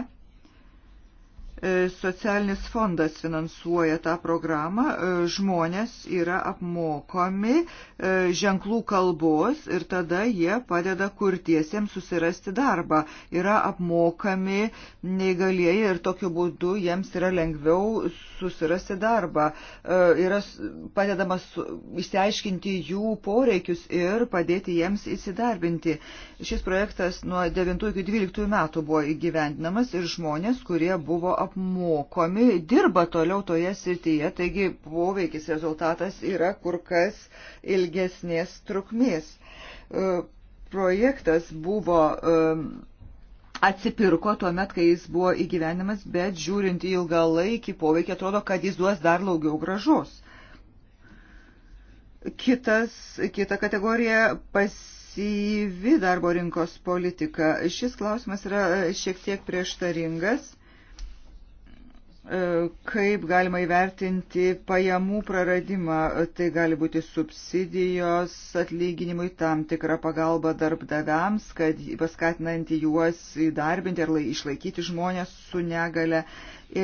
E, socialinis fondas finansuoja tą programą, e, žmonės yra apmokomi e, ženklų kalbos ir tada jie padeda kurtiesiems susirasti darbą. Yra apmokami neįgalieji ir tokiu būdu jiems yra lengviau susirasti darbą. Yra padedamas išsiaiškinti jų poreikius ir padėti jiems įsidarbinti. Šis projektas nuo 9 iki 12 metų buvo įgyvendinamas ir žmonės, kurie buvo apmokami apmokomi, dirba toliau toje srityje, taigi poveikis rezultatas yra kur kas ilgesnės trukmės. E, projektas buvo e, atsipirko tuo met, kai jis buvo įgyvenimas, bet žiūrint į ilgą laikį poveikį atrodo, kad jis duos dar daugiau gražos. Kitas, kita kategorija pasirinkti agresyvi darbo rinkos politika. Šis klausimas yra e, šiek tiek prieštaringas. E, kaip galima įvertinti pajamų praradimą. Tai gali būti subsidijos atlyginimui, tam tikra pagalba darbdaviams, kad paskatinanti juos įdarbinti ar išlaikyti žmonės su negale.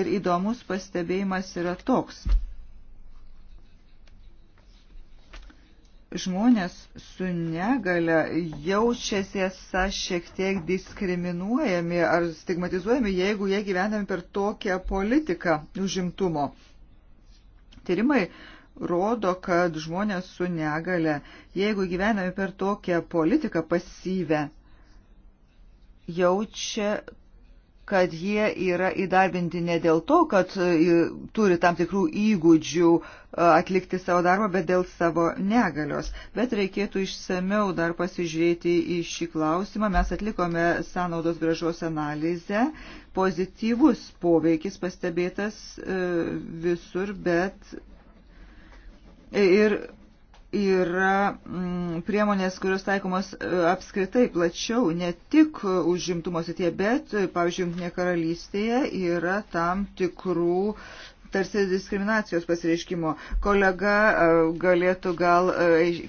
Ir įdomus pastebėjimas yra toks. žmonės su negale jaučiasi esą šiek tiek diskriminuojami ar stigmatizuojami, jeigu jie gyvenami per tokią politiką užimtumo. Tyrimai rodo, kad žmonės su negale, jeigu gyvenami per tokią politiką pasyvę, jaučia kad jie yra įdarbinti ne dėl to, kad e, turi tam tikrų įgūdžių e, atlikti savo darbą, bet dėl savo negalios. Bet reikėtų išsameu dar pasižiūrėti į šį klausimą. Mes atlikome sąnaudos gražos analizę. Pozityvus poveikis pastebėtas e, visur, bet ir yra mm, priemonės, kurios taikomos e, apskritai plačiau, ne tik užimtumo sitie, bet, pavyzdžiui, Junktinė karalystėje yra tam tikrų tarsi diskriminacijos pasireiškimo. Kolega e, galėtų gal e,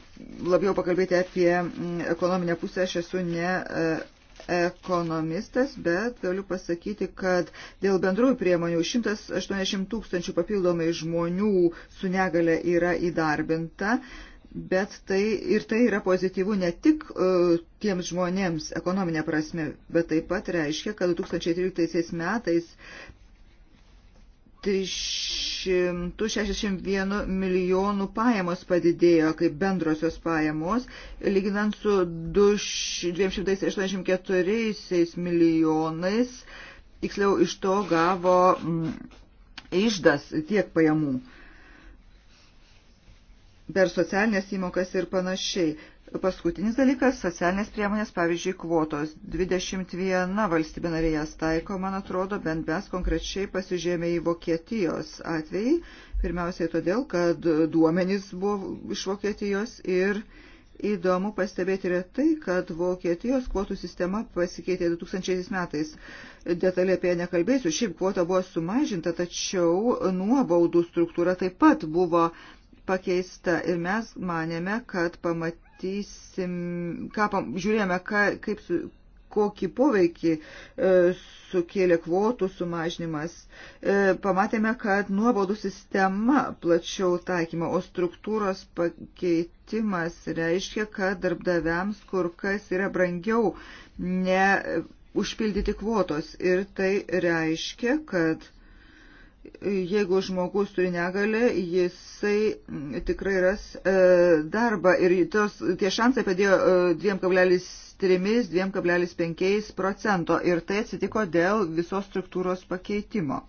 labiau pakalbėti apie mm, ekonominę pusę, aš esu ne ekonomistas, bet galiu pasakyti, kad dėl bendrųjų priemonių 180 tūkstančių papildomai žmonių su negale yra įdarbinta. Uh, bet tai ir tai yra pozityvu ne tik uh, tiems žmonėms ekonominė prasme, bet taip pat reiškia, kad 2013 metais 361 milijonų pajamos padidėjo kaip bendrosios pajamos, lyginant su 284 milijonais, tiksliau iš to gavo mm, išdas tiek pajamų. Uh, per socialinės įmokas ir panašiai. Paskutinis dalykas - socialinės priemonės, pavyzdžiui, kvotos. 21 valstybė narė jas taiko, man atrodo, bent mes konkrečiai pasižiūrėjome į Vokietijos atvejį. Pirmiausiai todėl, kad duomenys buvo iš Vokietijos ir įdomu pastebėti yra tai, kad Vokietijos kvotų sistema pasikeitė 2000 metais. Detaliai apie ją nekalbėsiu, šiaip kvota buvo sumažinta, tačiau nuobaudų struktūra taip pat buvo pakeista ir mes manėme, kad pamatysim, ką, žiūrėjome, ką, kaip, su, kokį poveikį e, sukėlė kvotų sumažinimas. E, pamatėme, kad nuobaudų sistema plačiau taikyma, o struktūros pakeitimas reiškia, kad darbdaviams kur kas yra brangiau ne e, užpildyti kvotos. Ir tai reiškia, kad jeigu žmogus turi negalę, jisai mm, tikrai ras e, darbą. Ir tos, tie šansai padėjo e, 2,3-2,5 procento. Ir tai atsitiko dėl visos struktūros pakeitimo.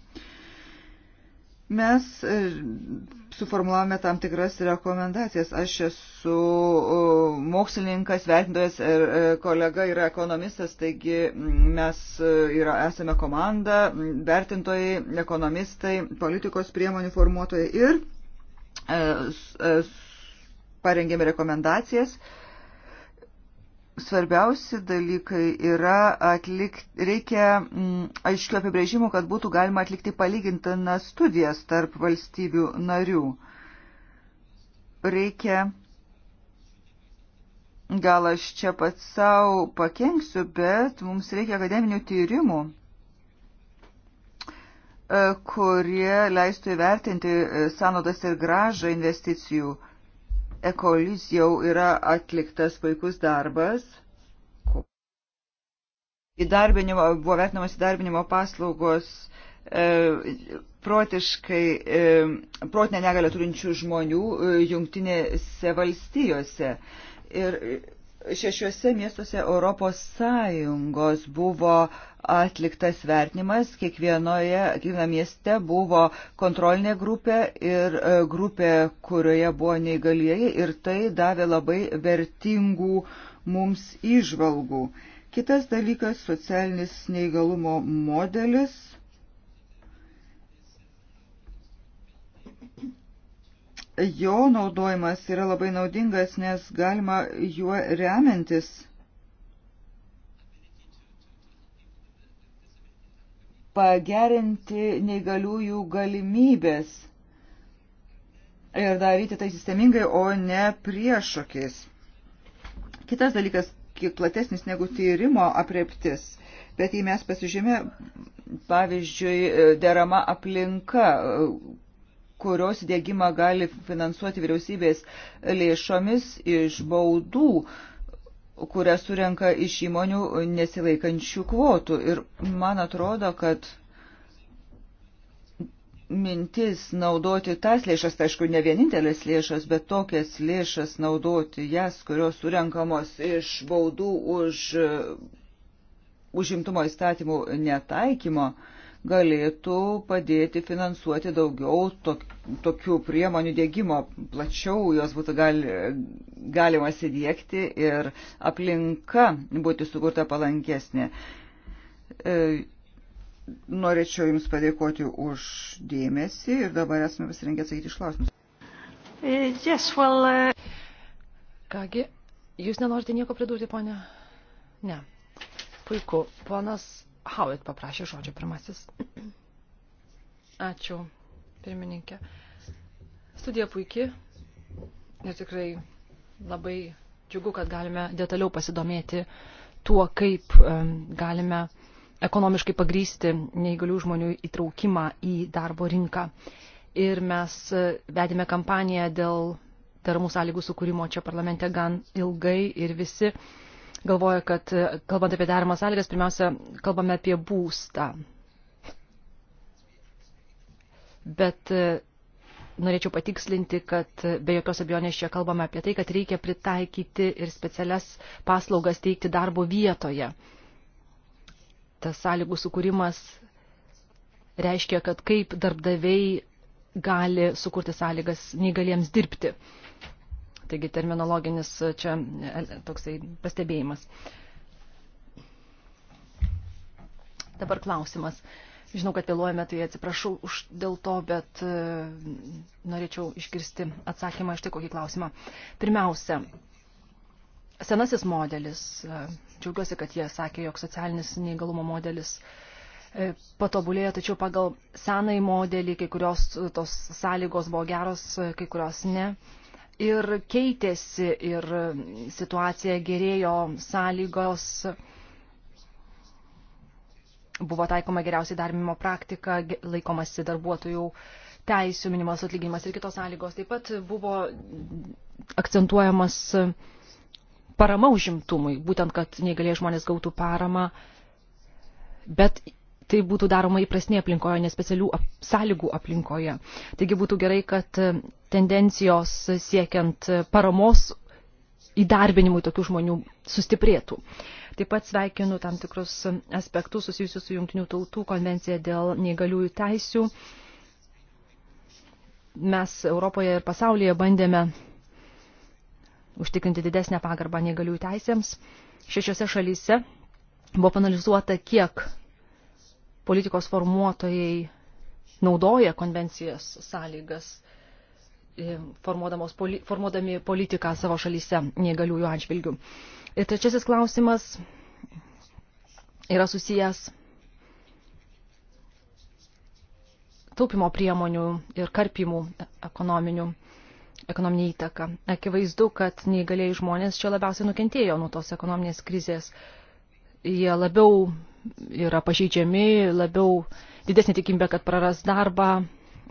Mes e, suformulavome tam tikras rekomendacijas. Aš esu mokslininkas, vertintojas ir e, kolega yra ekonomistas, taigi mes e, yra, esame komanda, vertintojai, ekonomistai, politikos priemonių formuotojai ir e, parengėme rekomendacijas. E, svarbiausi dalykai yra atlikti, reikia m, mm, aiškių apibrėžimų, kad būtų galima atlikti palygintinas studijas tarp valstybių narių. Reikia, gal aš čia pats savo pakenksiu, bet mums reikia akademinių tyrimų e, kurie leistų įvertinti e, sąnaudas ir gražą investicijų ekolis jau yra atliktas puikus darbas. Įdarbinimo, buvo vertinamos įdarbinimo paslaugos e, protiškai, e, protinę negalę turinčių žmonių e, jungtinėse valstijose. Ir šešiuose miestuose Europos Sąjungos buvo atliktas vertinimas, kiekvienoje, kiekviename mieste buvo kontrolinė grupė ir e, grupė, kurioje buvo neįgalieji ir tai davė labai vertingų mums išvalgų. Kitas dalykas - socialinis neįgalumo modelis jo naudojimas yra labai naudingas, nes galima juo remiantis pagerinti neįgaliųjų galimybės ir daryti tai sistemingai, o ne priešokiais. Kitas dalykas, kiek platesnis negu tyrimo apreptis, bet jei mes pasižymė, pavyzdžiui, derama aplinka, kurios dėgymą gali finansuoti vyriausybės lėšomis iš baudų kurią surenka iš įmonių nesilaikančių kvotų. Ir man atrodo, kad mintis naudoti tas lėšas, tai aišku, ne vienintelės lėšas, bet tokias lėšas naudoti jas, kurios surenkamos iš baudų už uh, užimtumo įstatymų netaikymo, uh, galėtų padėti finansuoti daugiau tokių priemonių dėgymo, plačiau jos būtų gali, galima įdėkti ir aplinka būti sukurta palankesnė. E, norėčiau Jums padėkoti už dėmesį ir dabar esame pasirinkę atsakyti iš klausimus. E, yes, well, uh... Kągi, Jūs nenorite nieko pridurti, ponė? Ne. Puiku. Ponas Howitt paprašė žodžio pirmasis. Ačiū, pirmininkė. Studija puikiai ir tikrai labai džiugu, kad galime detaliau pasidomėti tuo, kaip galime ekonomiškai pagrysti neįgalių žmonių įtraukimą į darbo rinką. Ir mes e, vedėme kampaniją dėl deramų sąlygų sukūrimo čia parlamente gan ilgai ir visi galvoja, kad e, kalbant apie deramas sąlygas, pirmiausia, kalbame apie būstą. Bet e, norėčiau patikslinti, kad e, be jokios abejonės čia kalbame apie tai, kad reikia pritaikyti ir specialias paslaugas teikti darbo vietoje. Tas sąlygų sukūrimas reiškia, kad kaip darbdaviai gali sukurti sąlygas neįgaliems dirbti. Taigi terminologinis e, čia e, toksai pastebėjimas. Dabar klausimas. Žinau, kad vėluojame, tai atsiprašau už dėl to, bet e, norėčiau išgirsti atsakymą iš tai kokį klausimą. Pirmiausia, senasis modelis, džiaugiuosi, kad jie sakė, jog socialinis neįgalumo modelis patobulėjo, tačiau pagal senąjį modelį kai kurios tos sąlygos buvo geros, kai kurios ne ir keitėsi, ir situacija gerėjo, sąlygos buvo taikoma geriausiai darbimo praktika, laikomasi darbuotojų teisų, minimas atlyginimas ir kitos sąlygos. Taip pat buvo akcentuojamas parama užimtumui, būtent, kad negalėjai žmonės gautų paramą, bet tai būtų daroma įprasnė aplinkoje, nespecialių ap sąlygų aplinkoje. Taigi būtų gerai, kad tendencijos siekiant paramos įdarbinimui tokių žmonių sustiprėtų. Taip pat sveikinu tam tikrus aspektus susijusius su Junktinių tautų konvencija dėl neįgaliųjų teisių. Mes Europoje ir pasaulyje bandėme užtikrinti didesnę pagarbą neįgaliųjų teisėms. Šešiose šalyse buvo panalizuota, kiek politikos formuotojai naudoja konvencijos sąlygas poli, formuodami politiką savo šalyse neįgaliųjų atžvilgių. Ir trečiasis klausimas yra susijęs taupimo priemonių ir karpimų ekonominių, ekonominį įtaką. Akivaizdu, kad neįgaliai žmonės čia labiausiai nukentėjo nuo tos ekonominės krizės. Jie labiau yra pažeidžiami, labiau didesnė tikimybė, kad praras darbą,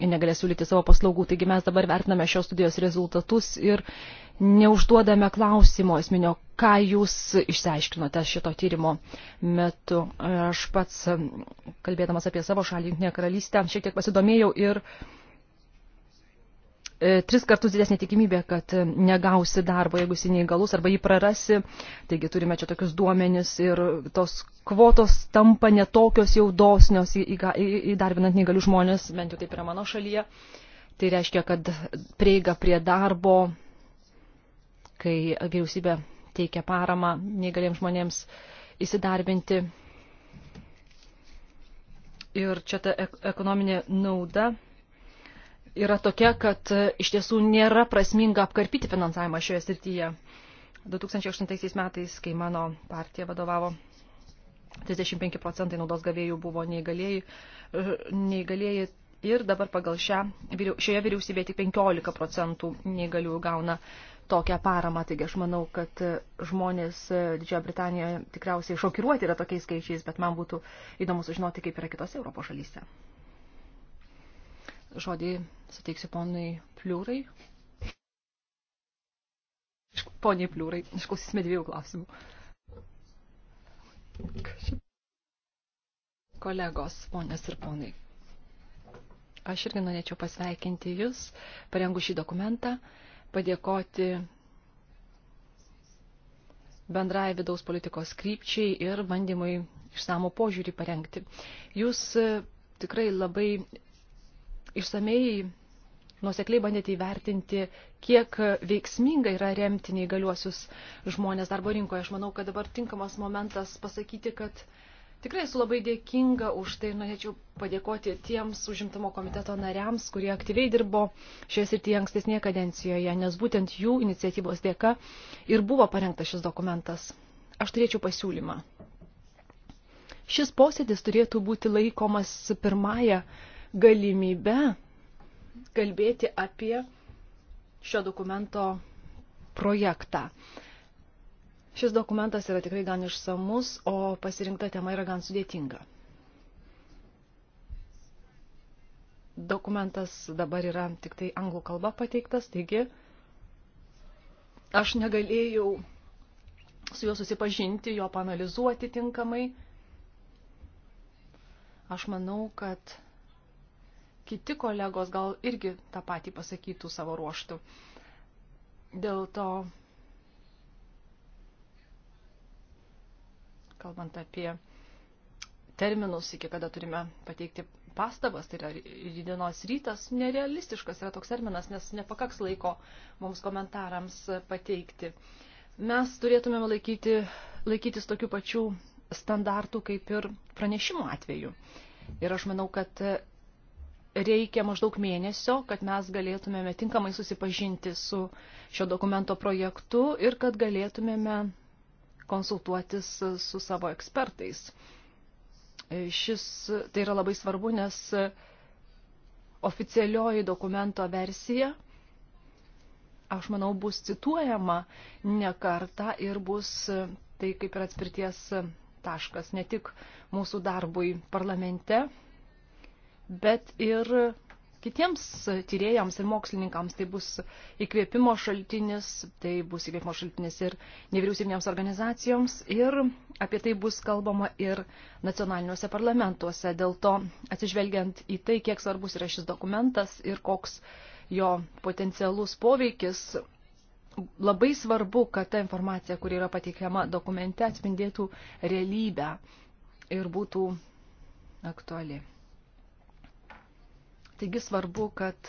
negalės siūlyti savo paslaugų. Taigi mes dabar vertiname šios studijos rezultatus ir neužduodame klausimo esminio, ką jūs išsiaiškinote šito tyrimo metu. Aš pats, kalbėdamas apie savo šalį, Junktinę karalystę, šiek tiek pasidomėjau ir uh, E, tris kartus didesnė tikimybė, kad e, negausi darbo, jeigu esi neįgalus arba jį prarasi. Taigi turime čia tokius duomenis ir tos kvotos tampa netokios jau dosnios įdarbinant neįgalius žmonės, bent jau taip yra mano šalyje. Tai reiškia, kad prieiga prie darbo, kai vyriausybė teikia paramą neįgaliems žmonėms įsidarbinti. Ir čia ta ekonominė nauda yra tokia, kad e, iš tiesų nėra prasminga apkarpyti finansavimą šioje srityje. 2008 metais, kai mano partija vadovavo, 35 procentai naudos gavėjų buvo neįgalėjai, e, neįgalėjai ir dabar pagal šią, šioje vyriausybėje tik 15 procentų neįgaliųjų gauna tokią paramą. Taigi aš manau, kad e, žmonės Didžiojo Britanijoje tikriausiai šokiruoti yra tokiais skaičiais, bet man būtų įdomu sužinoti, kaip yra kitose Europos šalyse. Žodį Suteiksiu ponui Pliūrai. Poniai Pliūrai, išklausysime dviejų klausimų. Kolegos, ponės ir ponai, aš irgi norėčiau pasveikinti Jūs, parengu šį dokumentą, padėkoti bendrai vidaus politikos krypčiai ir bandymui išsamų požiūrį parengti. Jūs e, tikrai labai išsamei nuosekliai bandėte įvertinti, kiek veiksminga yra remti neįgaliuosius žmonės darbo rinkoje. Aš manau, kad dabar tinkamas momentas pasakyti, kad tikrai esu labai dėkinga už tai ir norėčiau padėkoti tiems užimtumo komiteto nariams, kurie aktyviai dirbo šioje srityje ankstesnėje kadencijoje, nes būtent jų iniciatyvos dėka ir buvo parengtas šis dokumentas. Aš turėčiau pasiūlymą. Šis posėdis turėtų būti laikomas pirmąją galimybę kalbėti apie šio dokumento projektą. Šis dokumentas yra tikrai gan išsamus, o pasirinkta tema yra gan sudėtinga. Dokumentas dabar yra tik tai anglų kalba pateiktas, taigi aš negalėjau su juo susipažinti, jo panalizuoti tinkamai. Aš manau, kad kiti kolegos gal irgi tą patį pasakytų savo ruoštų. Dėl to, kalbant apie terminus, iki kada turime pateikti pastabas, tai yra rydienos rytas, nerealistiškas yra toks terminas, nes nepakaks laiko mums komentarams pateikti. Mes turėtumėme laikyti, laikytis tokių pačių standartų kaip ir pranešimo atveju. Ir aš manau, kad reikia maždaug mėnesio, kad mes galėtumėme tinkamai susipažinti su šio dokumento projektu ir kad galėtumėme konsultuotis su savo ekspertais. Šis tai yra labai svarbu, nes oficialioji dokumento versija, aš manau, bus cituojama ne kartą ir bus tai kaip ir atspirties taškas ne tik mūsų darbui parlamente, bet ir kitiems tyrėjams ir mokslininkams. Tai bus įkvėpimo šaltinis, tai bus įkvėpimo šaltinis ir nevyriausybinėms organizacijoms ir apie tai bus kalbama ir nacionaliniuose parlamentuose. Dėl to, atsižvelgiant į tai, kiek svarbus yra šis dokumentas ir koks jo potencialus poveikis, labai svarbu, kad ta informacija, kuri yra pateikiama dokumente, atspindėtų realybę ir būtų aktuali. Taigi svarbu, kad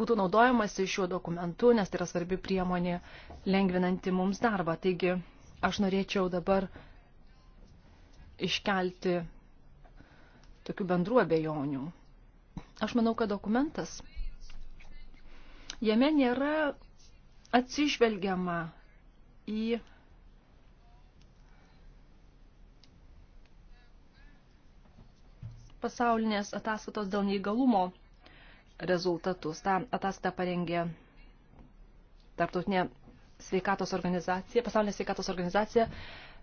būtų naudojamasi šiuo dokumentu, nes tai yra svarbi priemonė lengvinanti mums darbą. Taigi aš norėčiau dabar iškelti tokių bendrų abejonių. Aš manau, kad dokumentas, jame nėra atsižvelgiama į pasaulinės ataskaitos dėl neįgalumo rezultatus. Ta ataskaita parengė Tartautinė sveikatos organizacija, pasaulinė sveikatos organizacija,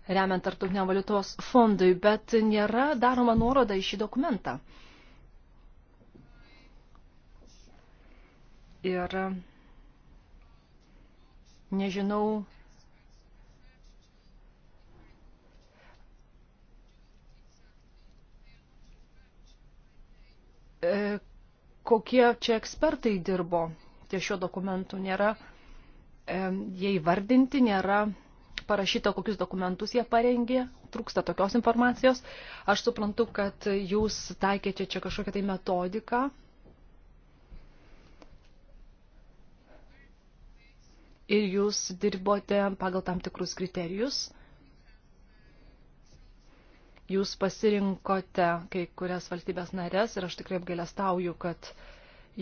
remiant Tartautiniam valiutos fondui, bet nėra daroma nuoroda į šį dokumentą. Ir nežinau, E, kokie čia ekspertai dirbo ties šio dokumentu. Nėra e, jie įvardinti, nėra parašyta, kokius dokumentus jie parengė, trūksta tokios informacijos. Aš suprantu, kad jūs taikėte čia kažkokią tai metodiką. Ir jūs dirbote pagal tam tikrus kriterijus jūs pasirinkote kai kurias valstybės narės ir aš tikrai apgailestauju, kad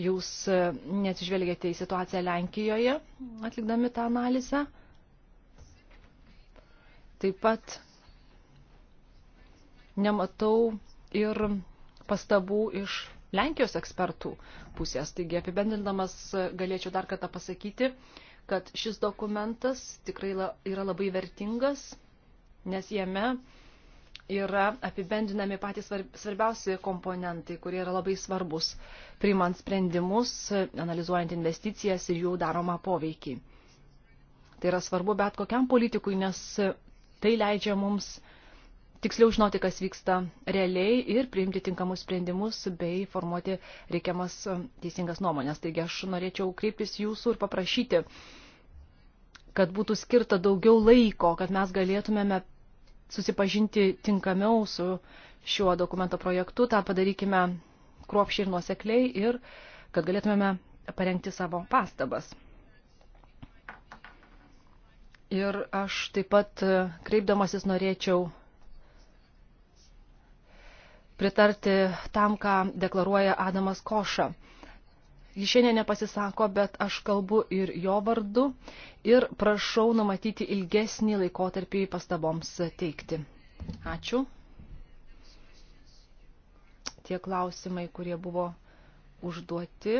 jūs e, neatsižvelgėte į situaciją Lenkijoje atlikdami tą analizę. Taip pat nematau ir pastabų iš Lenkijos ekspertų pusės. Taigi apibendindamas e, galėčiau dar kartą pasakyti, kad šis dokumentas tikrai yra labai vertingas, nes jame yra apibendinami patys svarbiausi komponentai, kurie yra labai svarbus, priimant sprendimus, analizuojant investicijas ir jų daromą poveikį. Tai yra svarbu bet kokiam politikui, nes tai leidžia mums tiksliau žinoti, kas vyksta realiai ir priimti tinkamus sprendimus bei formuoti reikiamas um, teisingas nuomonės. Taigi aš norėčiau kreiptis jūsų ir paprašyti, kad būtų skirta daugiau laiko, kad mes galėtumėme susipažinti tinkamiau su šiuo dokumento projektu, tą padarykime kruopšiai ir nuosekliai ir kad galėtumėme parengti savo pastabas. Ir aš taip pat e, kreipdamasis norėčiau pritarti tam, ką deklaruoja Adamas Koša. Jis šiandien nepasisako, bet aš kalbu ir jo vardu ir prašau numatyti ilgesnį laikotarpį pastaboms teikti. Ačiū. Tie klausimai, kurie buvo užduoti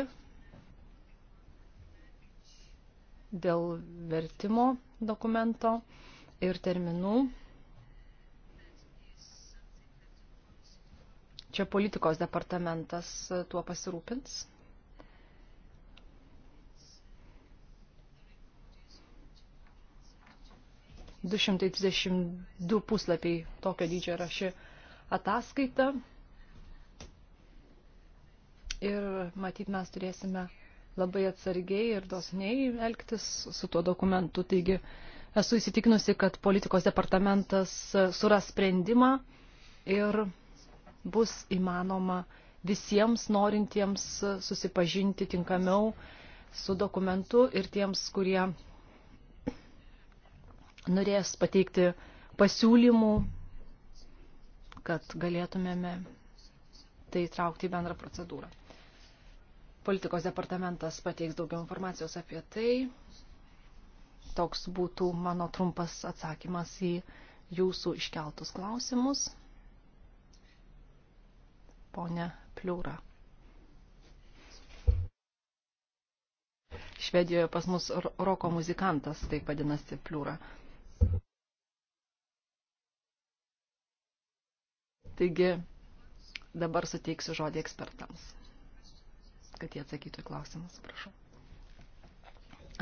dėl vertimo dokumento ir terminų. Čia politikos departamentas tuo pasirūpins. 232 puslapiai tokio dydžio yra ši ataskaita. Ir matyt, mes turėsime labai atsargiai ir dosniai elgtis su tuo dokumentu. Taigi esu įsitikinusi, kad politikos departamentas suras sprendimą ir bus įmanoma visiems norintiems susipažinti tinkamiau su dokumentu ir tiems, kurie norės pateikti pasiūlymų, kad galėtumėme tai traukti į bendrą procedūrą. Politikos departamentas pateiks daugiau informacijos apie tai. Toks būtų mano trumpas atsakymas į jūsų iškeltus klausimus. Pone Pliūra. Švedijoje pas mus roko muzikantas, taip vadinasi, Pliūra. Taigi dabar suteiksiu žodį ekspertams, kad jie atsakytų į klausimus, prašau.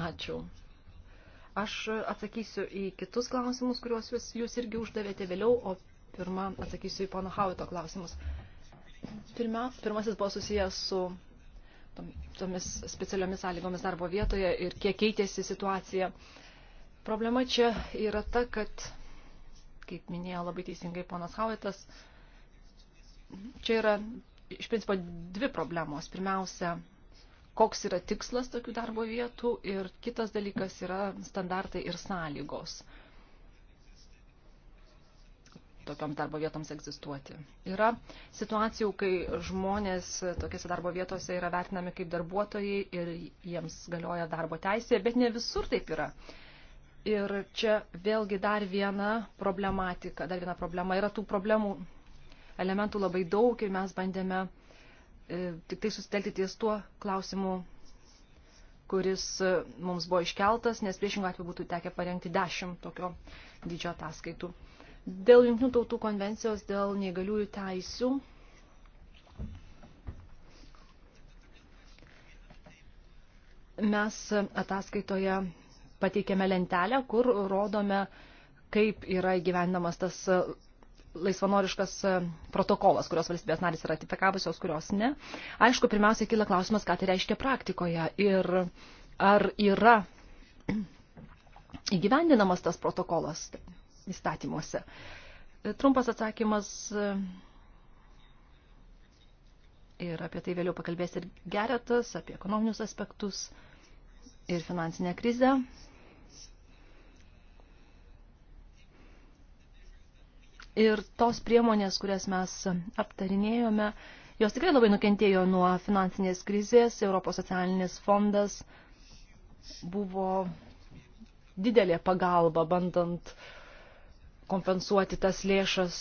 Ačiū. Aš atsakysiu į kitus klausimus, kuriuos jūs, jūs irgi uždavėte vėliau, o pirmą atsakysiu į pono Hauito klausimus. Pirmia, pirmasis buvo susijęs su tomis specialiomis sąlygomis darbo vietoje ir kiek keitėsi situacija. Uh, Problema čia yra ta, kad, kaip minėjo labai teisingai ponas Hauitas, čia yra iš principo dvi problemos. Pirmiausia, koks yra tikslas tokių darbo vietų ir kitas dalykas yra standartai ir sąlygos tokioms darbo vietoms egzistuoti. Yra situacijų, kai žmonės tokiose darbo vietose yra vertinami kaip darbuotojai ir jiems galioja darbo teisė, bet ne visur taip yra. Uh, Ir čia vėlgi dar viena problematika, dar viena problema. Yra tų problemų elementų labai daug ir mes bandėme e, tik tai susitelti ties tuo klausimu, kuris e, mums buvo iškeltas, nes priešingų atveju būtų tekę parengti dešimt tokio dydžio ataskaitų. Dėl Junktinių tautų konvencijos, dėl neįgaliųjų teisių. Mes ataskaitoje pateikėme lentelę, kur rodome, kaip yra gyvenamas tas e, laisvanoriškas e, protokolas, kurios valstybės narys yra ratifikavusios, kurios ne. Aišku, pirmiausia, kyla klausimas, ką tai reiškia praktikoje ir ar yra įgyvendinamas tas protokolas įstatymuose. E, trumpas atsakymas ir apie tai vėliau pakalbės ir Geretas, apie ekonominius aspektus ir finansinę krizę. Ir tos priemonės, kurias mes aptarinėjome, jos tikrai labai nukentėjo nuo finansinės krizės, Europos socialinis fondas buvo didelė pagalba, bandant kompensuoti tas lėšas,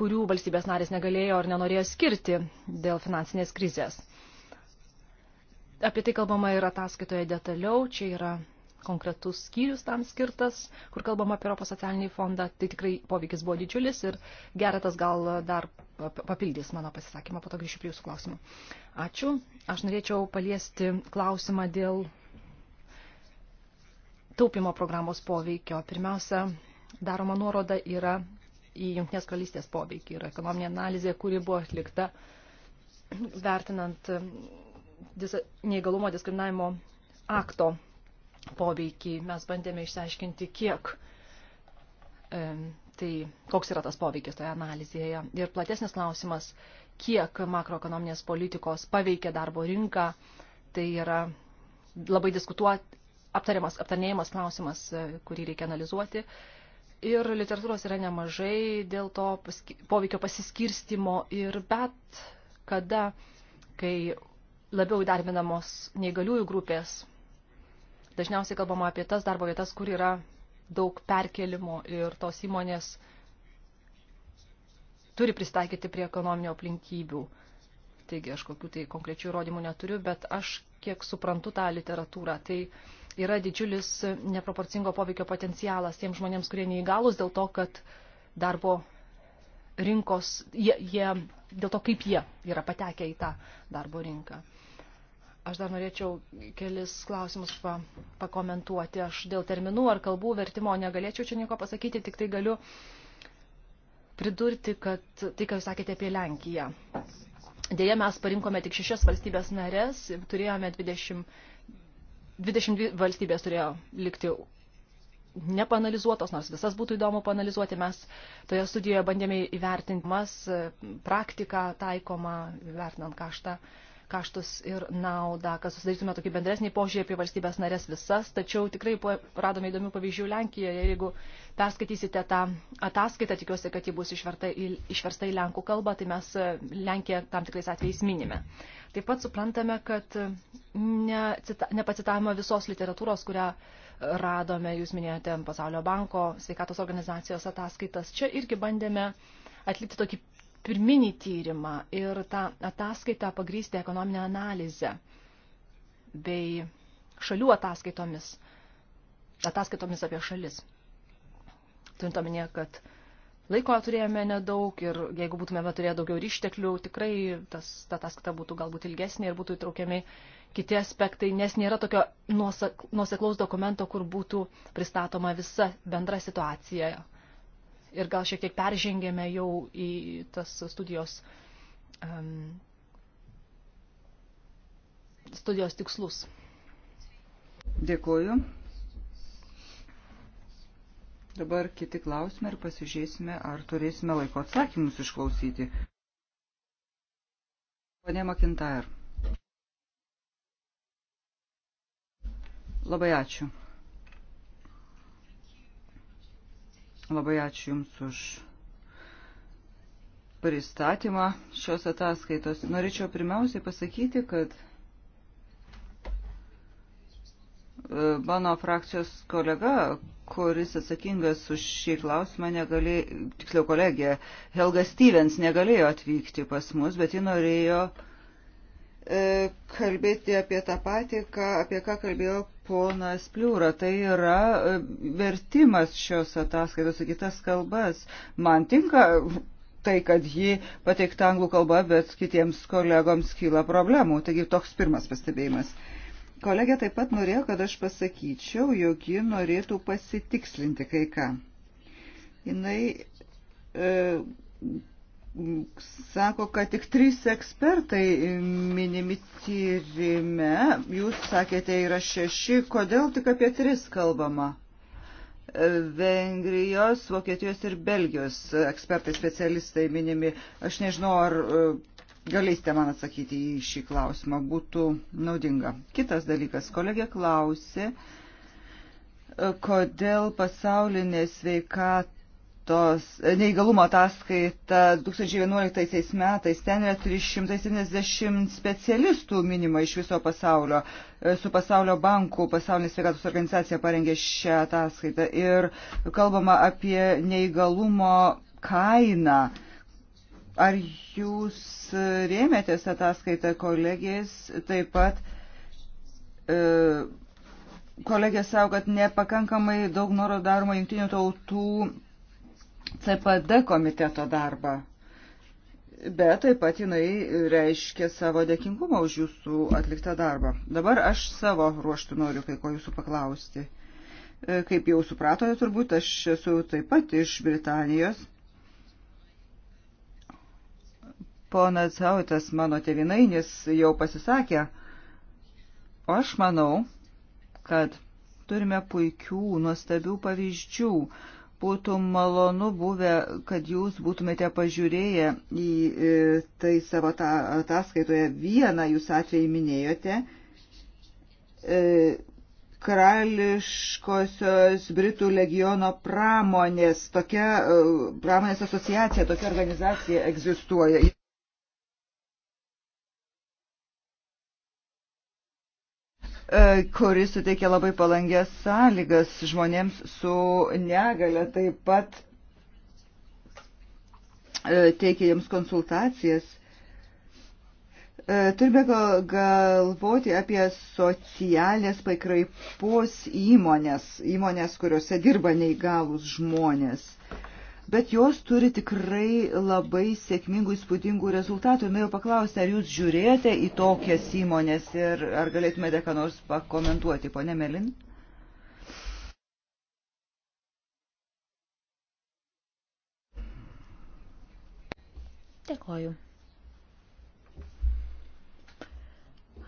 kurių valstybės narės negalėjo ar nenorėjo skirti dėl finansinės krizės. Apie tai kalbama ir ataskaitoje detaliau, čia yra konkretus skyrius tam skirtas, kur kalbama apie Europos socialinį fondą. Tai tikrai poveikis buvo didžiulis ir Geretas gal dar papildys mano pasisakymą, po to grįšiu prie jūsų klausimų. Ačiū. Aš norėčiau paliesti klausimą dėl taupimo programos poveikio. Pirmiausia, daroma nuoroda yra į Junktinės karalystės poveikį ir ekonominė analizė, kuri buvo atlikta vertinant neįgalumo diskriminavimo akto poveikį. Mes bandėme išsiaiškinti, kiek e, tai koks yra tas poveikis toje analizėje. Ir platesnis klausimas, kiek makroekonominės politikos paveikia darbo rinką, tai yra labai diskutuot, aptariamas, aptarnėjimas klausimas, e, kurį reikia analizuoti. Ir literatūros yra nemažai dėl to paski, poveikio pasiskirstimo ir bet kada, kai labiau įdarbinamos neįgaliųjų grupės. Dažniausiai kalbama apie tas darbo vietas, kur yra daug perkelimo ir tos įmonės turi pristaikyti prie ekonominio aplinkybių. Taigi aš kokių tai konkrečių įrodymų neturiu, bet aš kiek suprantu tą literatūrą, tai yra didžiulis neproporcingo poveikio potencialas tiems žmonėms, kurie neįgalus dėl to, kad darbo rinkos, jie, jie, dėl to, kaip jie yra patekę į tą darbo rinką. Aš dar norėčiau kelis klausimus pa, pakomentuoti. Aš dėl terminų ar kalbų vertimo negalėčiau čia nieko pasakyti, tik tai galiu pridurti, kad tai, ką jūs sakėte apie Lenkiją. Dėja, mes parinkome tik šešias valstybės narės, turėjome 20, 22 valstybės turėjo likti nepanalizuotos, nors visas būtų įdomu panalizuoti. Mes toje studijoje bandėme įvertinti mas praktiką taikomą, vertinant kaštą kaštus ir naudą, kad susidarytume tokį bendresnį požiūrį apie valstybės narės visas, tačiau tikrai radome įdomių pavyzdžių Lenkijoje ir jeigu perskaitysite tą ataskaitą, tikiuosi, kad ji bus išverta į, išversta į Lenkų kalbą, tai mes Lenkiją tam tikrais atvejais minime. Taip pat suprantame, kad ne, nepacitavimo visos literatūros, kurią radome, jūs minėjote Pasaulio banko, sveikatos organizacijos ataskaitas. Čia irgi bandėme atlikti tokį pirminį tyrimą ir tą ataskaitą pagrysti ekonominę analizę bei šalių ataskaitomis, ataskaitomis apie šalis. Turint omenyje, kad laiko turėjome nedaug ir jeigu būtumėme turėję daugiau išteklių, tikrai tas, ta ataskaita būtų galbūt ilgesnė ir būtų įtraukiami kiti aspektai, nes nėra tokio nuoseklaus dokumento, kur būtų pristatoma visa bendra situacija. Ir gal šiek tiek peržengėme jau į tas studijos, um, studijos tikslus. Dėkuoju. Dabar kiti klausimai ir pasižiūrėsime, ar turėsime laiko atsakymus išklausyti. Pane McIntyre. Labai ačiū. Labai ačiū Jums už pristatymą šios ataskaitos. Norėčiau pirmiausiai pasakyti, kad e, mano frakcijos kolega, kuris atsakingas už šį klausimą, negalėjo, tiksliau kolegė Helga Stevens negalėjo atvykti pas mus, bet ji norėjo uh, E, kalbėti apie tą patį, ką, apie ką kalbėjo ponas Pliūra. Tai yra e, vertimas šios ataskaitos į kitas kalbas. Man tinka tai, kad ji pateikta anglų kalba, bet kitiems kolegoms kyla problemų. Taigi toks pirmas pastebėjimas. Kolegė taip pat norėjo, kad aš pasakyčiau, jog ji norėtų pasitikslinti kai ką. Jinai e, sako, kad tik trys ekspertai minimi tyrime. Jūs sakėte, yra šeši. Kodėl tik apie tris kalbama? Vengrijos, Vokietijos ir Belgijos ekspertai specialistai minimi. Aš nežinau, ar e, galėsite man atsakyti į šį klausimą. Būtų naudinga. Kitas dalykas. Kolegė klausė e, kodėl pasaulinė sveikatos tos e, neįgalumo ataskaita 2011 metais ten yra 370 specialistų minima iš viso pasaulio. E, su pasaulio banku pasaulinė sveikatos organizacija parengė šią ataskaitą ir kalbama apie neįgalumo kainą. Ar jūs rėmėtės ataskaitą kolegijas taip pat? E, kolegė savo, kad nepakankamai daug noro daroma jungtinių tautų CPD komiteto darbą. Bet taip pat jinai reiškia savo dėkingumą už jūsų atliktą darbą. Dabar aš savo ruoštų noriu kai ko jūsų paklausti. E, kaip jau supratote, turbūt aš esu taip pat iš Britanijos. Ponas Hautas, mano tėvinainis, jau pasisakė. O aš manau, kad turime puikių, nuostabių pavyzdžių Būtų malonu buvę, kad jūs būtumėte pažiūrėję į e, tai savo tą ataskaitoje. Vieną jūs atvejį minėjote. E, karališkosios Britų legiono pramonės, tokia e, pramonės asociacija, tokia organizacija egzistuoja. E, kuris suteikia labai palangės sąlygas žmonėms su negale, taip pat e, teikia jiems konsultacijas. E, turime galvoti apie socialės paikraipos įmonės, įmonės, kuriuose dirba neįgalus žmonės bet jos turi tikrai labai sėkmingų, įspūdingų rezultatų. Norėjau paklausti, ar jūs žiūrėjote į tokias įmonės ir ar galėtumėte ką nors pakomentuoti, ponė Melin? Dėkoju.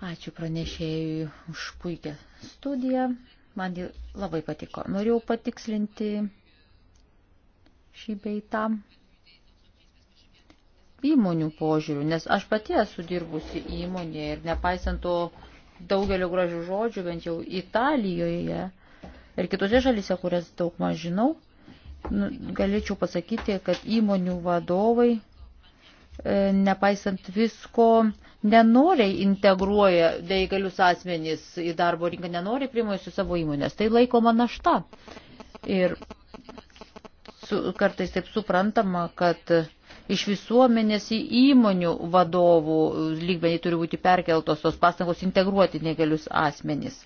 Ačiū pranešėjui už puikią studiją. Man ji labai patiko. Norėjau patikslinti šį beitą įmonių požiūrių, nes aš pati esu dirbusi įmonėje ir nepaisant to daugelio gražių žodžių, bent jau Italijoje ir kitose šalyse, kurias daug maž žinau, nu, galėčiau pasakyti, kad įmonių vadovai, e, nepaisant visko, nenoriai integruoja neįgalius asmenys į darbo rinką, nenoriai priimasi savo įmonės. Tai laikoma našta. Ir su, kartais taip suprantama, kad iš visuomenės į įmonių vadovų lygmenį turi būti perkeltos tos pastangos integruoti negalius asmenys.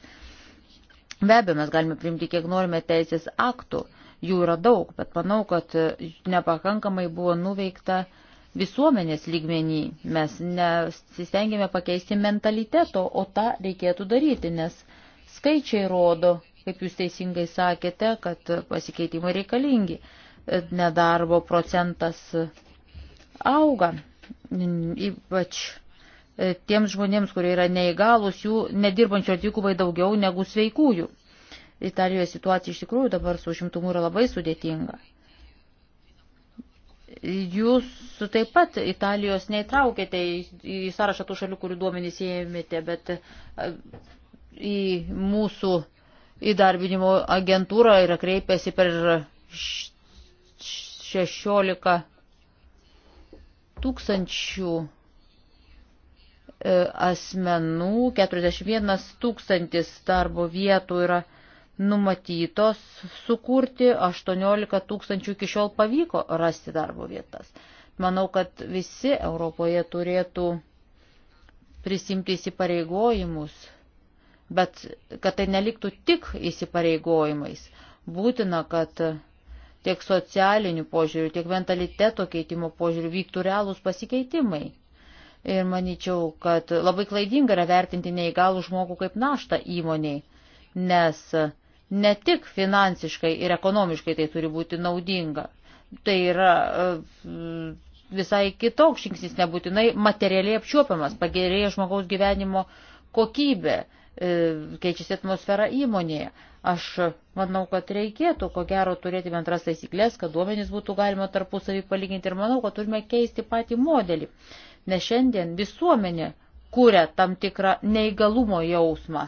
Be abejo, mes galime priimti kiek norime teisės aktų, jų yra daug, bet manau, kad nepakankamai buvo nuveikta visuomenės lygmenį. Mes nesistengėme pakeisti mentaliteto, o tą reikėtų daryti, nes skaičiai rodo, kaip jūs teisingai sakėte, kad pasikeitimai reikalingi nedarbo procentas auga, ypač e, tiems žmonėms, kurie yra neįgalus, jų nedirbančio dvigubai daugiau negu sveikųjų. Italijoje situacija iš tikrųjų dabar su užimtumu yra labai sudėtinga. Jūs taip pat Italijos neįtraukėte į, į sąrašą tų šalių, kurių duomenys ėmėte, bet e, į mūsų įdarbinimo agentūrą yra kreipęsi per 16 tūkstančių e, asmenų, 41 tūkstantis darbo vietų yra numatytos sukurti, 18 tūkstančių iki šiol pavyko rasti darbo vietas. Manau, kad visi Europoje turėtų prisimti įsipareigojimus, bet kad tai neliktų tik įsipareigojimais. Būtina, kad tiek socialinių požiūrių, tiek mentaliteto keitimo požiūrių vyktų realūs pasikeitimai. Ir manyčiau, kad labai klaidinga yra vertinti neįgalų žmogų kaip naštą įmoniai, nes ne tik finansiškai ir ekonomiškai tai turi būti naudinga. Tai yra e, visai kitoks žingsnis, nebūtinai materialiai apčiuopiamas, pagerėja žmogaus gyvenimo kokybė, E, keičiasi atmosfera įmonėje. Aš manau, kad reikėtų, ko gero, turėti bendras taisyklės, kad duomenys būtų galima tarpusavį palyginti ir manau, kad turime keisti patį modelį. Nes šiandien visuomenė kuria tam tikrą neįgalumo jausmą.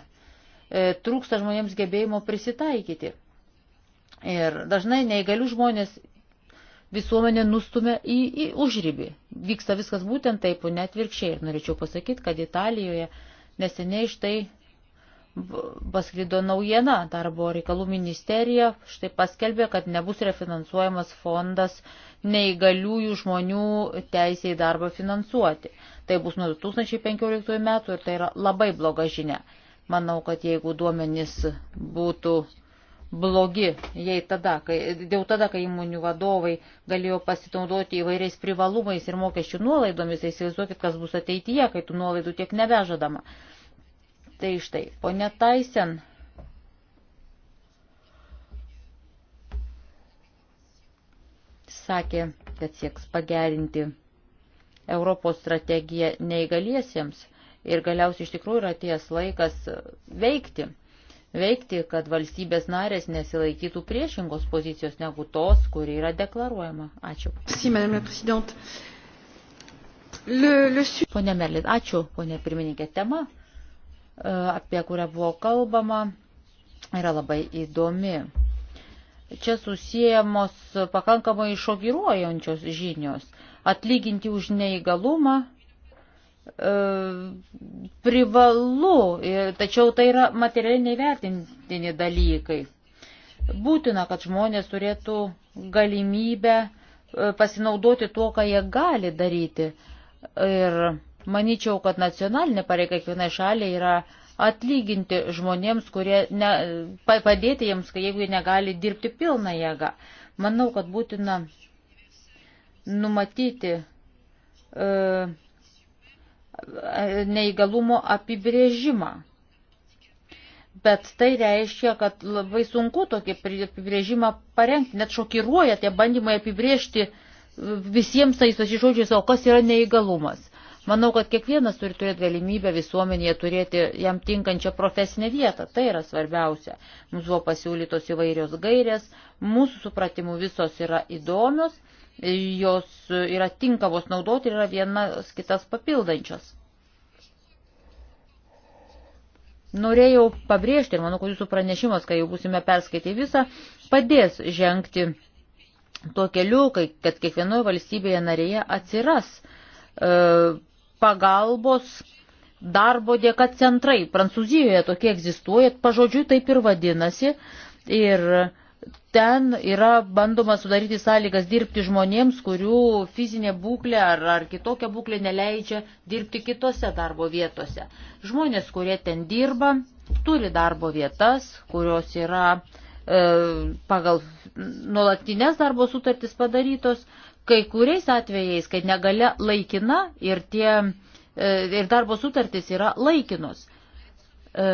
E, trūksta žmonėms gebėjimo prisitaikyti. Ir dažnai neįgalių žmonės visuomenė nustumia į, į užrybį. Vyksta viskas būtent taip, o net virkščiai. Ir norėčiau pasakyti, kad Italijoje neseniai štai pasklido naujiena. Darbo reikalų ministerija štai paskelbė, kad nebus refinansuojamas fondas neįgaliųjų žmonių teisėjai darbą finansuoti. Tai bus nuo 2015 metų ir tai yra labai bloga žinia. Manau, kad jeigu duomenys būtų blogi, jei tada, kai, jau tada, kai įmonių vadovai galėjo pasitaudoti įvairiais privalumais ir mokesčių nuolaidomis, tai įsivaizduokit, kas bus ateityje, kai tų nuolaidų tiek nebežadama. Tai štai, ponia Taisen. Sakė, kad sieks pagerinti Europos strategiją neįgaliesiems ir galiausiai iš tikrųjų yra ties laikas veikti. Veikti, kad valstybės narės nesilaikytų priešingos pozicijos negu tos, kuri yra deklaruojama. Ačiū. Si, le, le... Pone Merlin, ačiū, ponė pirmininkė, tema apie kurią buvo kalbama, yra labai įdomi. Čia susijęmos pakankamai šokiruojančios žinios. Atlyginti už neįgalumą e, privalu, e, tačiau tai yra materialiai nevertintini dalykai. Būtina, kad žmonės turėtų galimybę e, pasinaudoti tuo, ką jie gali daryti. Ir Maničiau, kad nacionalinė pareiga kiekvienai šaliai yra atlyginti žmonėms, kurie ne, padėti jiems, jeigu jie negali dirbti pilną jėgą. Manau, kad būtina numatyti e, neįgalumo apibrėžimą. Bet tai reiškia, kad labai sunku tokį apibrėžimą parengti, net šokiruoja tie bandymai apibrėžti visiems tais žodžiais, o kas yra neįgalumas. Manau, kad kiekvienas turi turėti galimybę visuomenėje turėti jam tinkančią profesinę vietą. Tai yra svarbiausia. Mums buvo pasiūlytos įvairios gairės, mūsų supratimų visos yra įdomios, jos yra tinkamos naudoti ir yra vienas kitas papildančios. Norėjau pabrėžti ir manau, kad jūsų pranešimas, kai jau būsime perskaitę visą, padės žengti tuo keliu, kad kiekvienoje valstybėje narėje atsiras e, pagalbos darbo dėka centrai. Prancūzijoje tokie egzistuoja, pažodžiui taip ir vadinasi. Ir ten yra bandoma sudaryti sąlygas dirbti žmonėms, kurių fizinė būklė ar, ar kitokia būklė neleidžia dirbti kitose darbo vietose. Žmonės, kurie ten dirba, turi darbo vietas, kurios yra e, pagal nuolatinės darbo sutartis padarytos, Kai kuriais atvejais, kai negalia laikina ir, tie, e, ir darbo sutartys yra laikinos. E,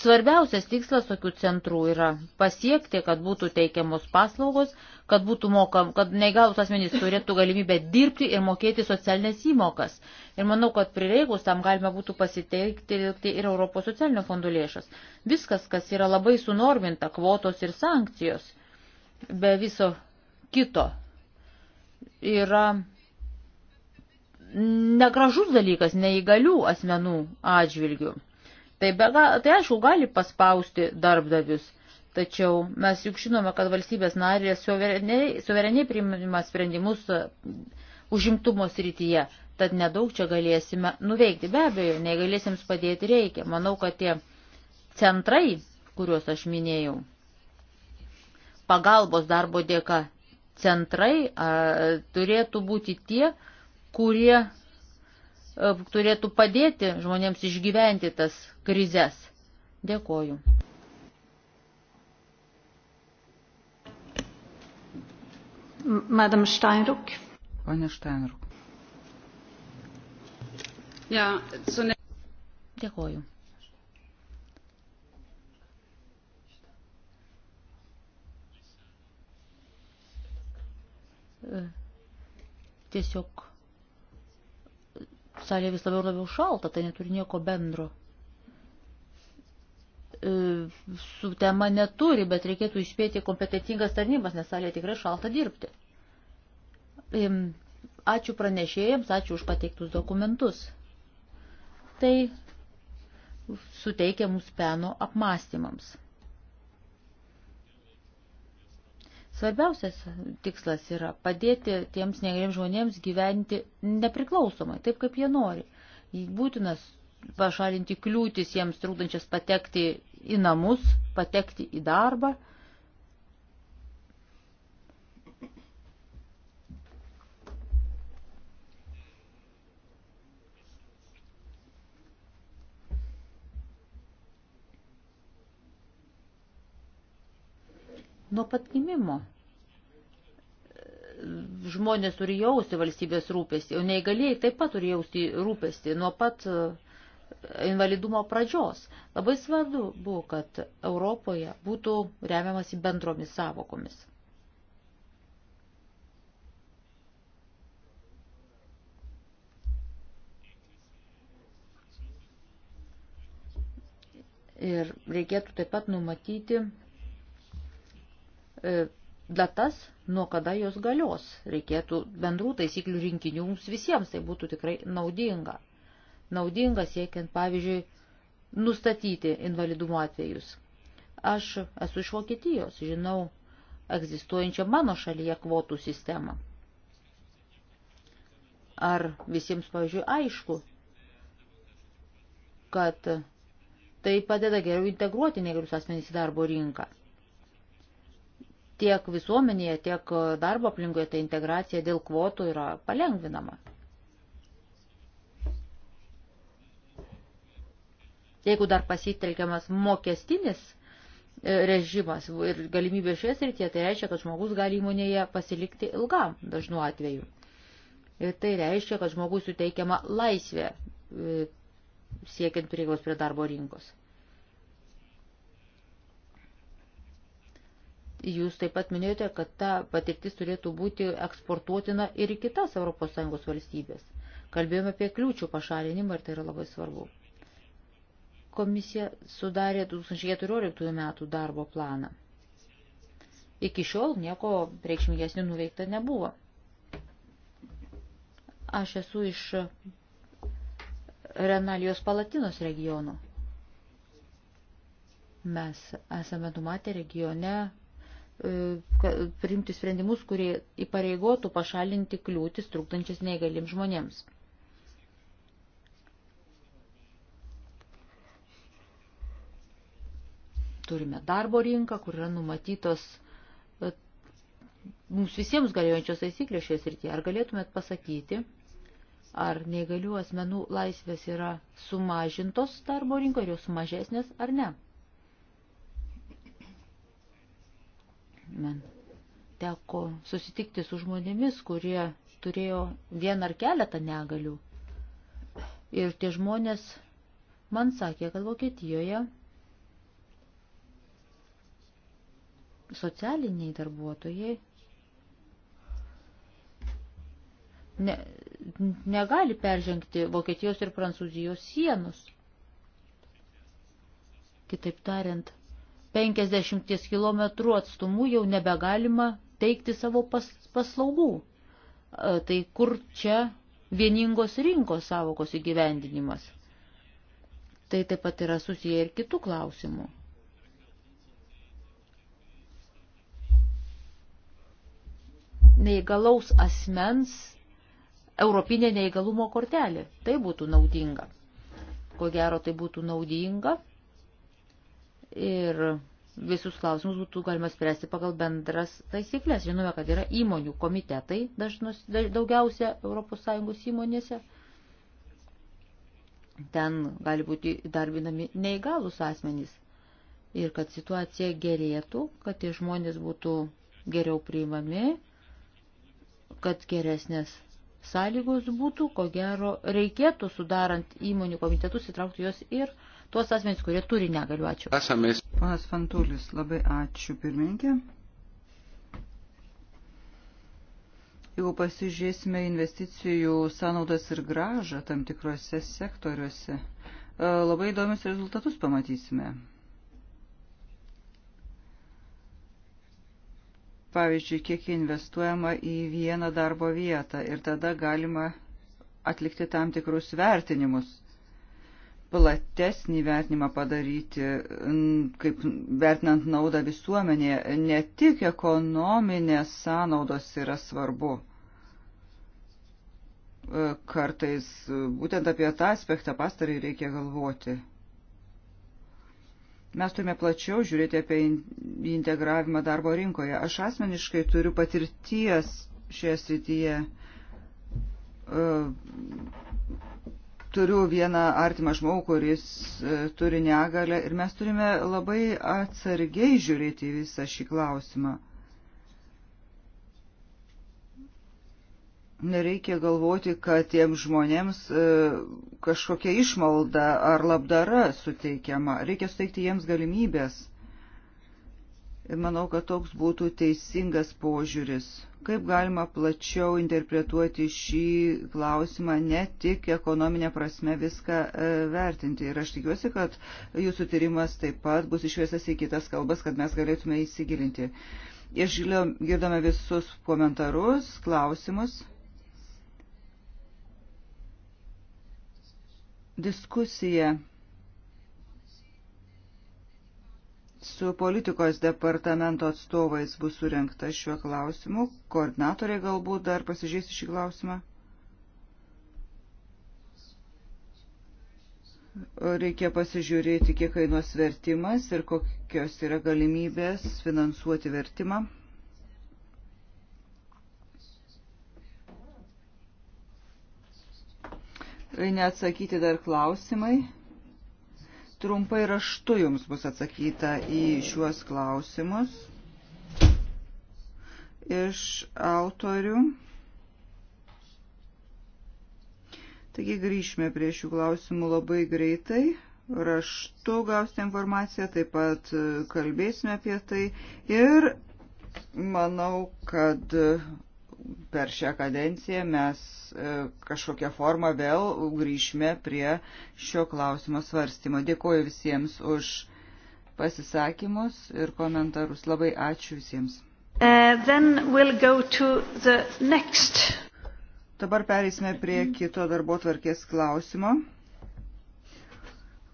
svarbiausias tikslas tokių centrų yra pasiekti, kad būtų teikiamos paslaugos, kad būtų mokam, kad neįgalus asmenys turėtų galimybę dirbti ir mokėti socialinės įmokas. Ir manau, kad prireikus tam galima būtų pasiteikti ir Europos socialinio fondų lėšas. Viskas, kas yra labai sunorminta, kvotos ir sankcijos, be viso kito yra negražus dalykas neįgalių asmenų atžvilgių. Tai, be, tai aišku, gali paspausti darbdavius, tačiau mes juk žinome, kad valstybės narės suvereniai, suvereniai priimama sprendimus e, užimtumo srityje, tad nedaug čia galėsime nuveikti. Be abejo, negalėsims padėti reikia. Manau, kad tie centrai, kuriuos aš minėjau, pagalbos darbo dėka centrai a, turėtų būti tie, kurie a, turėtų padėti žmonėms išgyventi tas krizės. Dėkoju. Madam Steinruck. Pane Steinruck. Ja, zunächst. Dėkoju. E, tiesiog salė vis labiau ir labiau šalta, tai neturi nieko bendro. E, su tema neturi, bet reikėtų įspėti kompetitingas tarnybas, nes salė tikrai šalta dirbti. Ačiū pranešėjams, ačiū už pateiktus dokumentus. Tai suteikia mums peno apmąstymams. Svarbiausias tikslas yra padėti tiems negeriems žmonėms gyventi nepriklausomai, taip kaip jie nori. Būtinas pašalinti kliūtis jiems trūkdančias patekti į namus, patekti į darbą Nuo pat gimimo žmonės turi jausti valstybės rūpestį, o neįgalėjai taip pat turi jausti rūpestį nuo pat e, invalidumo pradžios. Labai svarbu buvo, kad Europoje būtų remiamasi bendromis savokomis. Ir reikėtų taip pat numatyti E, datas, nuo kada jos galios. Reikėtų bendrų taisyklių rinkinių mums visiems, tai būtų tikrai naudinga. Naudinga siekiant, pavyzdžiui, nustatyti invalidumo atvejus. Aš esu iš Vokietijos, žinau egzistuojančią mano šalyje kvotų sistemą. Ar visiems, pavyzdžiui, aišku, kad tai padeda geriau integruoti negalius asmenys į darbo rinką tiek visuomenėje, tiek darbo aplinkoje ta integracija dėl kvotų yra palengvinama. Jeigu dar pasitelkiamas mokestinis e, režimas ir galimybė šioje srityje, tai reiškia, kad žmogus gali įmonėje pasilikti ilgam dažnu atveju. Ir tai reiškia, kad žmogus suteikiama laisvė e, siekiant prieigos prie darbo rinkos. Jūs taip pat minėjote, kad ta patirtis turėtų būti eksportuotina ir į kitas ES valstybės. Kalbėjome apie kliūčių pašalinimą ir tai yra labai svarbu. Komisija sudarė 2014 metų darbo planą. Iki šiol nieko reikšmingesnių nuveikta nebuvo. Aš esu iš Renalijos Palatinos regionų. Mes esame numatę regione E, priimti sprendimus, kurie įpareigotų pašalinti kliūtis trūkdančias neįgaliems žmonėms. Turime darbo rinką, kur yra numatytos e, mums visiems galiojančios taisyklės šioje srityje. Ar galėtumėt pasakyti, ar neįgalių asmenų laisvės yra sumažintos darbo rinkoje, ar jos sumažesnės, ar ne? Man teko susitikti su žmonėmis, kurie turėjo vieną ar keletą negalių. Ir tie žmonės man sakė, kad Vokietijoje socialiniai darbuotojai ne, negali peržengti Vokietijos ir Prancūzijos sienus. Kitaip tariant, 50 km atstumu jau nebegalima teikti savo pas, paslaugų. Tai kur čia vieningos rinkos savokos įgyvendinimas? Tai taip pat yra susiję ir kitų klausimų. Neįgalaus asmens europinė neįgalumo kortelė. Tai būtų naudinga. Ko gero, tai būtų naudinga ir visus klausimus būtų galima spręsti pagal bendras taisyklės. Žinome, kad yra įmonių komitetai dažnos, daugiausia ES įmonėse. Ten gali būti darbinami neįgalus asmenys. Ir kad situacija gerėtų, kad tie žmonės būtų geriau priimami, kad geresnės sąlygos būtų, ko gero reikėtų sudarant įmonių komitetus įtraukti jos ir uh, tuos asmenys, kurie turi negaliu. Ačiū. Esamės. Ponas Fantulis, labai ačiū pirmininkė. Jeigu pasižiūrėsime investicijų sąnaudas ir gražą tam tikrose sektoriuose, e, labai įdomius rezultatus pamatysime. pavyzdžiui, kiek investuojama į vieną darbo vietą ir tada galima atlikti tam tikrus vertinimus platesnį vertinimą padaryti, kaip vertinant naudą visuomenėje. Ne tik ekonominės sąnaudos yra svarbu. E, kartais e, būtent apie tą aspektą pastarai reikia galvoti. Mes turime plačiau žiūrėti apie integravimą darbo rinkoje. Aš asmeniškai turiu patirties šioje srityje. Uh, turiu vieną artimą žmogų, kuris e, turi negalę ir mes turime labai atsargiai žiūrėti į visą šį klausimą. Nereikia galvoti, kad tiems žmonėms e, kažkokia išmalda ar labdara suteikiama. Reikia suteikti jiems galimybės. Ir manau, kad toks būtų teisingas požiūris kaip galima plačiau interpretuoti šį klausimą, ne tik ekonominė prasme viską e, vertinti. Ir aš tikiuosi, kad jūsų tyrimas taip pat bus išviesas į kitas kalbas, kad mes galėtume įsigilinti. Išgirdome visus komentarus, klausimus. Diskusija su politikos departamento atstovais bus surinkta šiuo klausimu. Koordinatoriai galbūt dar pasižiūrės šį klausimą. Reikia pasižiūrėti, kiek kainuos vertimas ir kokios yra galimybės finansuoti vertimą. Neatsakyti dar klausimai. Trumpai raštu jums bus atsakyta į šiuos klausimus iš autorių. Taigi grįžime prie šių klausimų labai greitai. Raštu gausite informaciją, taip pat kalbėsime apie tai. Ir manau, kad per šią kadenciją mes e, kažkokią formą vėl grįšime prie šio klausimo svarstymo. Dėkuoju visiems už pasisakymus ir komentarus. Labai ačiū visiems. Uh, we'll Dabar pereisime prie kito darbo tvarkės klausimo.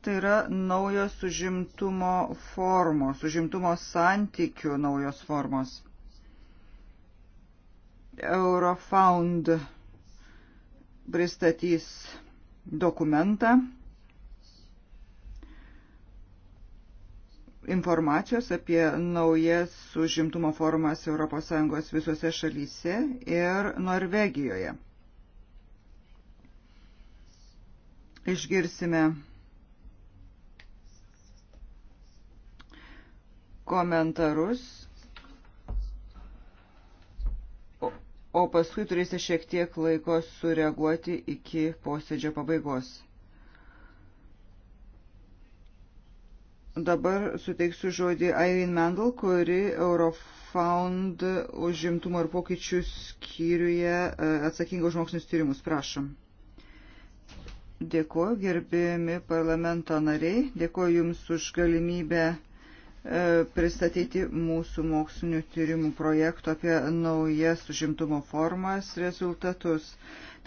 Tai yra naujos užimtumo formos, užimtumo santykių naujos formos. Eurofound pristatys dokumentą informacijos apie naujas užimtumo formas ES visose šalyse ir Norvegijoje. Išgirsime komentarus o paskui turėsite šiek tiek laiko sureaguoti iki posėdžio pabaigos. Dabar suteiksiu žodį Airin Mendel, kuri Eurofound užimtumo ir pokyčių skyriuje e, atsakinga už mokslinius tyrimus. Prašom. Dėkuoju, gerbimi parlamento nariai, dėkuoju Jums už galimybę E, pristatyti mūsų mokslinių tyrimų projektų apie naujas užimtumo formas rezultatus.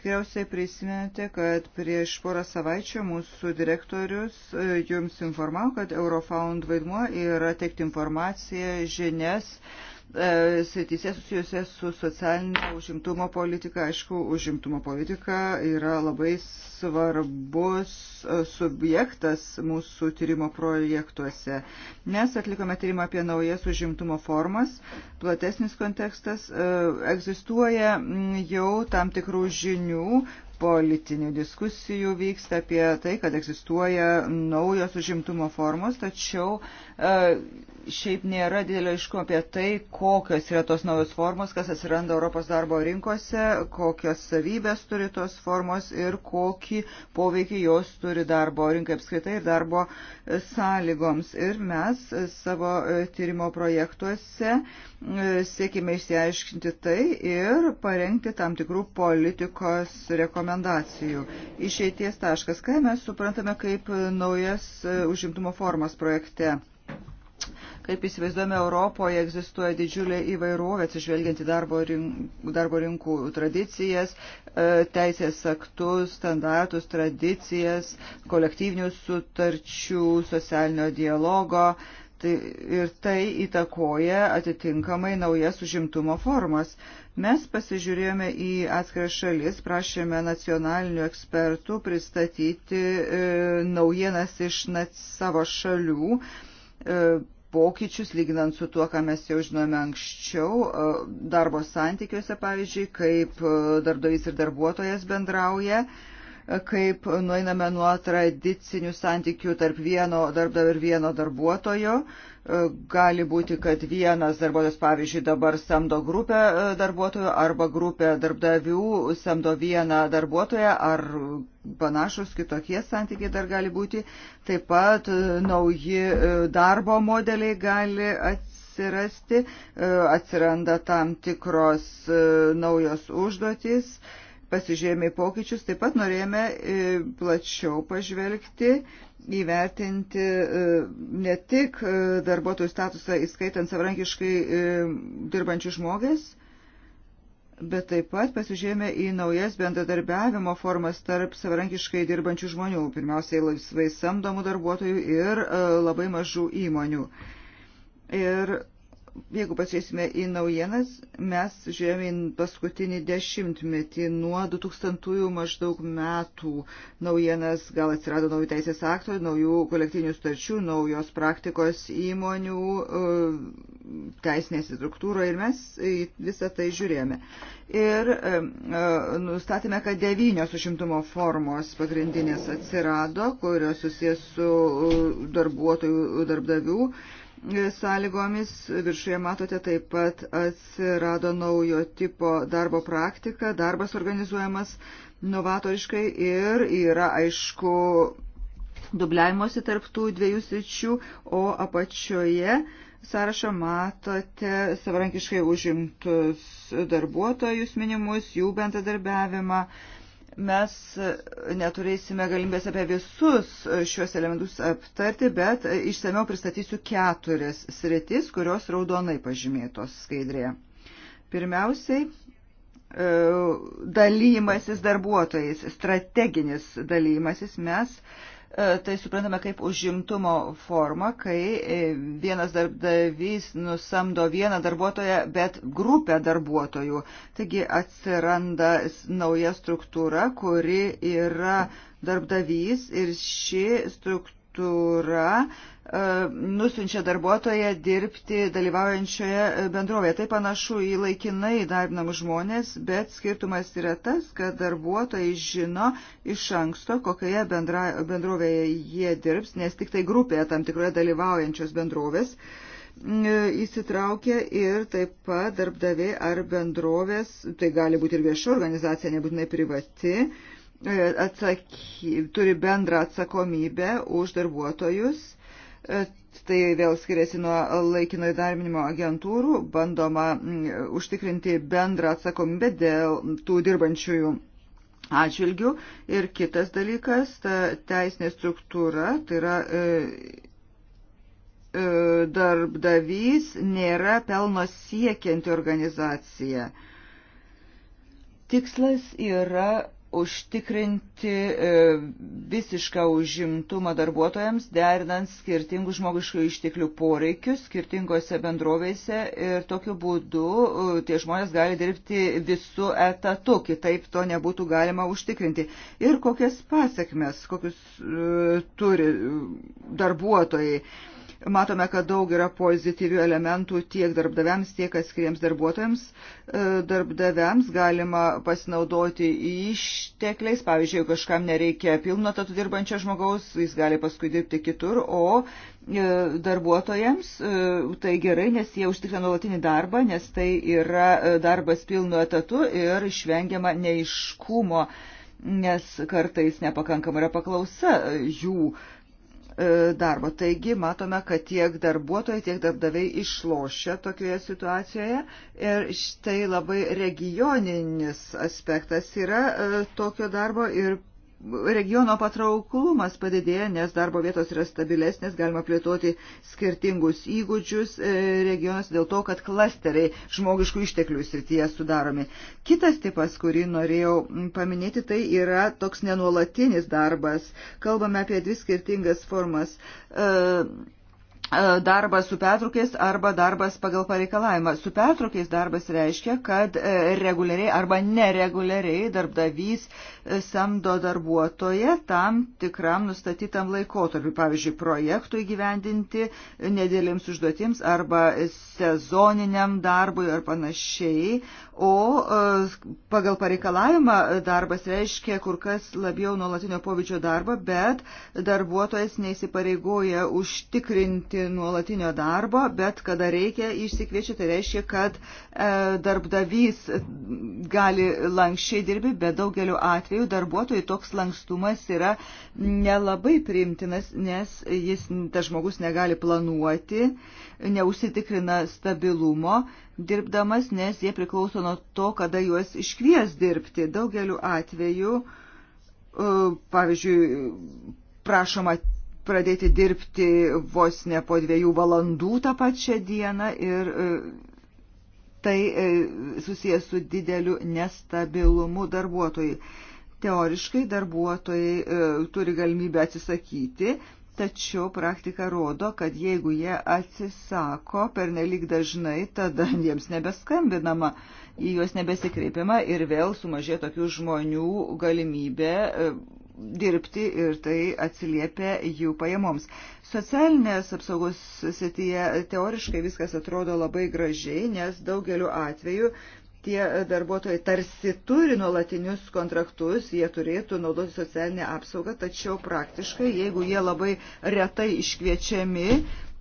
Tikriausiai prisimenate, kad prieš porą savaičių mūsų direktorius e, jums informavo, kad Eurofound vaidmuo yra teikti informaciją, žinias E, srityse susijusia su socialinio užimtumo politika. Aišku, užimtumo politika yra labai svarbus e, subjektas mūsų tyrimo projektuose. Mes atlikome tyrimą apie naujas užimtumo formas, platesnis kontekstas. E, egzistuoja jau tam tikrų žinių, politinių diskusijų vyksta apie tai, kad egzistuoja naujos užimtumo formos, tačiau e, šiaip nėra didelio aiškumo apie tai, kokios yra tos naujos formos, kas atsiranda Europos darbo rinkose, kokios savybės turi tos formos ir kokį poveikį jos turi darbo rinkai apskritai ir darbo e, sąlygoms. Ir mes e, savo tyrimo projektuose siekime išsiaiškinti tai ir parengti tam tikrų politikos rekomendacijų rekomendacijų. Išeities taškas. Ką mes suprantame kaip naujas e, užimtumo formas projekte? Kaip įsivaizduojame, Europoje egzistuoja didžiulė įvairovė, atsižvelgiant į darbo, rink, darbo rinkų tradicijas, e, teisės aktus, standartus, tradicijas, kolektyvinių sutarčių, socialinio dialogo. Tai, ir tai įtakoja atitinkamai naujas užimtumo formas. Uh, Mes pasižiūrėjome į atskirą šalis, prašėme nacionalinių ekspertų pristatyti e, naujienas iš savo šalių. E, pokyčius, lyginant su tuo, ką mes jau žinome anksčiau, e, darbo santykiuose, pavyzdžiui, kaip e, darbdavys ir darbuotojas bendrauja. E, kaip nueiname nuo tradicinių santykių tarp vieno darbdavio ir vieno darbuotojo. E, gali būti, kad vienas darbuotojas, pavyzdžiui, dabar samdo grupę e, darbuotojų arba grupę darbdavių samdo vieną darbuotoją ar panašus kitokie santykiai dar gali būti. Taip pat e, nauji darbo modeliai gali atsirasti, atsiranda tam tikros naujos užduotis pasižiūrėjome į pokyčius, taip pat norėjome e, plačiau pažvelgti, įvertinti e, ne tik e, darbuotojų statusą, įskaitant savrankiškai dirbančių žmogės, bet taip pat pasižiūrėjome į naujas bendradarbiavimo formas tarp savarankiškai dirbančių žmonių, pirmiausiai laisvai samdomų darbuotojų ir labai mažų įmonių. Ir jeigu pasižiūrėsime į naujienas, mes žiūrėjome į paskutinį dešimtmetį, nuo 2000 maždaug metų naujienas, gal atsirado naujų teisės aktų, naujų kolektyvinių starčių, naujos praktikos įmonių, e, teisinės struktūroje ir mes visą tai žiūrėjome. Ir e, e, nustatėme, kad devynios užimtumo formos pagrindinės atsirado, kurios susijęs su darbuotojų darbdavių sąlygomis. Viršuje matote taip pat atsirado naujo tipo darbo praktika, darbas organizuojamas novatoriškai ir yra aišku dubliavimuose tarptų dviejų sričių, o apačioje sąrašą matote savarankiškai užimtus darbuotojus minimus, jų bendradarbiavimą. darbiavimą mes neturėsime galimybės apie visus šiuos elementus aptarti, bet išsameu pristatysiu keturias sritis, kurios raudonai pažymėtos skaidrėje. Pirmiausiai, e, dalymasis darbuotojais, strateginis dalymasis mes E, tai suprantame kaip užimtumo formą, kai e, vienas darbdavys nusamdo vieną darbuotoją, bet grupę darbuotojų. Taigi atsiranda nauja struktūra, kuri yra darbdavys ir ši struktūra nusinčia darbuotoją dirbti dalyvaujančioje bendrovėje. Tai panašu į laikinai darbinamus žmonės, bet skirtumas yra tas, kad darbuotojai žino iš anksto, kokioje bendra, bendrovėje jie dirbs, nes tik tai grupėje tam tikroje dalyvaujančios bendrovės mm, įsitraukia ir taip pat darbdaviai ar bendrovės, tai gali būti ir vieša organizacija, nebūtinai privati, e, atsaky, turi bendrą atsakomybę už darbuotojus E, tai vėl skiriasi nuo laikino įdarbinimo agentūrų, bandoma užtikrinti bendrą atsakomybę dėl tų dirbančiųjų atžvilgių. Ir kitas dalykas, ta teisinė struktūra, tai yra e, e, darbdavys nėra pelno siekianti organizacija. Tikslas yra užtikrinti e, visišką užimtumą darbuotojams, derinant skirtingų žmogiškų išteklių poreikius skirtingose bendrovėse ir tokiu būdu e, tie žmonės gali dirbti visų etatų, kitaip to nebūtų galima užtikrinti. Ir kokias pasiekmes, kokius e, turi darbuotojai Matome, kad daug yra pozityvių elementų tiek darbdaviams, tiek atskiriems darbuotojams. E, darbdaviams galima pasinaudoti ištekliais, pavyzdžiui, kažkam nereikia pilno tatų dirbančio žmogaus, jis gali paskui dirbti kitur, o e, darbuotojams e, tai gerai, nes jie užtikrina nuolatinį darbą, nes tai yra darbas pilnu etatu ir išvengiama neiškumo nes kartais nepakankama yra paklausa jų E, darbo. Taigi matome, kad tiek darbuotojai, tiek darbdaviai išlošia tokioje situacijoje ir štai labai regioninis aspektas yra e, tokio darbo ir regiono patrauklumas padidėja, nes darbo vietos yra stabilesnės, galima plėtoti skirtingus įgūdžius e, regionas dėl to, kad klasteriai žmogiškų išteklių srityje sudaromi. Kitas tipas, kurį norėjau paminėti, tai yra toks nenuolatinis darbas. Kalbame apie dvi skirtingas formas. E, E, darbas su pertraukiais arba darbas pagal pareikalavimą. Su pertraukiais darbas reiškia, kad e, reguliariai arba nereguliariai darbdavys e, samdo darbuotoje tam tikram nustatytam laikotarpiu, pavyzdžiui, projektų įgyvendinti nedėlėms užduotims arba sezoniniam darbui ar panašiai, o pagal pareikalavimą darbas reiškia kur kas labiau nuolatinio poveikio darbą, bet darbuotojas neįsipareigoja užtikrinti nuolatinio darbo, bet kada reikia išsikviečiu, tai reiškia, kad e, darbdavys gali lankščiai dirbi, bet daugeliu atveju darbuotojui toks lankstumas yra nelabai priimtinas, nes jis, tas žmogus negali planuoti, neužsitikrina stabilumo dirbdamas, nes jie priklauso nuo to, kada juos iškvies dirbti. Daugeliu atveju, e, pavyzdžiui, prašoma pradėti dirbti vos ne po dviejų valandų tą pačią dieną ir e, tai e, susijęs su dideliu nestabilumu darbuotojai. Teoriškai darbuotojai e, turi galimybę atsisakyti, tačiau praktika rodo, kad jeigu jie atsisako per nelik dažnai, tada jiems nebeskambinama, į juos nebesikreipiama ir vėl sumažė tokių žmonių galimybė dirbti ir tai atsiliepia jų pajamoms. Socialinės apsaugos sityje teoriškai viskas atrodo labai gražiai, nes daugeliu atveju tie darbuotojai tarsi turi nuolatinius kontraktus, jie turėtų naudoti socialinę apsaugą, tačiau praktiškai, jeigu jie labai retai iškviečiami,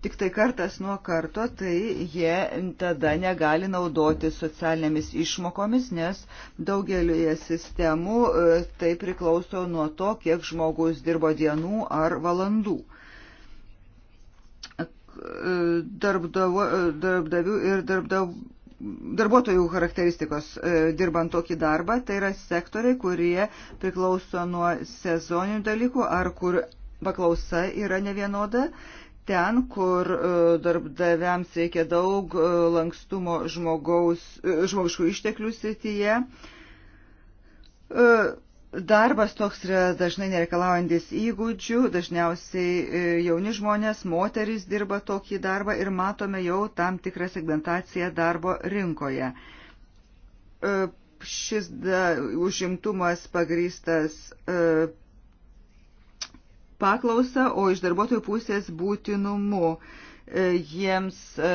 tik tai kartas nuo karto, tai jie tada negali naudoti socialinėmis išmokomis, nes daugelioje sistemų e, tai priklauso nuo to, kiek žmogus dirbo dienų ar valandų. E, darbdavo, e, darbdavių ir darbdavių darbuotojų charakteristikos dirbant tokį darbą, tai yra sektoriai, kurie priklauso nuo sezoninių dalykų ar kur paklausa yra nevienoda ten, kur e, darbdaviams reikia daug e, lankstumo žmogaus, e, žmogiškų išteklių srityje. Darbas toks yra dažnai nereikalaujantis įgūdžių, dažniausiai jauni žmonės, moteris dirba tokį darbą ir matome jau tam tikrą segmentaciją darbo rinkoje. Šis da, užimtumas pagrystas paklausą, o iš darbuotojų pusės būtinumu. E, jiems e,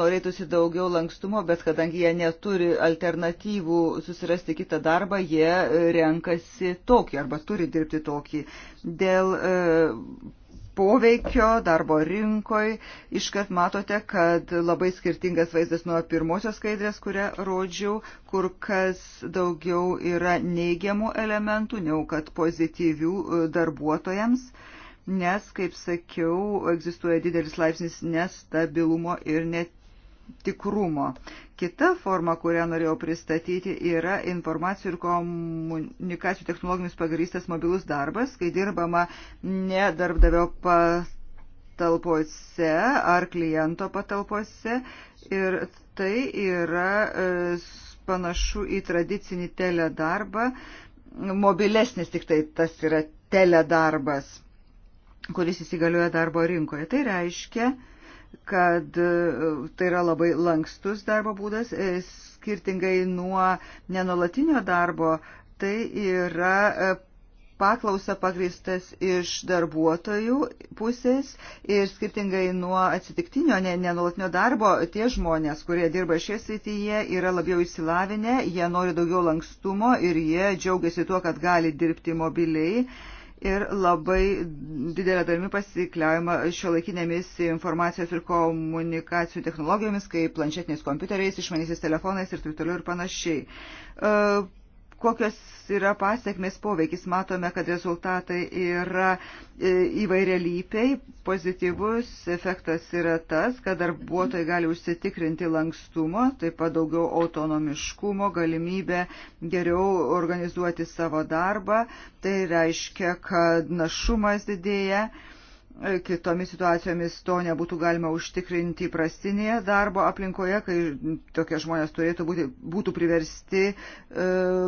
norėtųsi daugiau lankstumo, bet kadangi jie neturi alternatyvų susirasti kitą darbą, jie e, renkasi tokį arba turi dirbti tokį. Dėl poveikio darbo rinkoj. Iškart matote, kad labai skirtingas vaizdas nuo pirmosios skaidrės, kurią rodžiau, kur kas daugiau yra neigiamų elementų, negu kad pozityvių e, darbuotojams nes, kaip sakiau, egzistuoja didelis laipsnis nestabilumo ir net tikrumo. Kita forma, kurią norėjau pristatyti, yra informacijų ir komunikacijų technologijomis pagrystas mobilus darbas, kai dirbama ne darbdavio patalpose ar kliento patalpose. Ir tai yra e, panašu į tradicinį teledarbą. Mobilesnis tik tai tas yra teledarbas, kuris įsigalioja darbo rinkoje. Tai reiškia, kad e, tai yra labai lankstus darbo būdas, e, skirtingai nuo nenolatinio darbo, tai yra e, paklausa pagristas iš darbuotojų pusės ir skirtingai nuo atsitiktinio, ne, nenulatinio darbo, tie žmonės, kurie dirba šioje srityje, yra labiau įsilavinę, jie nori daugiau lankstumo ir jie džiaugiasi tuo, kad gali dirbti mobiliai. E, ir labai didelė dalimi pasikliaujama šio laikinėmis informacijos ir komunikacijų technologijomis, kaip planšetiniais kompiuteriais, išmanysiais telefonais ir taip toliau ir panašiai. E, kokios yra pasiekmes poveikis. Matome, kad rezultatai yra e, įvairialypiai. Pozityvus efektas yra tas, kad darbuotojai gali užsitikrinti lankstumo, taip pat daugiau autonomiškumo, galimybę geriau organizuoti savo darbą. Tai reiškia, kad našumas didėja kitomis situacijomis to nebūtų galima užtikrinti įprastinėje darbo aplinkoje, kai tokie žmonės turėtų būti, būtų priversti e,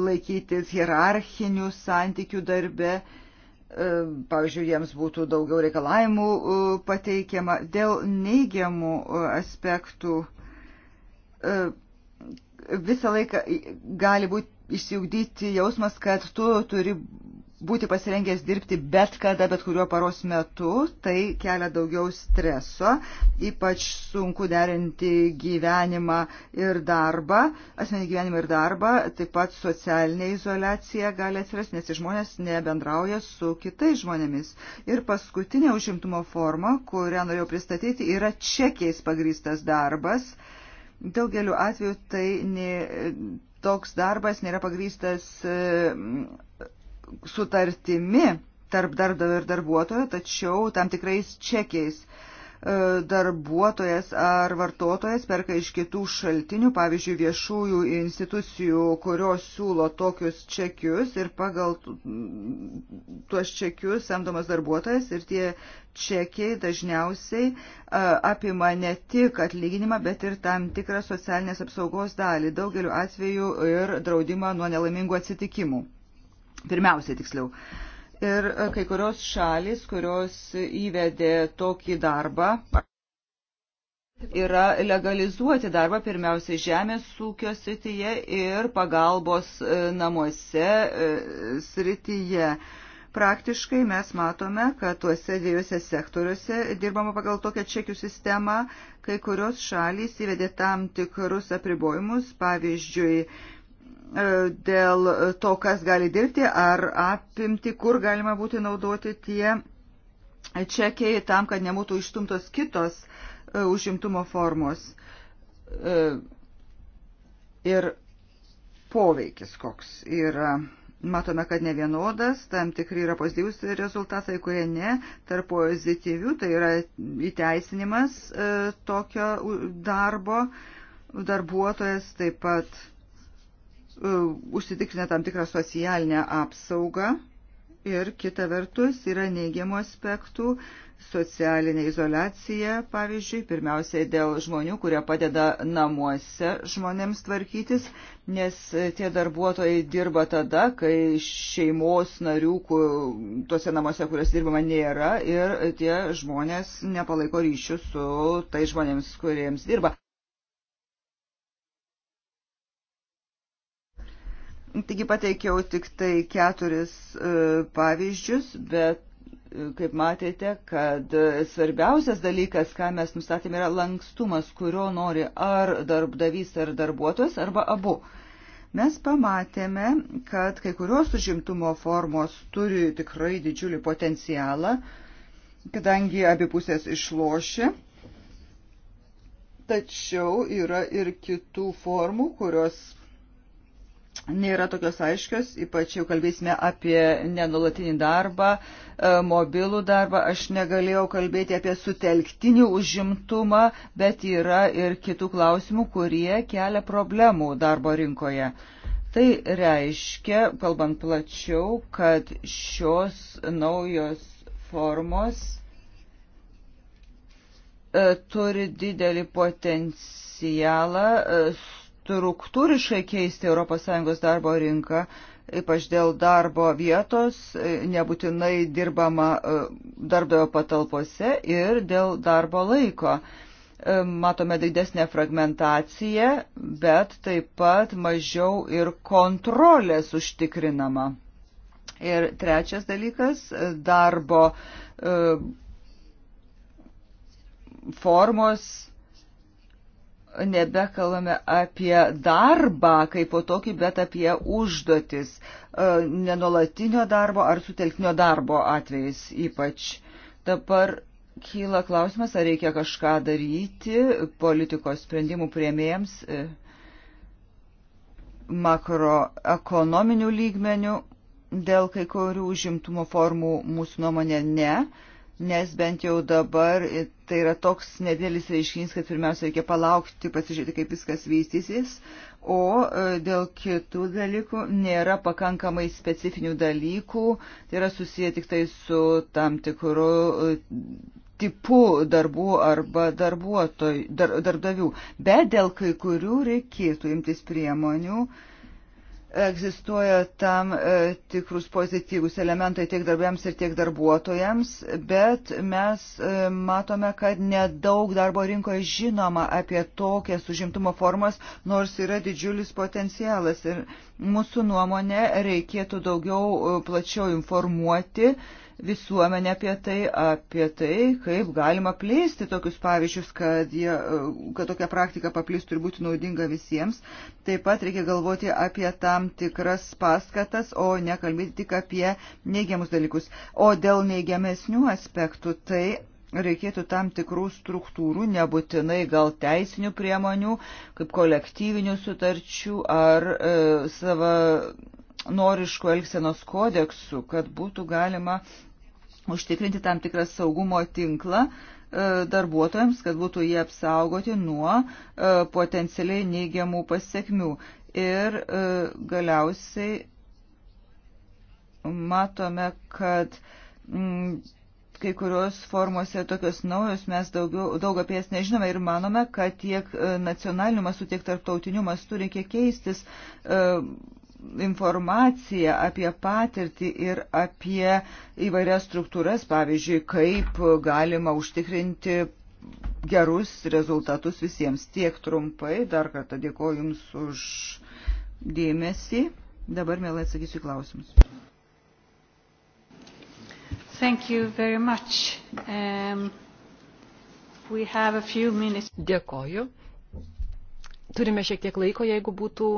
laikytis hierarchinių santykių darbe. E, pavyzdžiui, jiems būtų daugiau reikalavimų e, pateikiama dėl neigiamų e, aspektų. E, visą laiką gali būti išsiugdyti jausmas, kad tu turi būti pasirengęs dirbti bet kada, bet kuriuo paros metu, tai kelia daugiau streso, ypač sunku derinti gyvenimą ir darbą, asmenį gyvenimą ir darbą, taip pat socialinė izolacija gali atsirasti, nes žmonės nebendrauja su kitais žmonėmis. Ir paskutinė užimtumo forma, kurią norėjau pristatyti, yra čekiais pagrystas darbas. Daugeliu atveju tai ne, toks darbas nėra pagrystas. E, sutartimi tarp darbdavio ir darbuotojo, tačiau tam tikrais čekiais e, darbuotojas ar vartotojas perka iš kitų šaltinių, pavyzdžiui, viešųjų institucijų, kurios siūlo tokius čekius ir pagal tuos čekius samdomas darbuotojas ir tie čekiai dažniausiai e, apima ne tik atlyginimą, bet ir tam tikrą socialinės apsaugos dalį, daugeliu atveju ir draudimą nuo nelaimingų atsitikimų. Pirmiausia, tiksliau. Ir e, kai kurios šalis, kurios įvedė tokį darbą, yra legalizuoti darbą pirmiausia žemės ūkio srityje ir pagalbos e, namuose e, srityje. Praktiškai mes matome, kad tuose dviejose sektoriuose dirbama pagal tokią čekių sistemą, kai kurios šalys įvedė tam tikrus apribojimus, pavyzdžiui, E, dėl to, kas gali dirbti, ar apimti, kur galima būti naudoti tie čekiai tam, kad nebūtų išstumtos kitos e, užimtumo formos. E, ir poveikis koks yra. Matome, kad ne vienodas, tam tikri yra pozityvus rezultatai, kurie ne, tarp pozityvių, tai yra įteisinimas e, tokio darbo, darbuotojas taip pat E, užsitikrinę tam tikrą socialinę apsaugą ir kita vertus yra neigiamų aspektų socialinė izolacija, pavyzdžiui, pirmiausiai dėl žmonių, kurie padeda namuose žmonėms tvarkytis, nes tie darbuotojai dirba tada, kai šeimos narių kur, tuose namuose, kuriuose dirbama, nėra ir tie žmonės nepalaiko ryšių su tai žmonėms, kuriems dirba. Taigi pateikiau tik tai keturis e, pavyzdžius, bet e, kaip matėte, kad e, svarbiausias dalykas, ką mes nustatėme, yra lankstumas, kurio nori ar darbdavys, ar darbuotojas, arba abu. Mes pamatėme, kad kai kurios užimtumo formos turi tikrai didžiulį potencialą, kadangi abipusės išlošia tačiau yra ir kitų formų, kurios nėra tokios aiškios, ypač jau kalbėsime apie nenulatinį darbą, e, mobilų darbą. Aš negalėjau kalbėti apie sutelktinį užimtumą, bet yra ir kitų klausimų, kurie kelia problemų darbo rinkoje. Tai reiškia, kalbant plačiau, kad šios naujos formos e, turi didelį potencialą e, struktūriškai keisti ES darbo rinką, ypač dėl darbo vietos, e, nebūtinai dirbama e, darbdavio patalpose ir dėl darbo laiko. E, matome didesnę fragmentaciją, bet taip pat mažiau ir kontrolės užtikrinama. Ir trečias dalykas - darbo formos nebekalame apie darbą kaip po tokį, bet apie užduotis e, nenolatinio darbo ar sutelktinio darbo atvejais ypač. Dabar kyla klausimas, ar reikia kažką daryti politikos sprendimų prieimėjams e, makroekonominių lygmenių dėl kai kurių užimtumo formų mūsų nuomonė ne nes bent jau dabar tai yra toks nedėlis reiškinys, kad pirmiausia reikia palaukti, pasižiūrėti, kaip viskas vystysis, o e, dėl kitų dalykų nėra pakankamai specifinių dalykų, tai yra susiję tik tai su tam tikru e, tipu darbų arba darbuotojų, dar, darbdavių, bet dėl kai kurių reikėtų imtis priemonių, uh, egzistuoja tam e, tikrus pozityvus elementai tiek darbėms ir tiek darbuotojams, bet mes e, matome, kad nedaug darbo rinkoje žinoma apie tokias užimtumo formas, nors yra didžiulis potencialas. Ir mūsų nuomonė reikėtų daugiau e, plačiau informuoti uh, visuomenę apie tai, apie tai, kaip galima plėsti tokius pavyzdžius, kad, jie, kad tokia praktika paplistų ir būtų naudinga visiems. Taip pat reikia galvoti apie tam tikras paskatas, o nekalbėti tik apie neigiamus dalykus. O dėl neigiamesnių aspektų, tai reikėtų tam tikrų struktūrų, nebūtinai gal teisinių priemonių, kaip kolektyvinių sutarčių ar e, sava noriškų elgsenos kodeksų, kad būtų galima užtikrinti tam tikrą saugumo tinklą e, darbuotojams, kad būtų jie apsaugoti nuo e, potencialiai neigiamų pasiekmių. Ir e, galiausiai matome, kad mm, kai kurios formose tokios naujos mes daugiau, daug apie jas nežinome ir manome, kad tiek nacionaliniu mastu, tiek tarptautiniu mastu reikia keistis informaciją apie patirtį ir apie įvairias struktūras, pavyzdžiui, kaip galima užtikrinti gerus rezultatus visiems. Tiek trumpai, dar kartą dėkoju Jums už dėmesį. Dabar mielai atsakysiu klausimus. Thank you very much. Um, we have a few minutes. Dėkoju. Turime šiek tiek laiko, jeigu būtų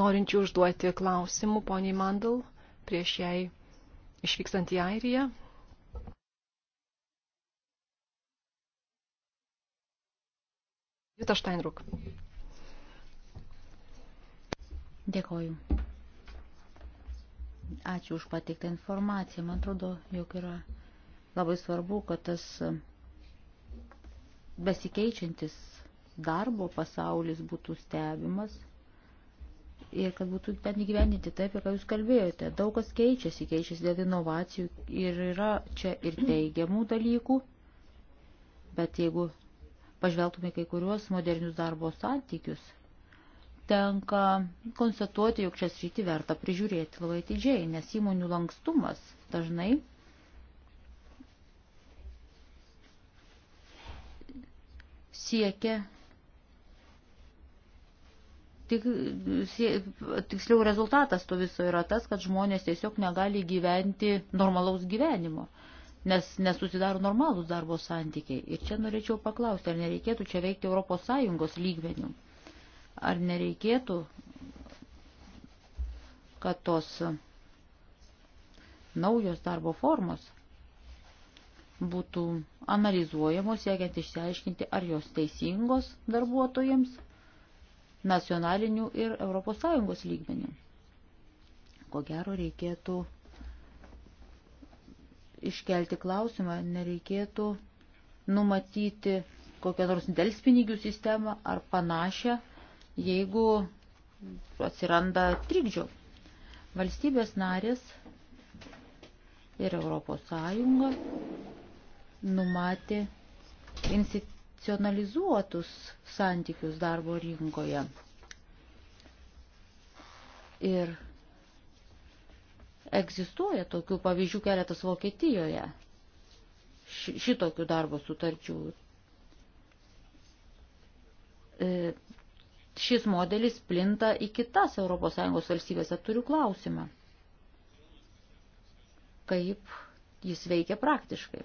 norinčių užduoti klausimų poniai Mandal prieš jai išvykstant į Airiją. Jutta Steinruk. Dėkoju. Ačiū už pateiktą informaciją. Man atrodo, jog yra labai svarbu, kad tas besikeičiantis darbo pasaulis būtų stebimas ir kad būtų ten įgyvendinti taip, ir ką jūs kalbėjote. Daug kas keičiasi, keičiasi dėl inovacijų ir yra čia ir teigiamų dalykų, bet jeigu pažvelgtume kai kuriuos modernius darbo santykius, tenka konstatuoti, jog čia sritį verta prižiūrėti labai atidžiai, nes įmonių lankstumas dažnai siekia tik, tiksliau rezultatas to viso yra tas, kad žmonės tiesiog negali gyventi normalaus gyvenimo, nes nesusidaro normalūs darbo santykiai. Ir čia norėčiau paklausti, ar nereikėtų čia veikti ES lygmenių, ar nereikėtų, kad tos naujos darbo formos būtų analizuojamos, siekiant išsiaiškinti, ar jos teisingos darbuotojams nacionalinių ir ES lygmenių. Ko gero reikėtų iškelti klausimą, nereikėtų numatyti kokią nors delspinigių sistemą ar panašią, jeigu atsiranda trikdžių. Valstybės narės ir Europos Sąjunga numatė racionalizuotus santykius darbo rinkoje. Ir egzistuoja tokių pavyzdžių keletas Vokietijoje šitokių darbo sutarčių. E, šis modelis plinta į kitas ES valstybėse. Turiu klausimą, kaip jis veikia praktiškai.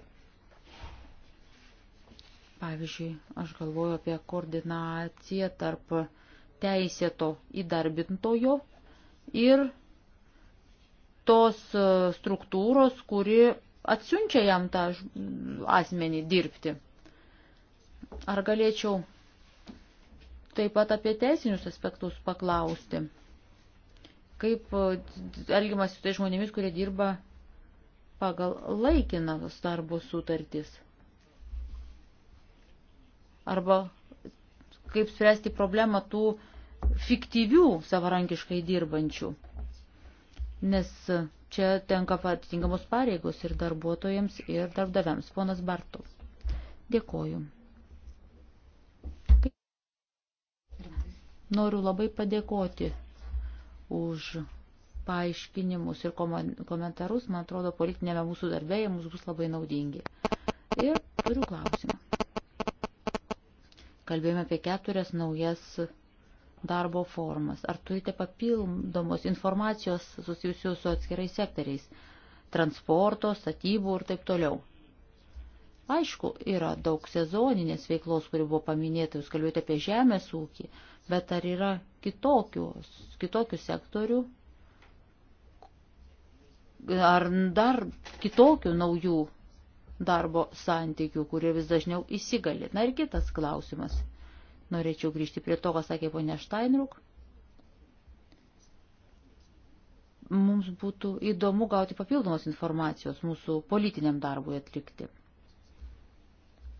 Pavyzdžiui, aš galvoju apie koordinaciją tarp teisėto įdarbintojo ir tos e, struktūros, kuri atsiunčia jam tą asmenį dirbti. Ar galėčiau taip pat apie teisinius aspektus paklausti? Kaip e, elgiamas su tai žmonėmis, kurie dirba pagal laikinas darbo sutartis? arba kaip spręsti problemą tų fiktyvių savarankiškai dirbančių. Nes čia tenka atitinkamos pareigos ir darbuotojams, ir darbdaviams. Ponas Bartu. Dėkoju. Noriu labai padėkoti už paaiškinimus ir komentarus. Man atrodo, politinėme mūsų darbėje mums bus labai naudingi. Ir turiu klausimą. Kalbėjome apie keturias naujas darbo formas. Ar turite papildomos informacijos susijusios su atskirais sektoriais - transporto, statybų ir taip toliau? Aišku, yra daug sezoninės veiklos, kuri buvo paminėta, jūs kalbėjote apie žemės ūkį, bet ar yra kitokius, kitokių sektorių, ar dar kitokių naujų darbo santykių, kurie vis dažniau įsigali. Na ir kitas klausimas. Norėčiau grįžti prie to, ką sakė ponia Steinruk. Mums būtų įdomu gauti papildomos informacijos mūsų politiniam darbui atlikti.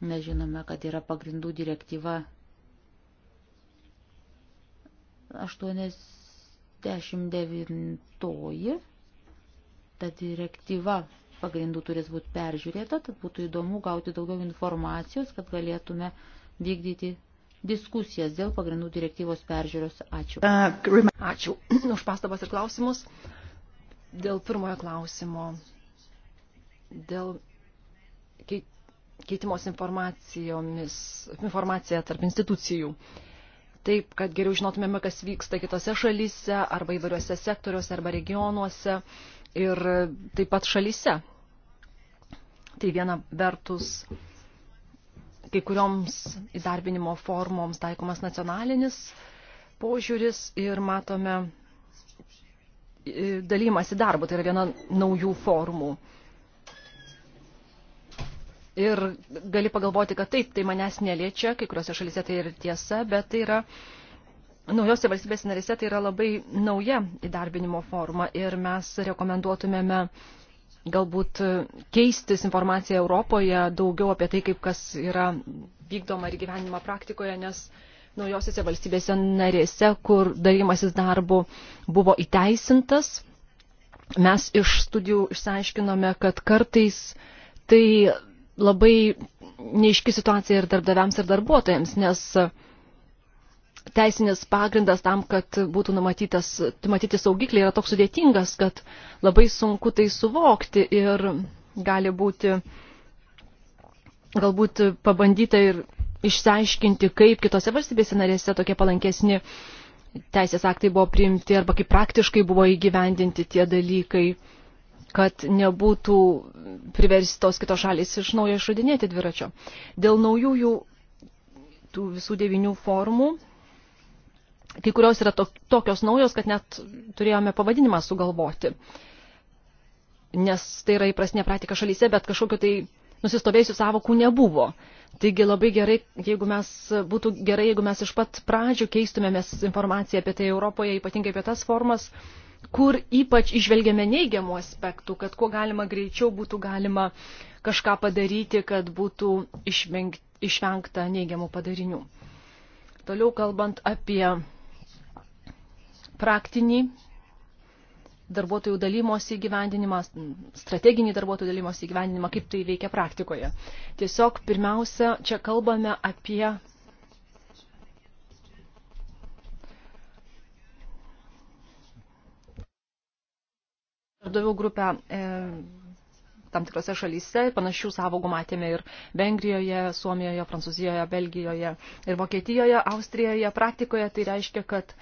Nežinome, kad yra pagrindų direktyva 89. Ta direktyva pagrindų turės būti peržiūrėta, tad būtų įdomu gauti daugiau informacijos, kad galėtume vykdyti diskusijas dėl pagrindų direktyvos peržiūros. Ačiū. Ačiū už pastabas ir klausimus. Dėl pirmojo klausimo, dėl keitimos informacijomis, informacija tarp institucijų. Taip, kad geriau žinotumėme, kas vyksta kitose šalyse arba įvairiuose sektoriuose arba regionuose. Uh, ir taip pat šalyse. Tai viena vertus kai kurioms įdarbinimo formoms taikomas nacionalinis požiūris ir matome dalymas į darbą, tai yra viena naujų formų. Ir gali pagalvoti, kad taip, tai manęs neliečia, kai kuriuose šalyse tai ir tiesa, bet tai yra naujose valstybės narėse tai yra labai nauja įdarbinimo forma ir mes rekomenduotumėme galbūt keistis informaciją Europoje daugiau apie tai, kaip kas yra vykdoma ir gyvenima praktikoje, nes naujosiose valstybėse narėse, kur dalymasis darbu buvo įteisintas, mes iš studijų išsiaiškinome, kad kartais tai labai neiški situacija ir darbdaviams, ir darbuotojams, nes teisinis pagrindas tam, kad būtų numatytas, matyti saugikliai, yra toks sudėtingas, kad labai sunku tai suvokti ir gali būti galbūt pabandyta ir išsiaiškinti, kaip kitose valstybėse narėse tokie palankesni teisės aktai buvo priimti arba kaip praktiškai buvo įgyvendinti tie dalykai, kad nebūtų priverstos kitos šalis iš naujo išradinėti dviračio. Dėl naujųjų tų visų devinių formų Kai kurios yra tokios naujos, kad net turėjome pavadinimą sugalvoti. Nes tai yra įprastinė praktika šalyse, bet kažkokio tai nusistovėjusių savokų nebuvo. Taigi labai gerai, jeigu mes, būtų gerai, jeigu mes iš pat pradžių keistumėmės informaciją apie tai Europoje, ypatingai apie tas formas, kur ypač išvelgiame neigiamų aspektų, kad kuo galima greičiau būtų galima kažką padaryti, kad būtų išvengta neigiamų padarinių. Toliau kalbant apie praktinį darbuotojų dalymosi gyvendinimą, strateginį darbuotojų dalymosi gyvendinimą, kaip tai veikia praktikoje. Tiesiog pirmiausia, čia kalbame apie darbdavių grupę e, tam tikrose šalyse. Panašių savogų matėme ir Vengrijoje, Suomijoje, Prancūzijoje, Belgijoje ir Vokietijoje, Austrijoje. Praktikoje tai reiškia, kad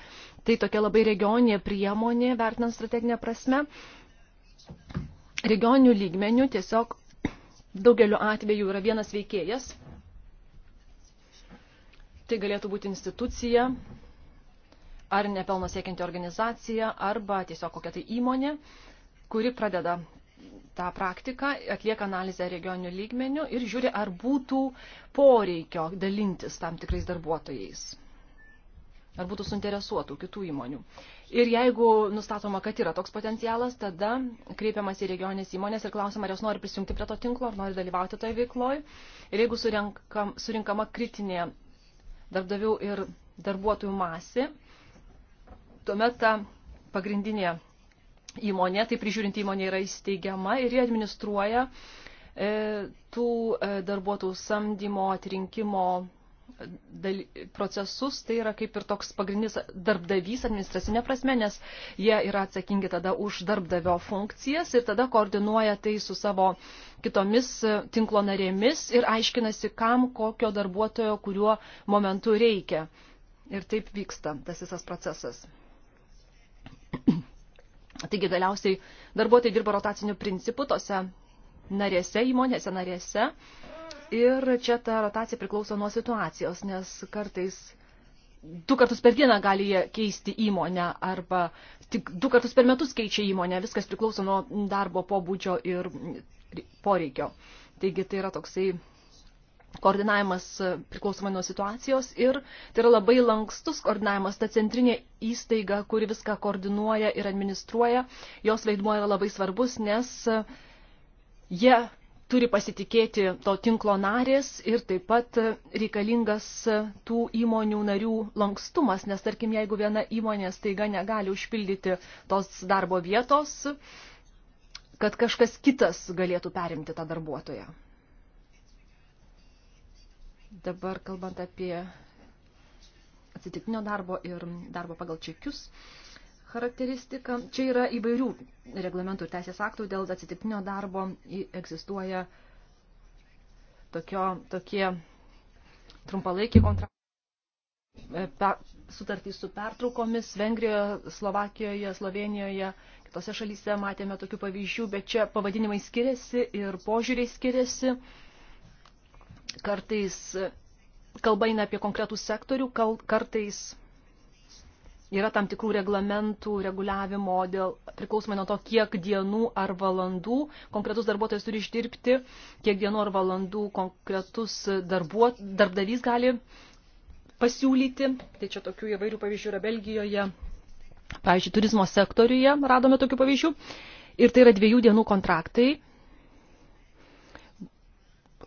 tai tokia labai regioninė priemonė, vertinant strateginę prasme. Regioninių lygmenių tiesiog daugeliu atveju yra vienas veikėjas. Tai galėtų būti institucija, ar nepelno siekianti organizacija, arba tiesiog kokia tai įmonė, kuri pradeda tą praktiką, atlieka analizę regioninių lygmenių ir žiūri, ar būtų poreikio dalintis tam tikrais darbuotojais ar būtų suinteresuotų kitų įmonių. Ir jeigu nustatoma, kad yra toks potencialas, tada kreipiamas į regioninės įmonės ir klausima, ar jos nori prisijungti prie to tinklo, ar nori dalyvauti toje veikloje. Ir jeigu surinkam, surinkama kritinė darbdavių ir darbuotojų masė, tuomet ta pagrindinė įmonė, tai prižiūrinti įmonė yra įsteigiama ir jie administruoja e, tų e, darbuotojų samdymo, atrinkimo procesus, tai yra kaip ir toks pagrindinis darbdavys administracinė prasme, nes jie yra atsakingi tada už darbdavio funkcijas ir tada koordinuoja tai su savo kitomis e, tinklo narėmis ir aiškinasi, kam kokio darbuotojo, kuriuo momentu reikia. Ir taip vyksta tas visas procesas. Taigi galiausiai darbuotojai dirba rotaciniu principu tose narėse, įmonėse narėse. narėse Ir čia ta rotacija priklauso nuo situacijos, nes kartais du kartus per dieną gali jie keisti įmonę arba tik du kartus per metus keičia įmonę, viskas priklauso nuo darbo pobūdžio ir poreikio. Taigi tai yra toksai koordinavimas priklausomai nuo situacijos ir tai yra labai lankstus koordinavimas, ta centrinė įstaiga, kuri viską koordinuoja ir administruoja, jos vaidmuo yra labai svarbus, nes jie turi pasitikėti to tinklo narės ir taip pat reikalingas tų įmonių narių lankstumas, nes tarkim, jeigu viena įmonė staiga negali užpildyti tos darbo vietos, kad kažkas kitas galėtų perimti tą darbuotoją. Dabar kalbant apie atsitiktinio darbo ir darbo pagal čekius. Uh, charakteristika. Čia yra įvairių reglamentų ir teisės aktų dėl atsitiktinio darbo egzistuoja tokio, tokie trumpalaikiai kontraktai e, sutartys su pertraukomis Vengrijoje, Slovakijoje, Slovenijoje, kitose šalyse matėme tokių pavyzdžių, bet čia pavadinimai skiriasi ir požiūriai skiriasi. Kartais kalba eina apie konkretų sektorių, kartais yra tam tikrų reglamentų, reguliavimo dėl priklausomai nuo to, kiek dienų ar valandų konkretus darbuotojas turi išdirbti, kiek dienų ar valandų konkretus darbuo, darbdavys gali pasiūlyti. Tai čia tokių įvairių pavyzdžių yra Belgijoje, pavyzdžiui, turizmo sektoriuje radome tokių pavyzdžių. Ir tai yra dviejų dienų kontraktai,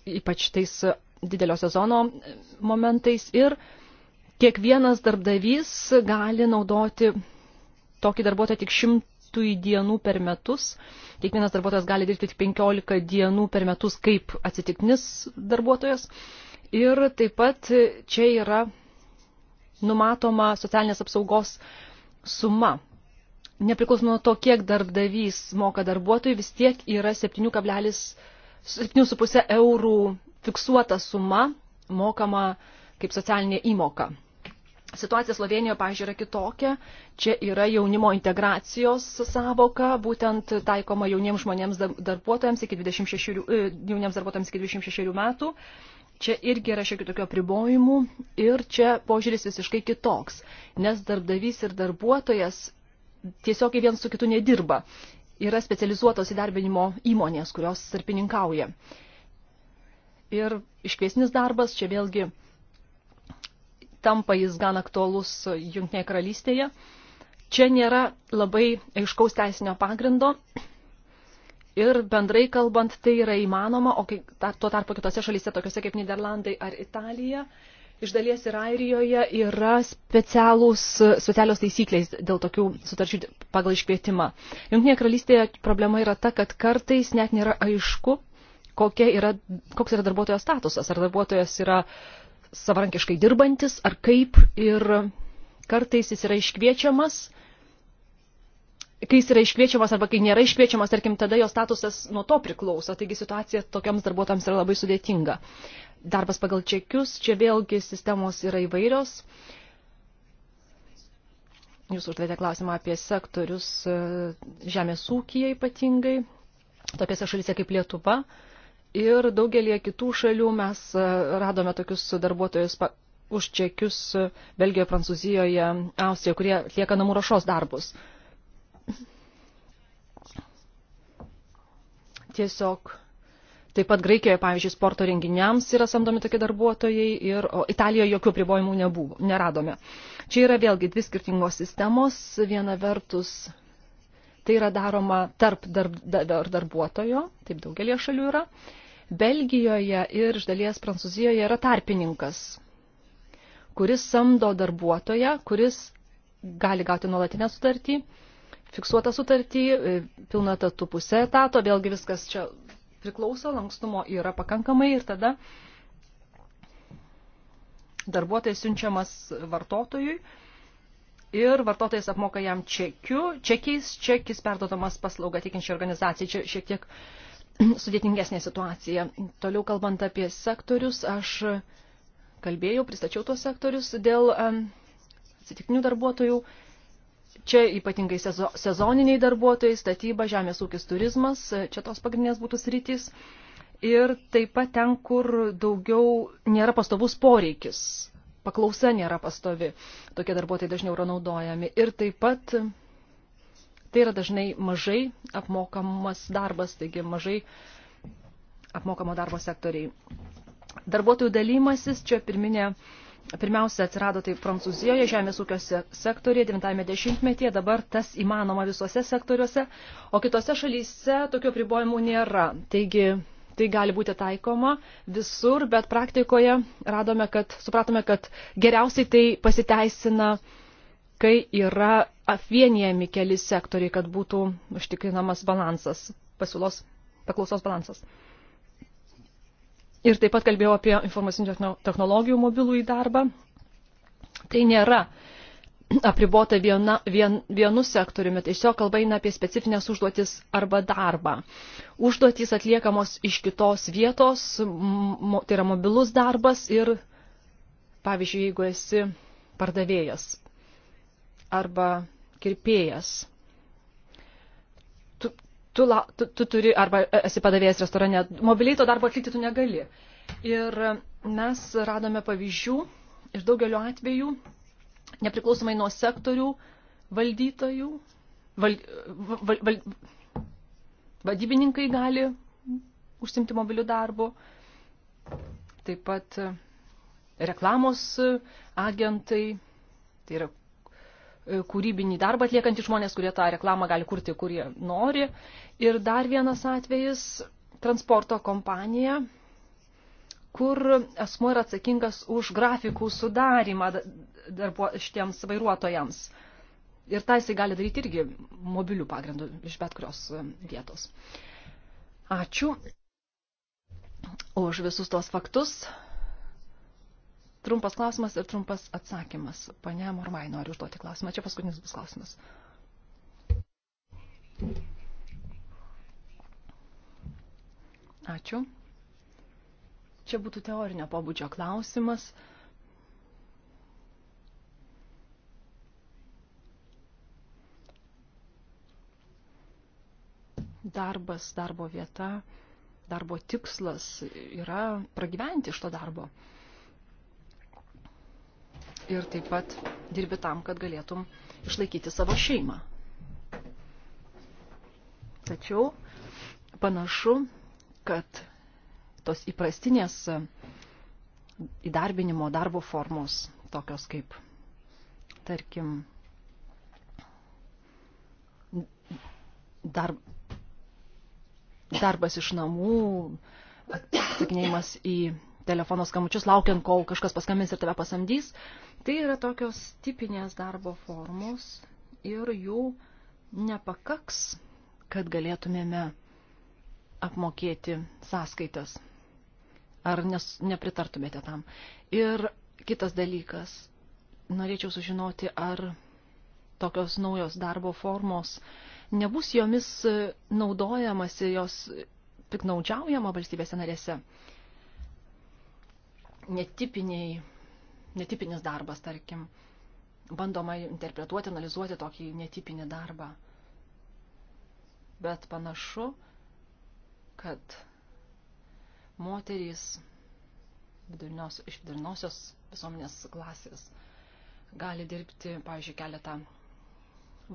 ypač tais didelio sezono momentais. Ir kiekvienas darbdavys gali naudoti tokį darbuotoją tik šimtui dienų per metus. Kiekvienas darbuotojas gali dirbti tik 15 dienų per metus kaip atsitiknis darbuotojas. Ir taip pat čia yra numatoma socialinės apsaugos suma. Nepriklausomai nuo to, kiek darbdavys moka darbuotojui, vis tiek yra 7,5 eurų fiksuota suma mokama kaip socialinė įmoka Situacija Slovenijoje, pažiūrėjau, yra kitokia. Čia yra jaunimo integracijos savoka, būtent taikoma jauniems žmonėms darbuotojams iki 26, e, jauniems darbuotojams iki 26 metų. Čia irgi yra šiek tiek tokio pribojimų ir čia požiūris visiškai kitoks, nes darbdavys ir darbuotojas tiesiog viens su kitu nedirba. Yra specializuotos įdarbinimo įmonės, kurios sarpininkauja. Ir iškviesnis darbas čia vėlgi tampa jis gan aktuolus Junktinėje karalystėje. Čia nėra labai aiškaus teisinio pagrindo ir bendrai kalbant tai yra įmanoma, o kai, ta, tuo tarpu kitose šalyse, tokiuose kaip Niderlandai ar Italija, iš dalies ir Airijoje yra specialūs, specialios taisyklės dėl tokių sutarčių pagal iškvietimą. Junktinėje karalystėje problema yra ta, kad kartais net nėra aišku, yra, koks yra darbuotojo statusas. Ar darbuotojas yra savarankiškai dirbantis ar kaip ir kartais jis yra iškviečiamas. Kai jis yra iškviečiamas arba kai nėra iškviečiamas, tarkim, tada jo statusas nuo to priklauso. Taigi situacija tokiams darbuotojams yra labai sudėtinga. Darbas pagal čekius, čia vėlgi sistemos yra įvairios. Jūs uždavėte klausimą apie sektorius e, žemės ūkija ypatingai, tokiose šalyse kaip Lietuva. Uh, Ir daugelie kitų šalių mes e, radome tokius darbuotojus už čekius e, Belgijoje, Prancūzijoje, Austrijoje, kurie atlieka namų rašos darbus. Tiesiog Taip pat Graikijoje, pavyzdžiui, sporto renginiams yra samdomi tokie darbuotojai ir o, Italijoje jokių pribojimų nebuvo, neradome. Čia yra vėlgi dvi skirtingos sistemos. Viena vertus Tai yra daroma tarp darb, dar, darbuotojo, taip daugelie šalių yra. Belgijoje ir iš dalies Prancūzijoje yra tarpininkas, kuris samdo darbuotoją, kuris gali gauti nuolatinę sutartį, fiksuotą sutartį, e, pilną tatų pusę etato, vėlgi viskas čia priklauso, lankstumo yra pakankamai ir tada darbuotojas siunčiamas vartotojui ir vartotojas apmoka jam čekiu, čekiais, čekis perdodamas paslaugą tikinčiai organizacijai. Čia šiek tiek sudėtingesnė situacija. Toliau kalbant apie sektorius, aš kalbėjau, pristačiau tuos sektorius dėl atsitiknių darbuotojų. Čia ypatingai sezo, sezoniniai darbuotojai, statyba, žemės ūkis, turizmas, čia tos pagrindinės būtų sritys. Ir taip pat ten, kur daugiau nėra pastovus poreikis paklausa nėra pastovi. Tokie darbuotojai dažniau yra naudojami. Ir taip pat tai yra dažnai mažai apmokamas darbas, taigi mažai apmokamo darbo sektoriai. Darbuotojų dalymasis čia pirminė. Pirmiausia, atsirado tai Prancūzijoje, žemės ūkio sektorėje, 90-metyje, dabar tas įmanoma visuose sektoriuose, o kitose šalyse tokių pribojimų nėra. Taigi tai gali būti taikoma visur, bet praktikoje radome, kad, supratome, kad geriausiai tai pasiteisina, kai yra apvienijami keli sektoriai, kad būtų užtikrinamas balansas, pasiūlos, paklausos balansas. Ir taip pat kalbėjau apie informacinių technologijų mobilų į darbą. Tai nėra uh, apribota viena, vien, vienu sektoriumi, tiesiog kalba eina apie specifines užduotis arba darbą. Užduotys atliekamos iš kitos vietos, mo, tai yra mobilus darbas ir, pavyzdžiui, jeigu esi pardavėjas arba kirpėjas, tu, tu, la, tu, tu turi arba esi padavėjas restorane, mobiliai to darbo atlikti tu negali. Ir mes radome pavyzdžių ir daugeliu atveju nepriklausomai nuo sektorių valdytojų, val, val, val, vadybininkai gali užsimti mobilių darbų, taip pat e, reklamos e, agentai, tai yra e, kūrybinį darbą atliekantys žmonės, kurie tą reklamą gali kurti, kurie nori. Ir dar vienas atvejis, transporto kompanija kur asmo yra atsakingas už grafikų sudarimą darbo šitiems vairuotojams. Ir tą jisai gali daryti irgi mobilių pagrindų iš bet kurios e, vietos. Ačiū už visus tos faktus. Trumpas klausimas ir trumpas atsakymas. Pane Mormai, noriu užduoti klausimą. Čia paskutinis bus klausimas. Ačiū. Čia būtų teorinio pobūdžio klausimas. Darbas, darbo vieta, darbo tikslas yra pragyventi iš to darbo. Ir taip pat dirbi tam, kad galėtum išlaikyti savo šeimą. Tačiau panašu, kad tos įprastinės įdarbinimo darbo formos, tokios kaip, tarkim, dar, darbas iš namų, atsakinėjimas į telefono skambučius, laukiant, kol kažkas paskambins ir tave pasamdys. Tai yra tokios tipinės darbo formos ir jų nepakaks, kad galėtumėme apmokėti sąskaitas. Ar nes, nepritartumėte tam? Ir kitas dalykas, norėčiau sužinoti, ar tokios naujos darbo formos nebus jomis e, naudojamasi, jos piknaudžiaujama valstybėse narėse. Netipiniai, netipinis darbas, tarkim, bandoma interpretuoti, analizuoti tokį netipinį darbą. Bet panašu, kad moterys iš viduriniosios visuomenės klasės gali dirbti, pavyzdžiui, keletą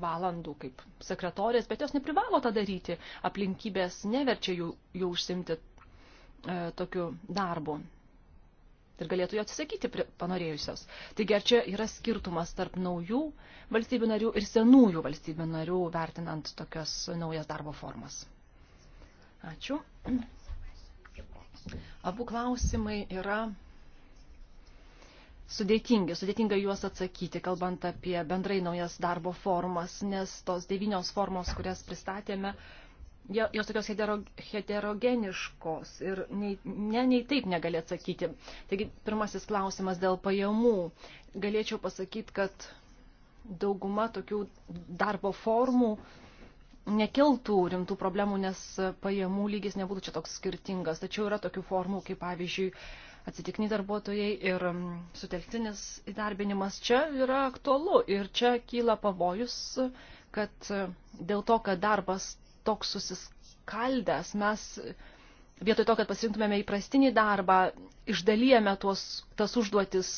valandų kaip sekretorės, bet jos neprivalo tą daryti. Aplinkybės neverčia jų, jų užsimti e, tokiu darbu. Ir galėtų jo atsisakyti panorėjusios. Taigi ar čia yra skirtumas tarp naujų valstybių narių ir senųjų valstybių narių, vertinant tokias naujas darbo formas? Ačiū. Abu klausimai yra sudėtingi, sudėtinga juos atsakyti, kalbant apie bendrai naujas darbo formas, nes tos devynios formos, kurias pristatėme, jos tokios hetero, heterogeniškos ir nei, ne, nei taip negali atsakyti. Taigi, pirmasis klausimas dėl pajamų. Galėčiau pasakyti, kad dauguma tokių darbo formų uh, nekiltų rimtų problemų, nes pajamų lygis nebūtų čia toks skirtingas. Tačiau yra tokių formų, kaip pavyzdžiui, atsitikni darbuotojai ir mm, sutelktinis įdarbinimas. Čia yra aktualu ir čia kyla pavojus, kad e, dėl to, kad darbas toks susiskaldęs, mes e, vietoj to, kad pasirinktumėme įprastinį darbą, išdalyjame tuos, tas užduotis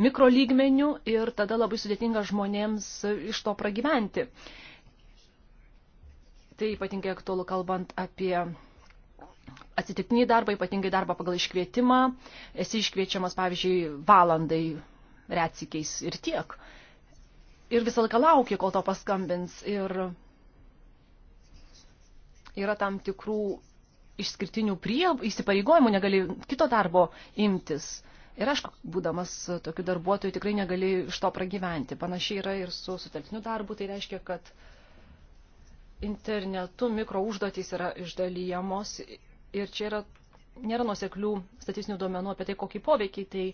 mikrolygmenių ir tada labai sudėtinga žmonėms e, iš to pragyventi. Tai ypatingai aktualu kalbant apie atsitiktinį darbą, ypatingai darbą pagal iškvietimą. Esi iškviečiamas, pavyzdžiui, valandai retsikiais ir tiek. Ir visą laiką lauki, kol to paskambins. Ir yra tam tikrų išskirtinių prie, įsipareigojimų, negali kito darbo imtis. Ir aš, būdamas tokiu darbuotoju, tikrai negali iš to pragyventi. Panašiai yra ir su sutelktiniu darbu, tai reiškia, kad uh, internetu mikro užduotys yra išdalyjamos ir čia yra, nėra nuseklių statistinių duomenų apie tai, kokį poveikį tai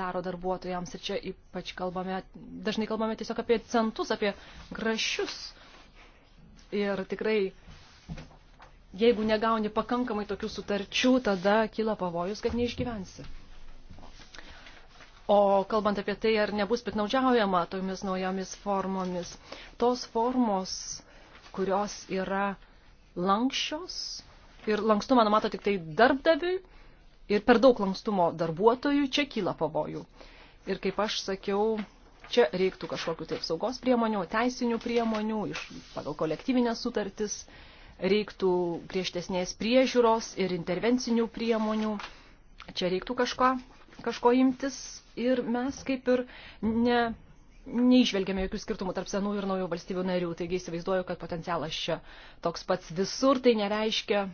daro darbuotojams. Ir čia ypač kalbame, dažnai kalbame tiesiog apie centus, apie grašius. Ir tikrai, jeigu negauni pakankamai tokių sutarčių, tada kyla pavojus, kad neišgyvensi. O kalbant apie tai, ar nebus piknaudžiaujama tomis naujomis formomis, tos formos kurios yra lankščios ir lankstumą numato tik tai darbdaviui ir per daug lankstumo darbuotojų čia kyla pavojų. Ir kaip aš sakiau, čia reiktų kažkokiu tai apsaugos priemonių, teisinių priemonių, iš, pagal kolektyvinės sutartis, reiktų griežtesnės priežiūros ir intervencinių priemonių, čia reiktų kažko, kažko imtis ir mes kaip ir ne, neižvelgiame jokių skirtumų tarp senų ir naujų valstybių narių, taigi įsivaizduoju, kad potencialas čia toks pats visur, tai nereiškia,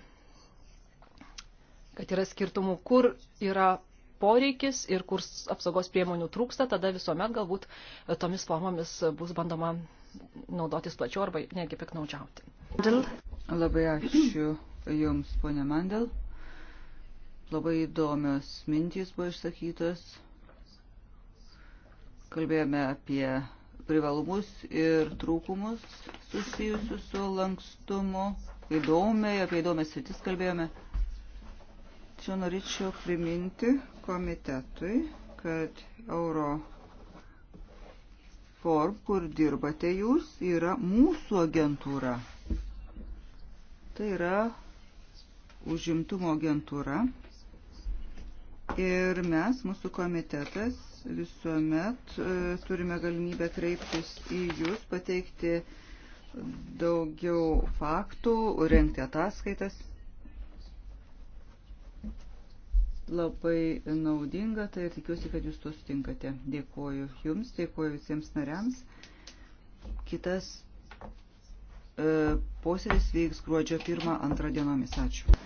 kad yra skirtumų, kur yra poreikis ir kur apsaugos priemonių trūksta, tada visuomet galbūt tomis formomis bus bandoma naudotis plačiau arba negi piknaudžiauti. Labai ačiū Jums, ponė Mandel. Labai įdomios mintys buvo išsakytos. Kalbėjome apie privalumus ir trūkumus susijusius su lankstumu. Įdomiai, apie įdomias sritis kalbėjome. Čia norėčiau priminti komitetui, kad Euro Form, kur dirbate jūs, yra mūsų agentūra. Tai yra užimtumo agentūra. Ir mes, mūsų komitetas, visuomet e, turime galimybę kreiptis į Jūs, pateikti daugiau faktų, renkti ataskaitas. Labai naudinga, tai tikiuosi, kad Jūs to sutinkate. Dėkuoju Jums, dėkuoju visiems nariams. Kitas e, posėdis vyks gruodžio 1-2 dienomis. Ačiū.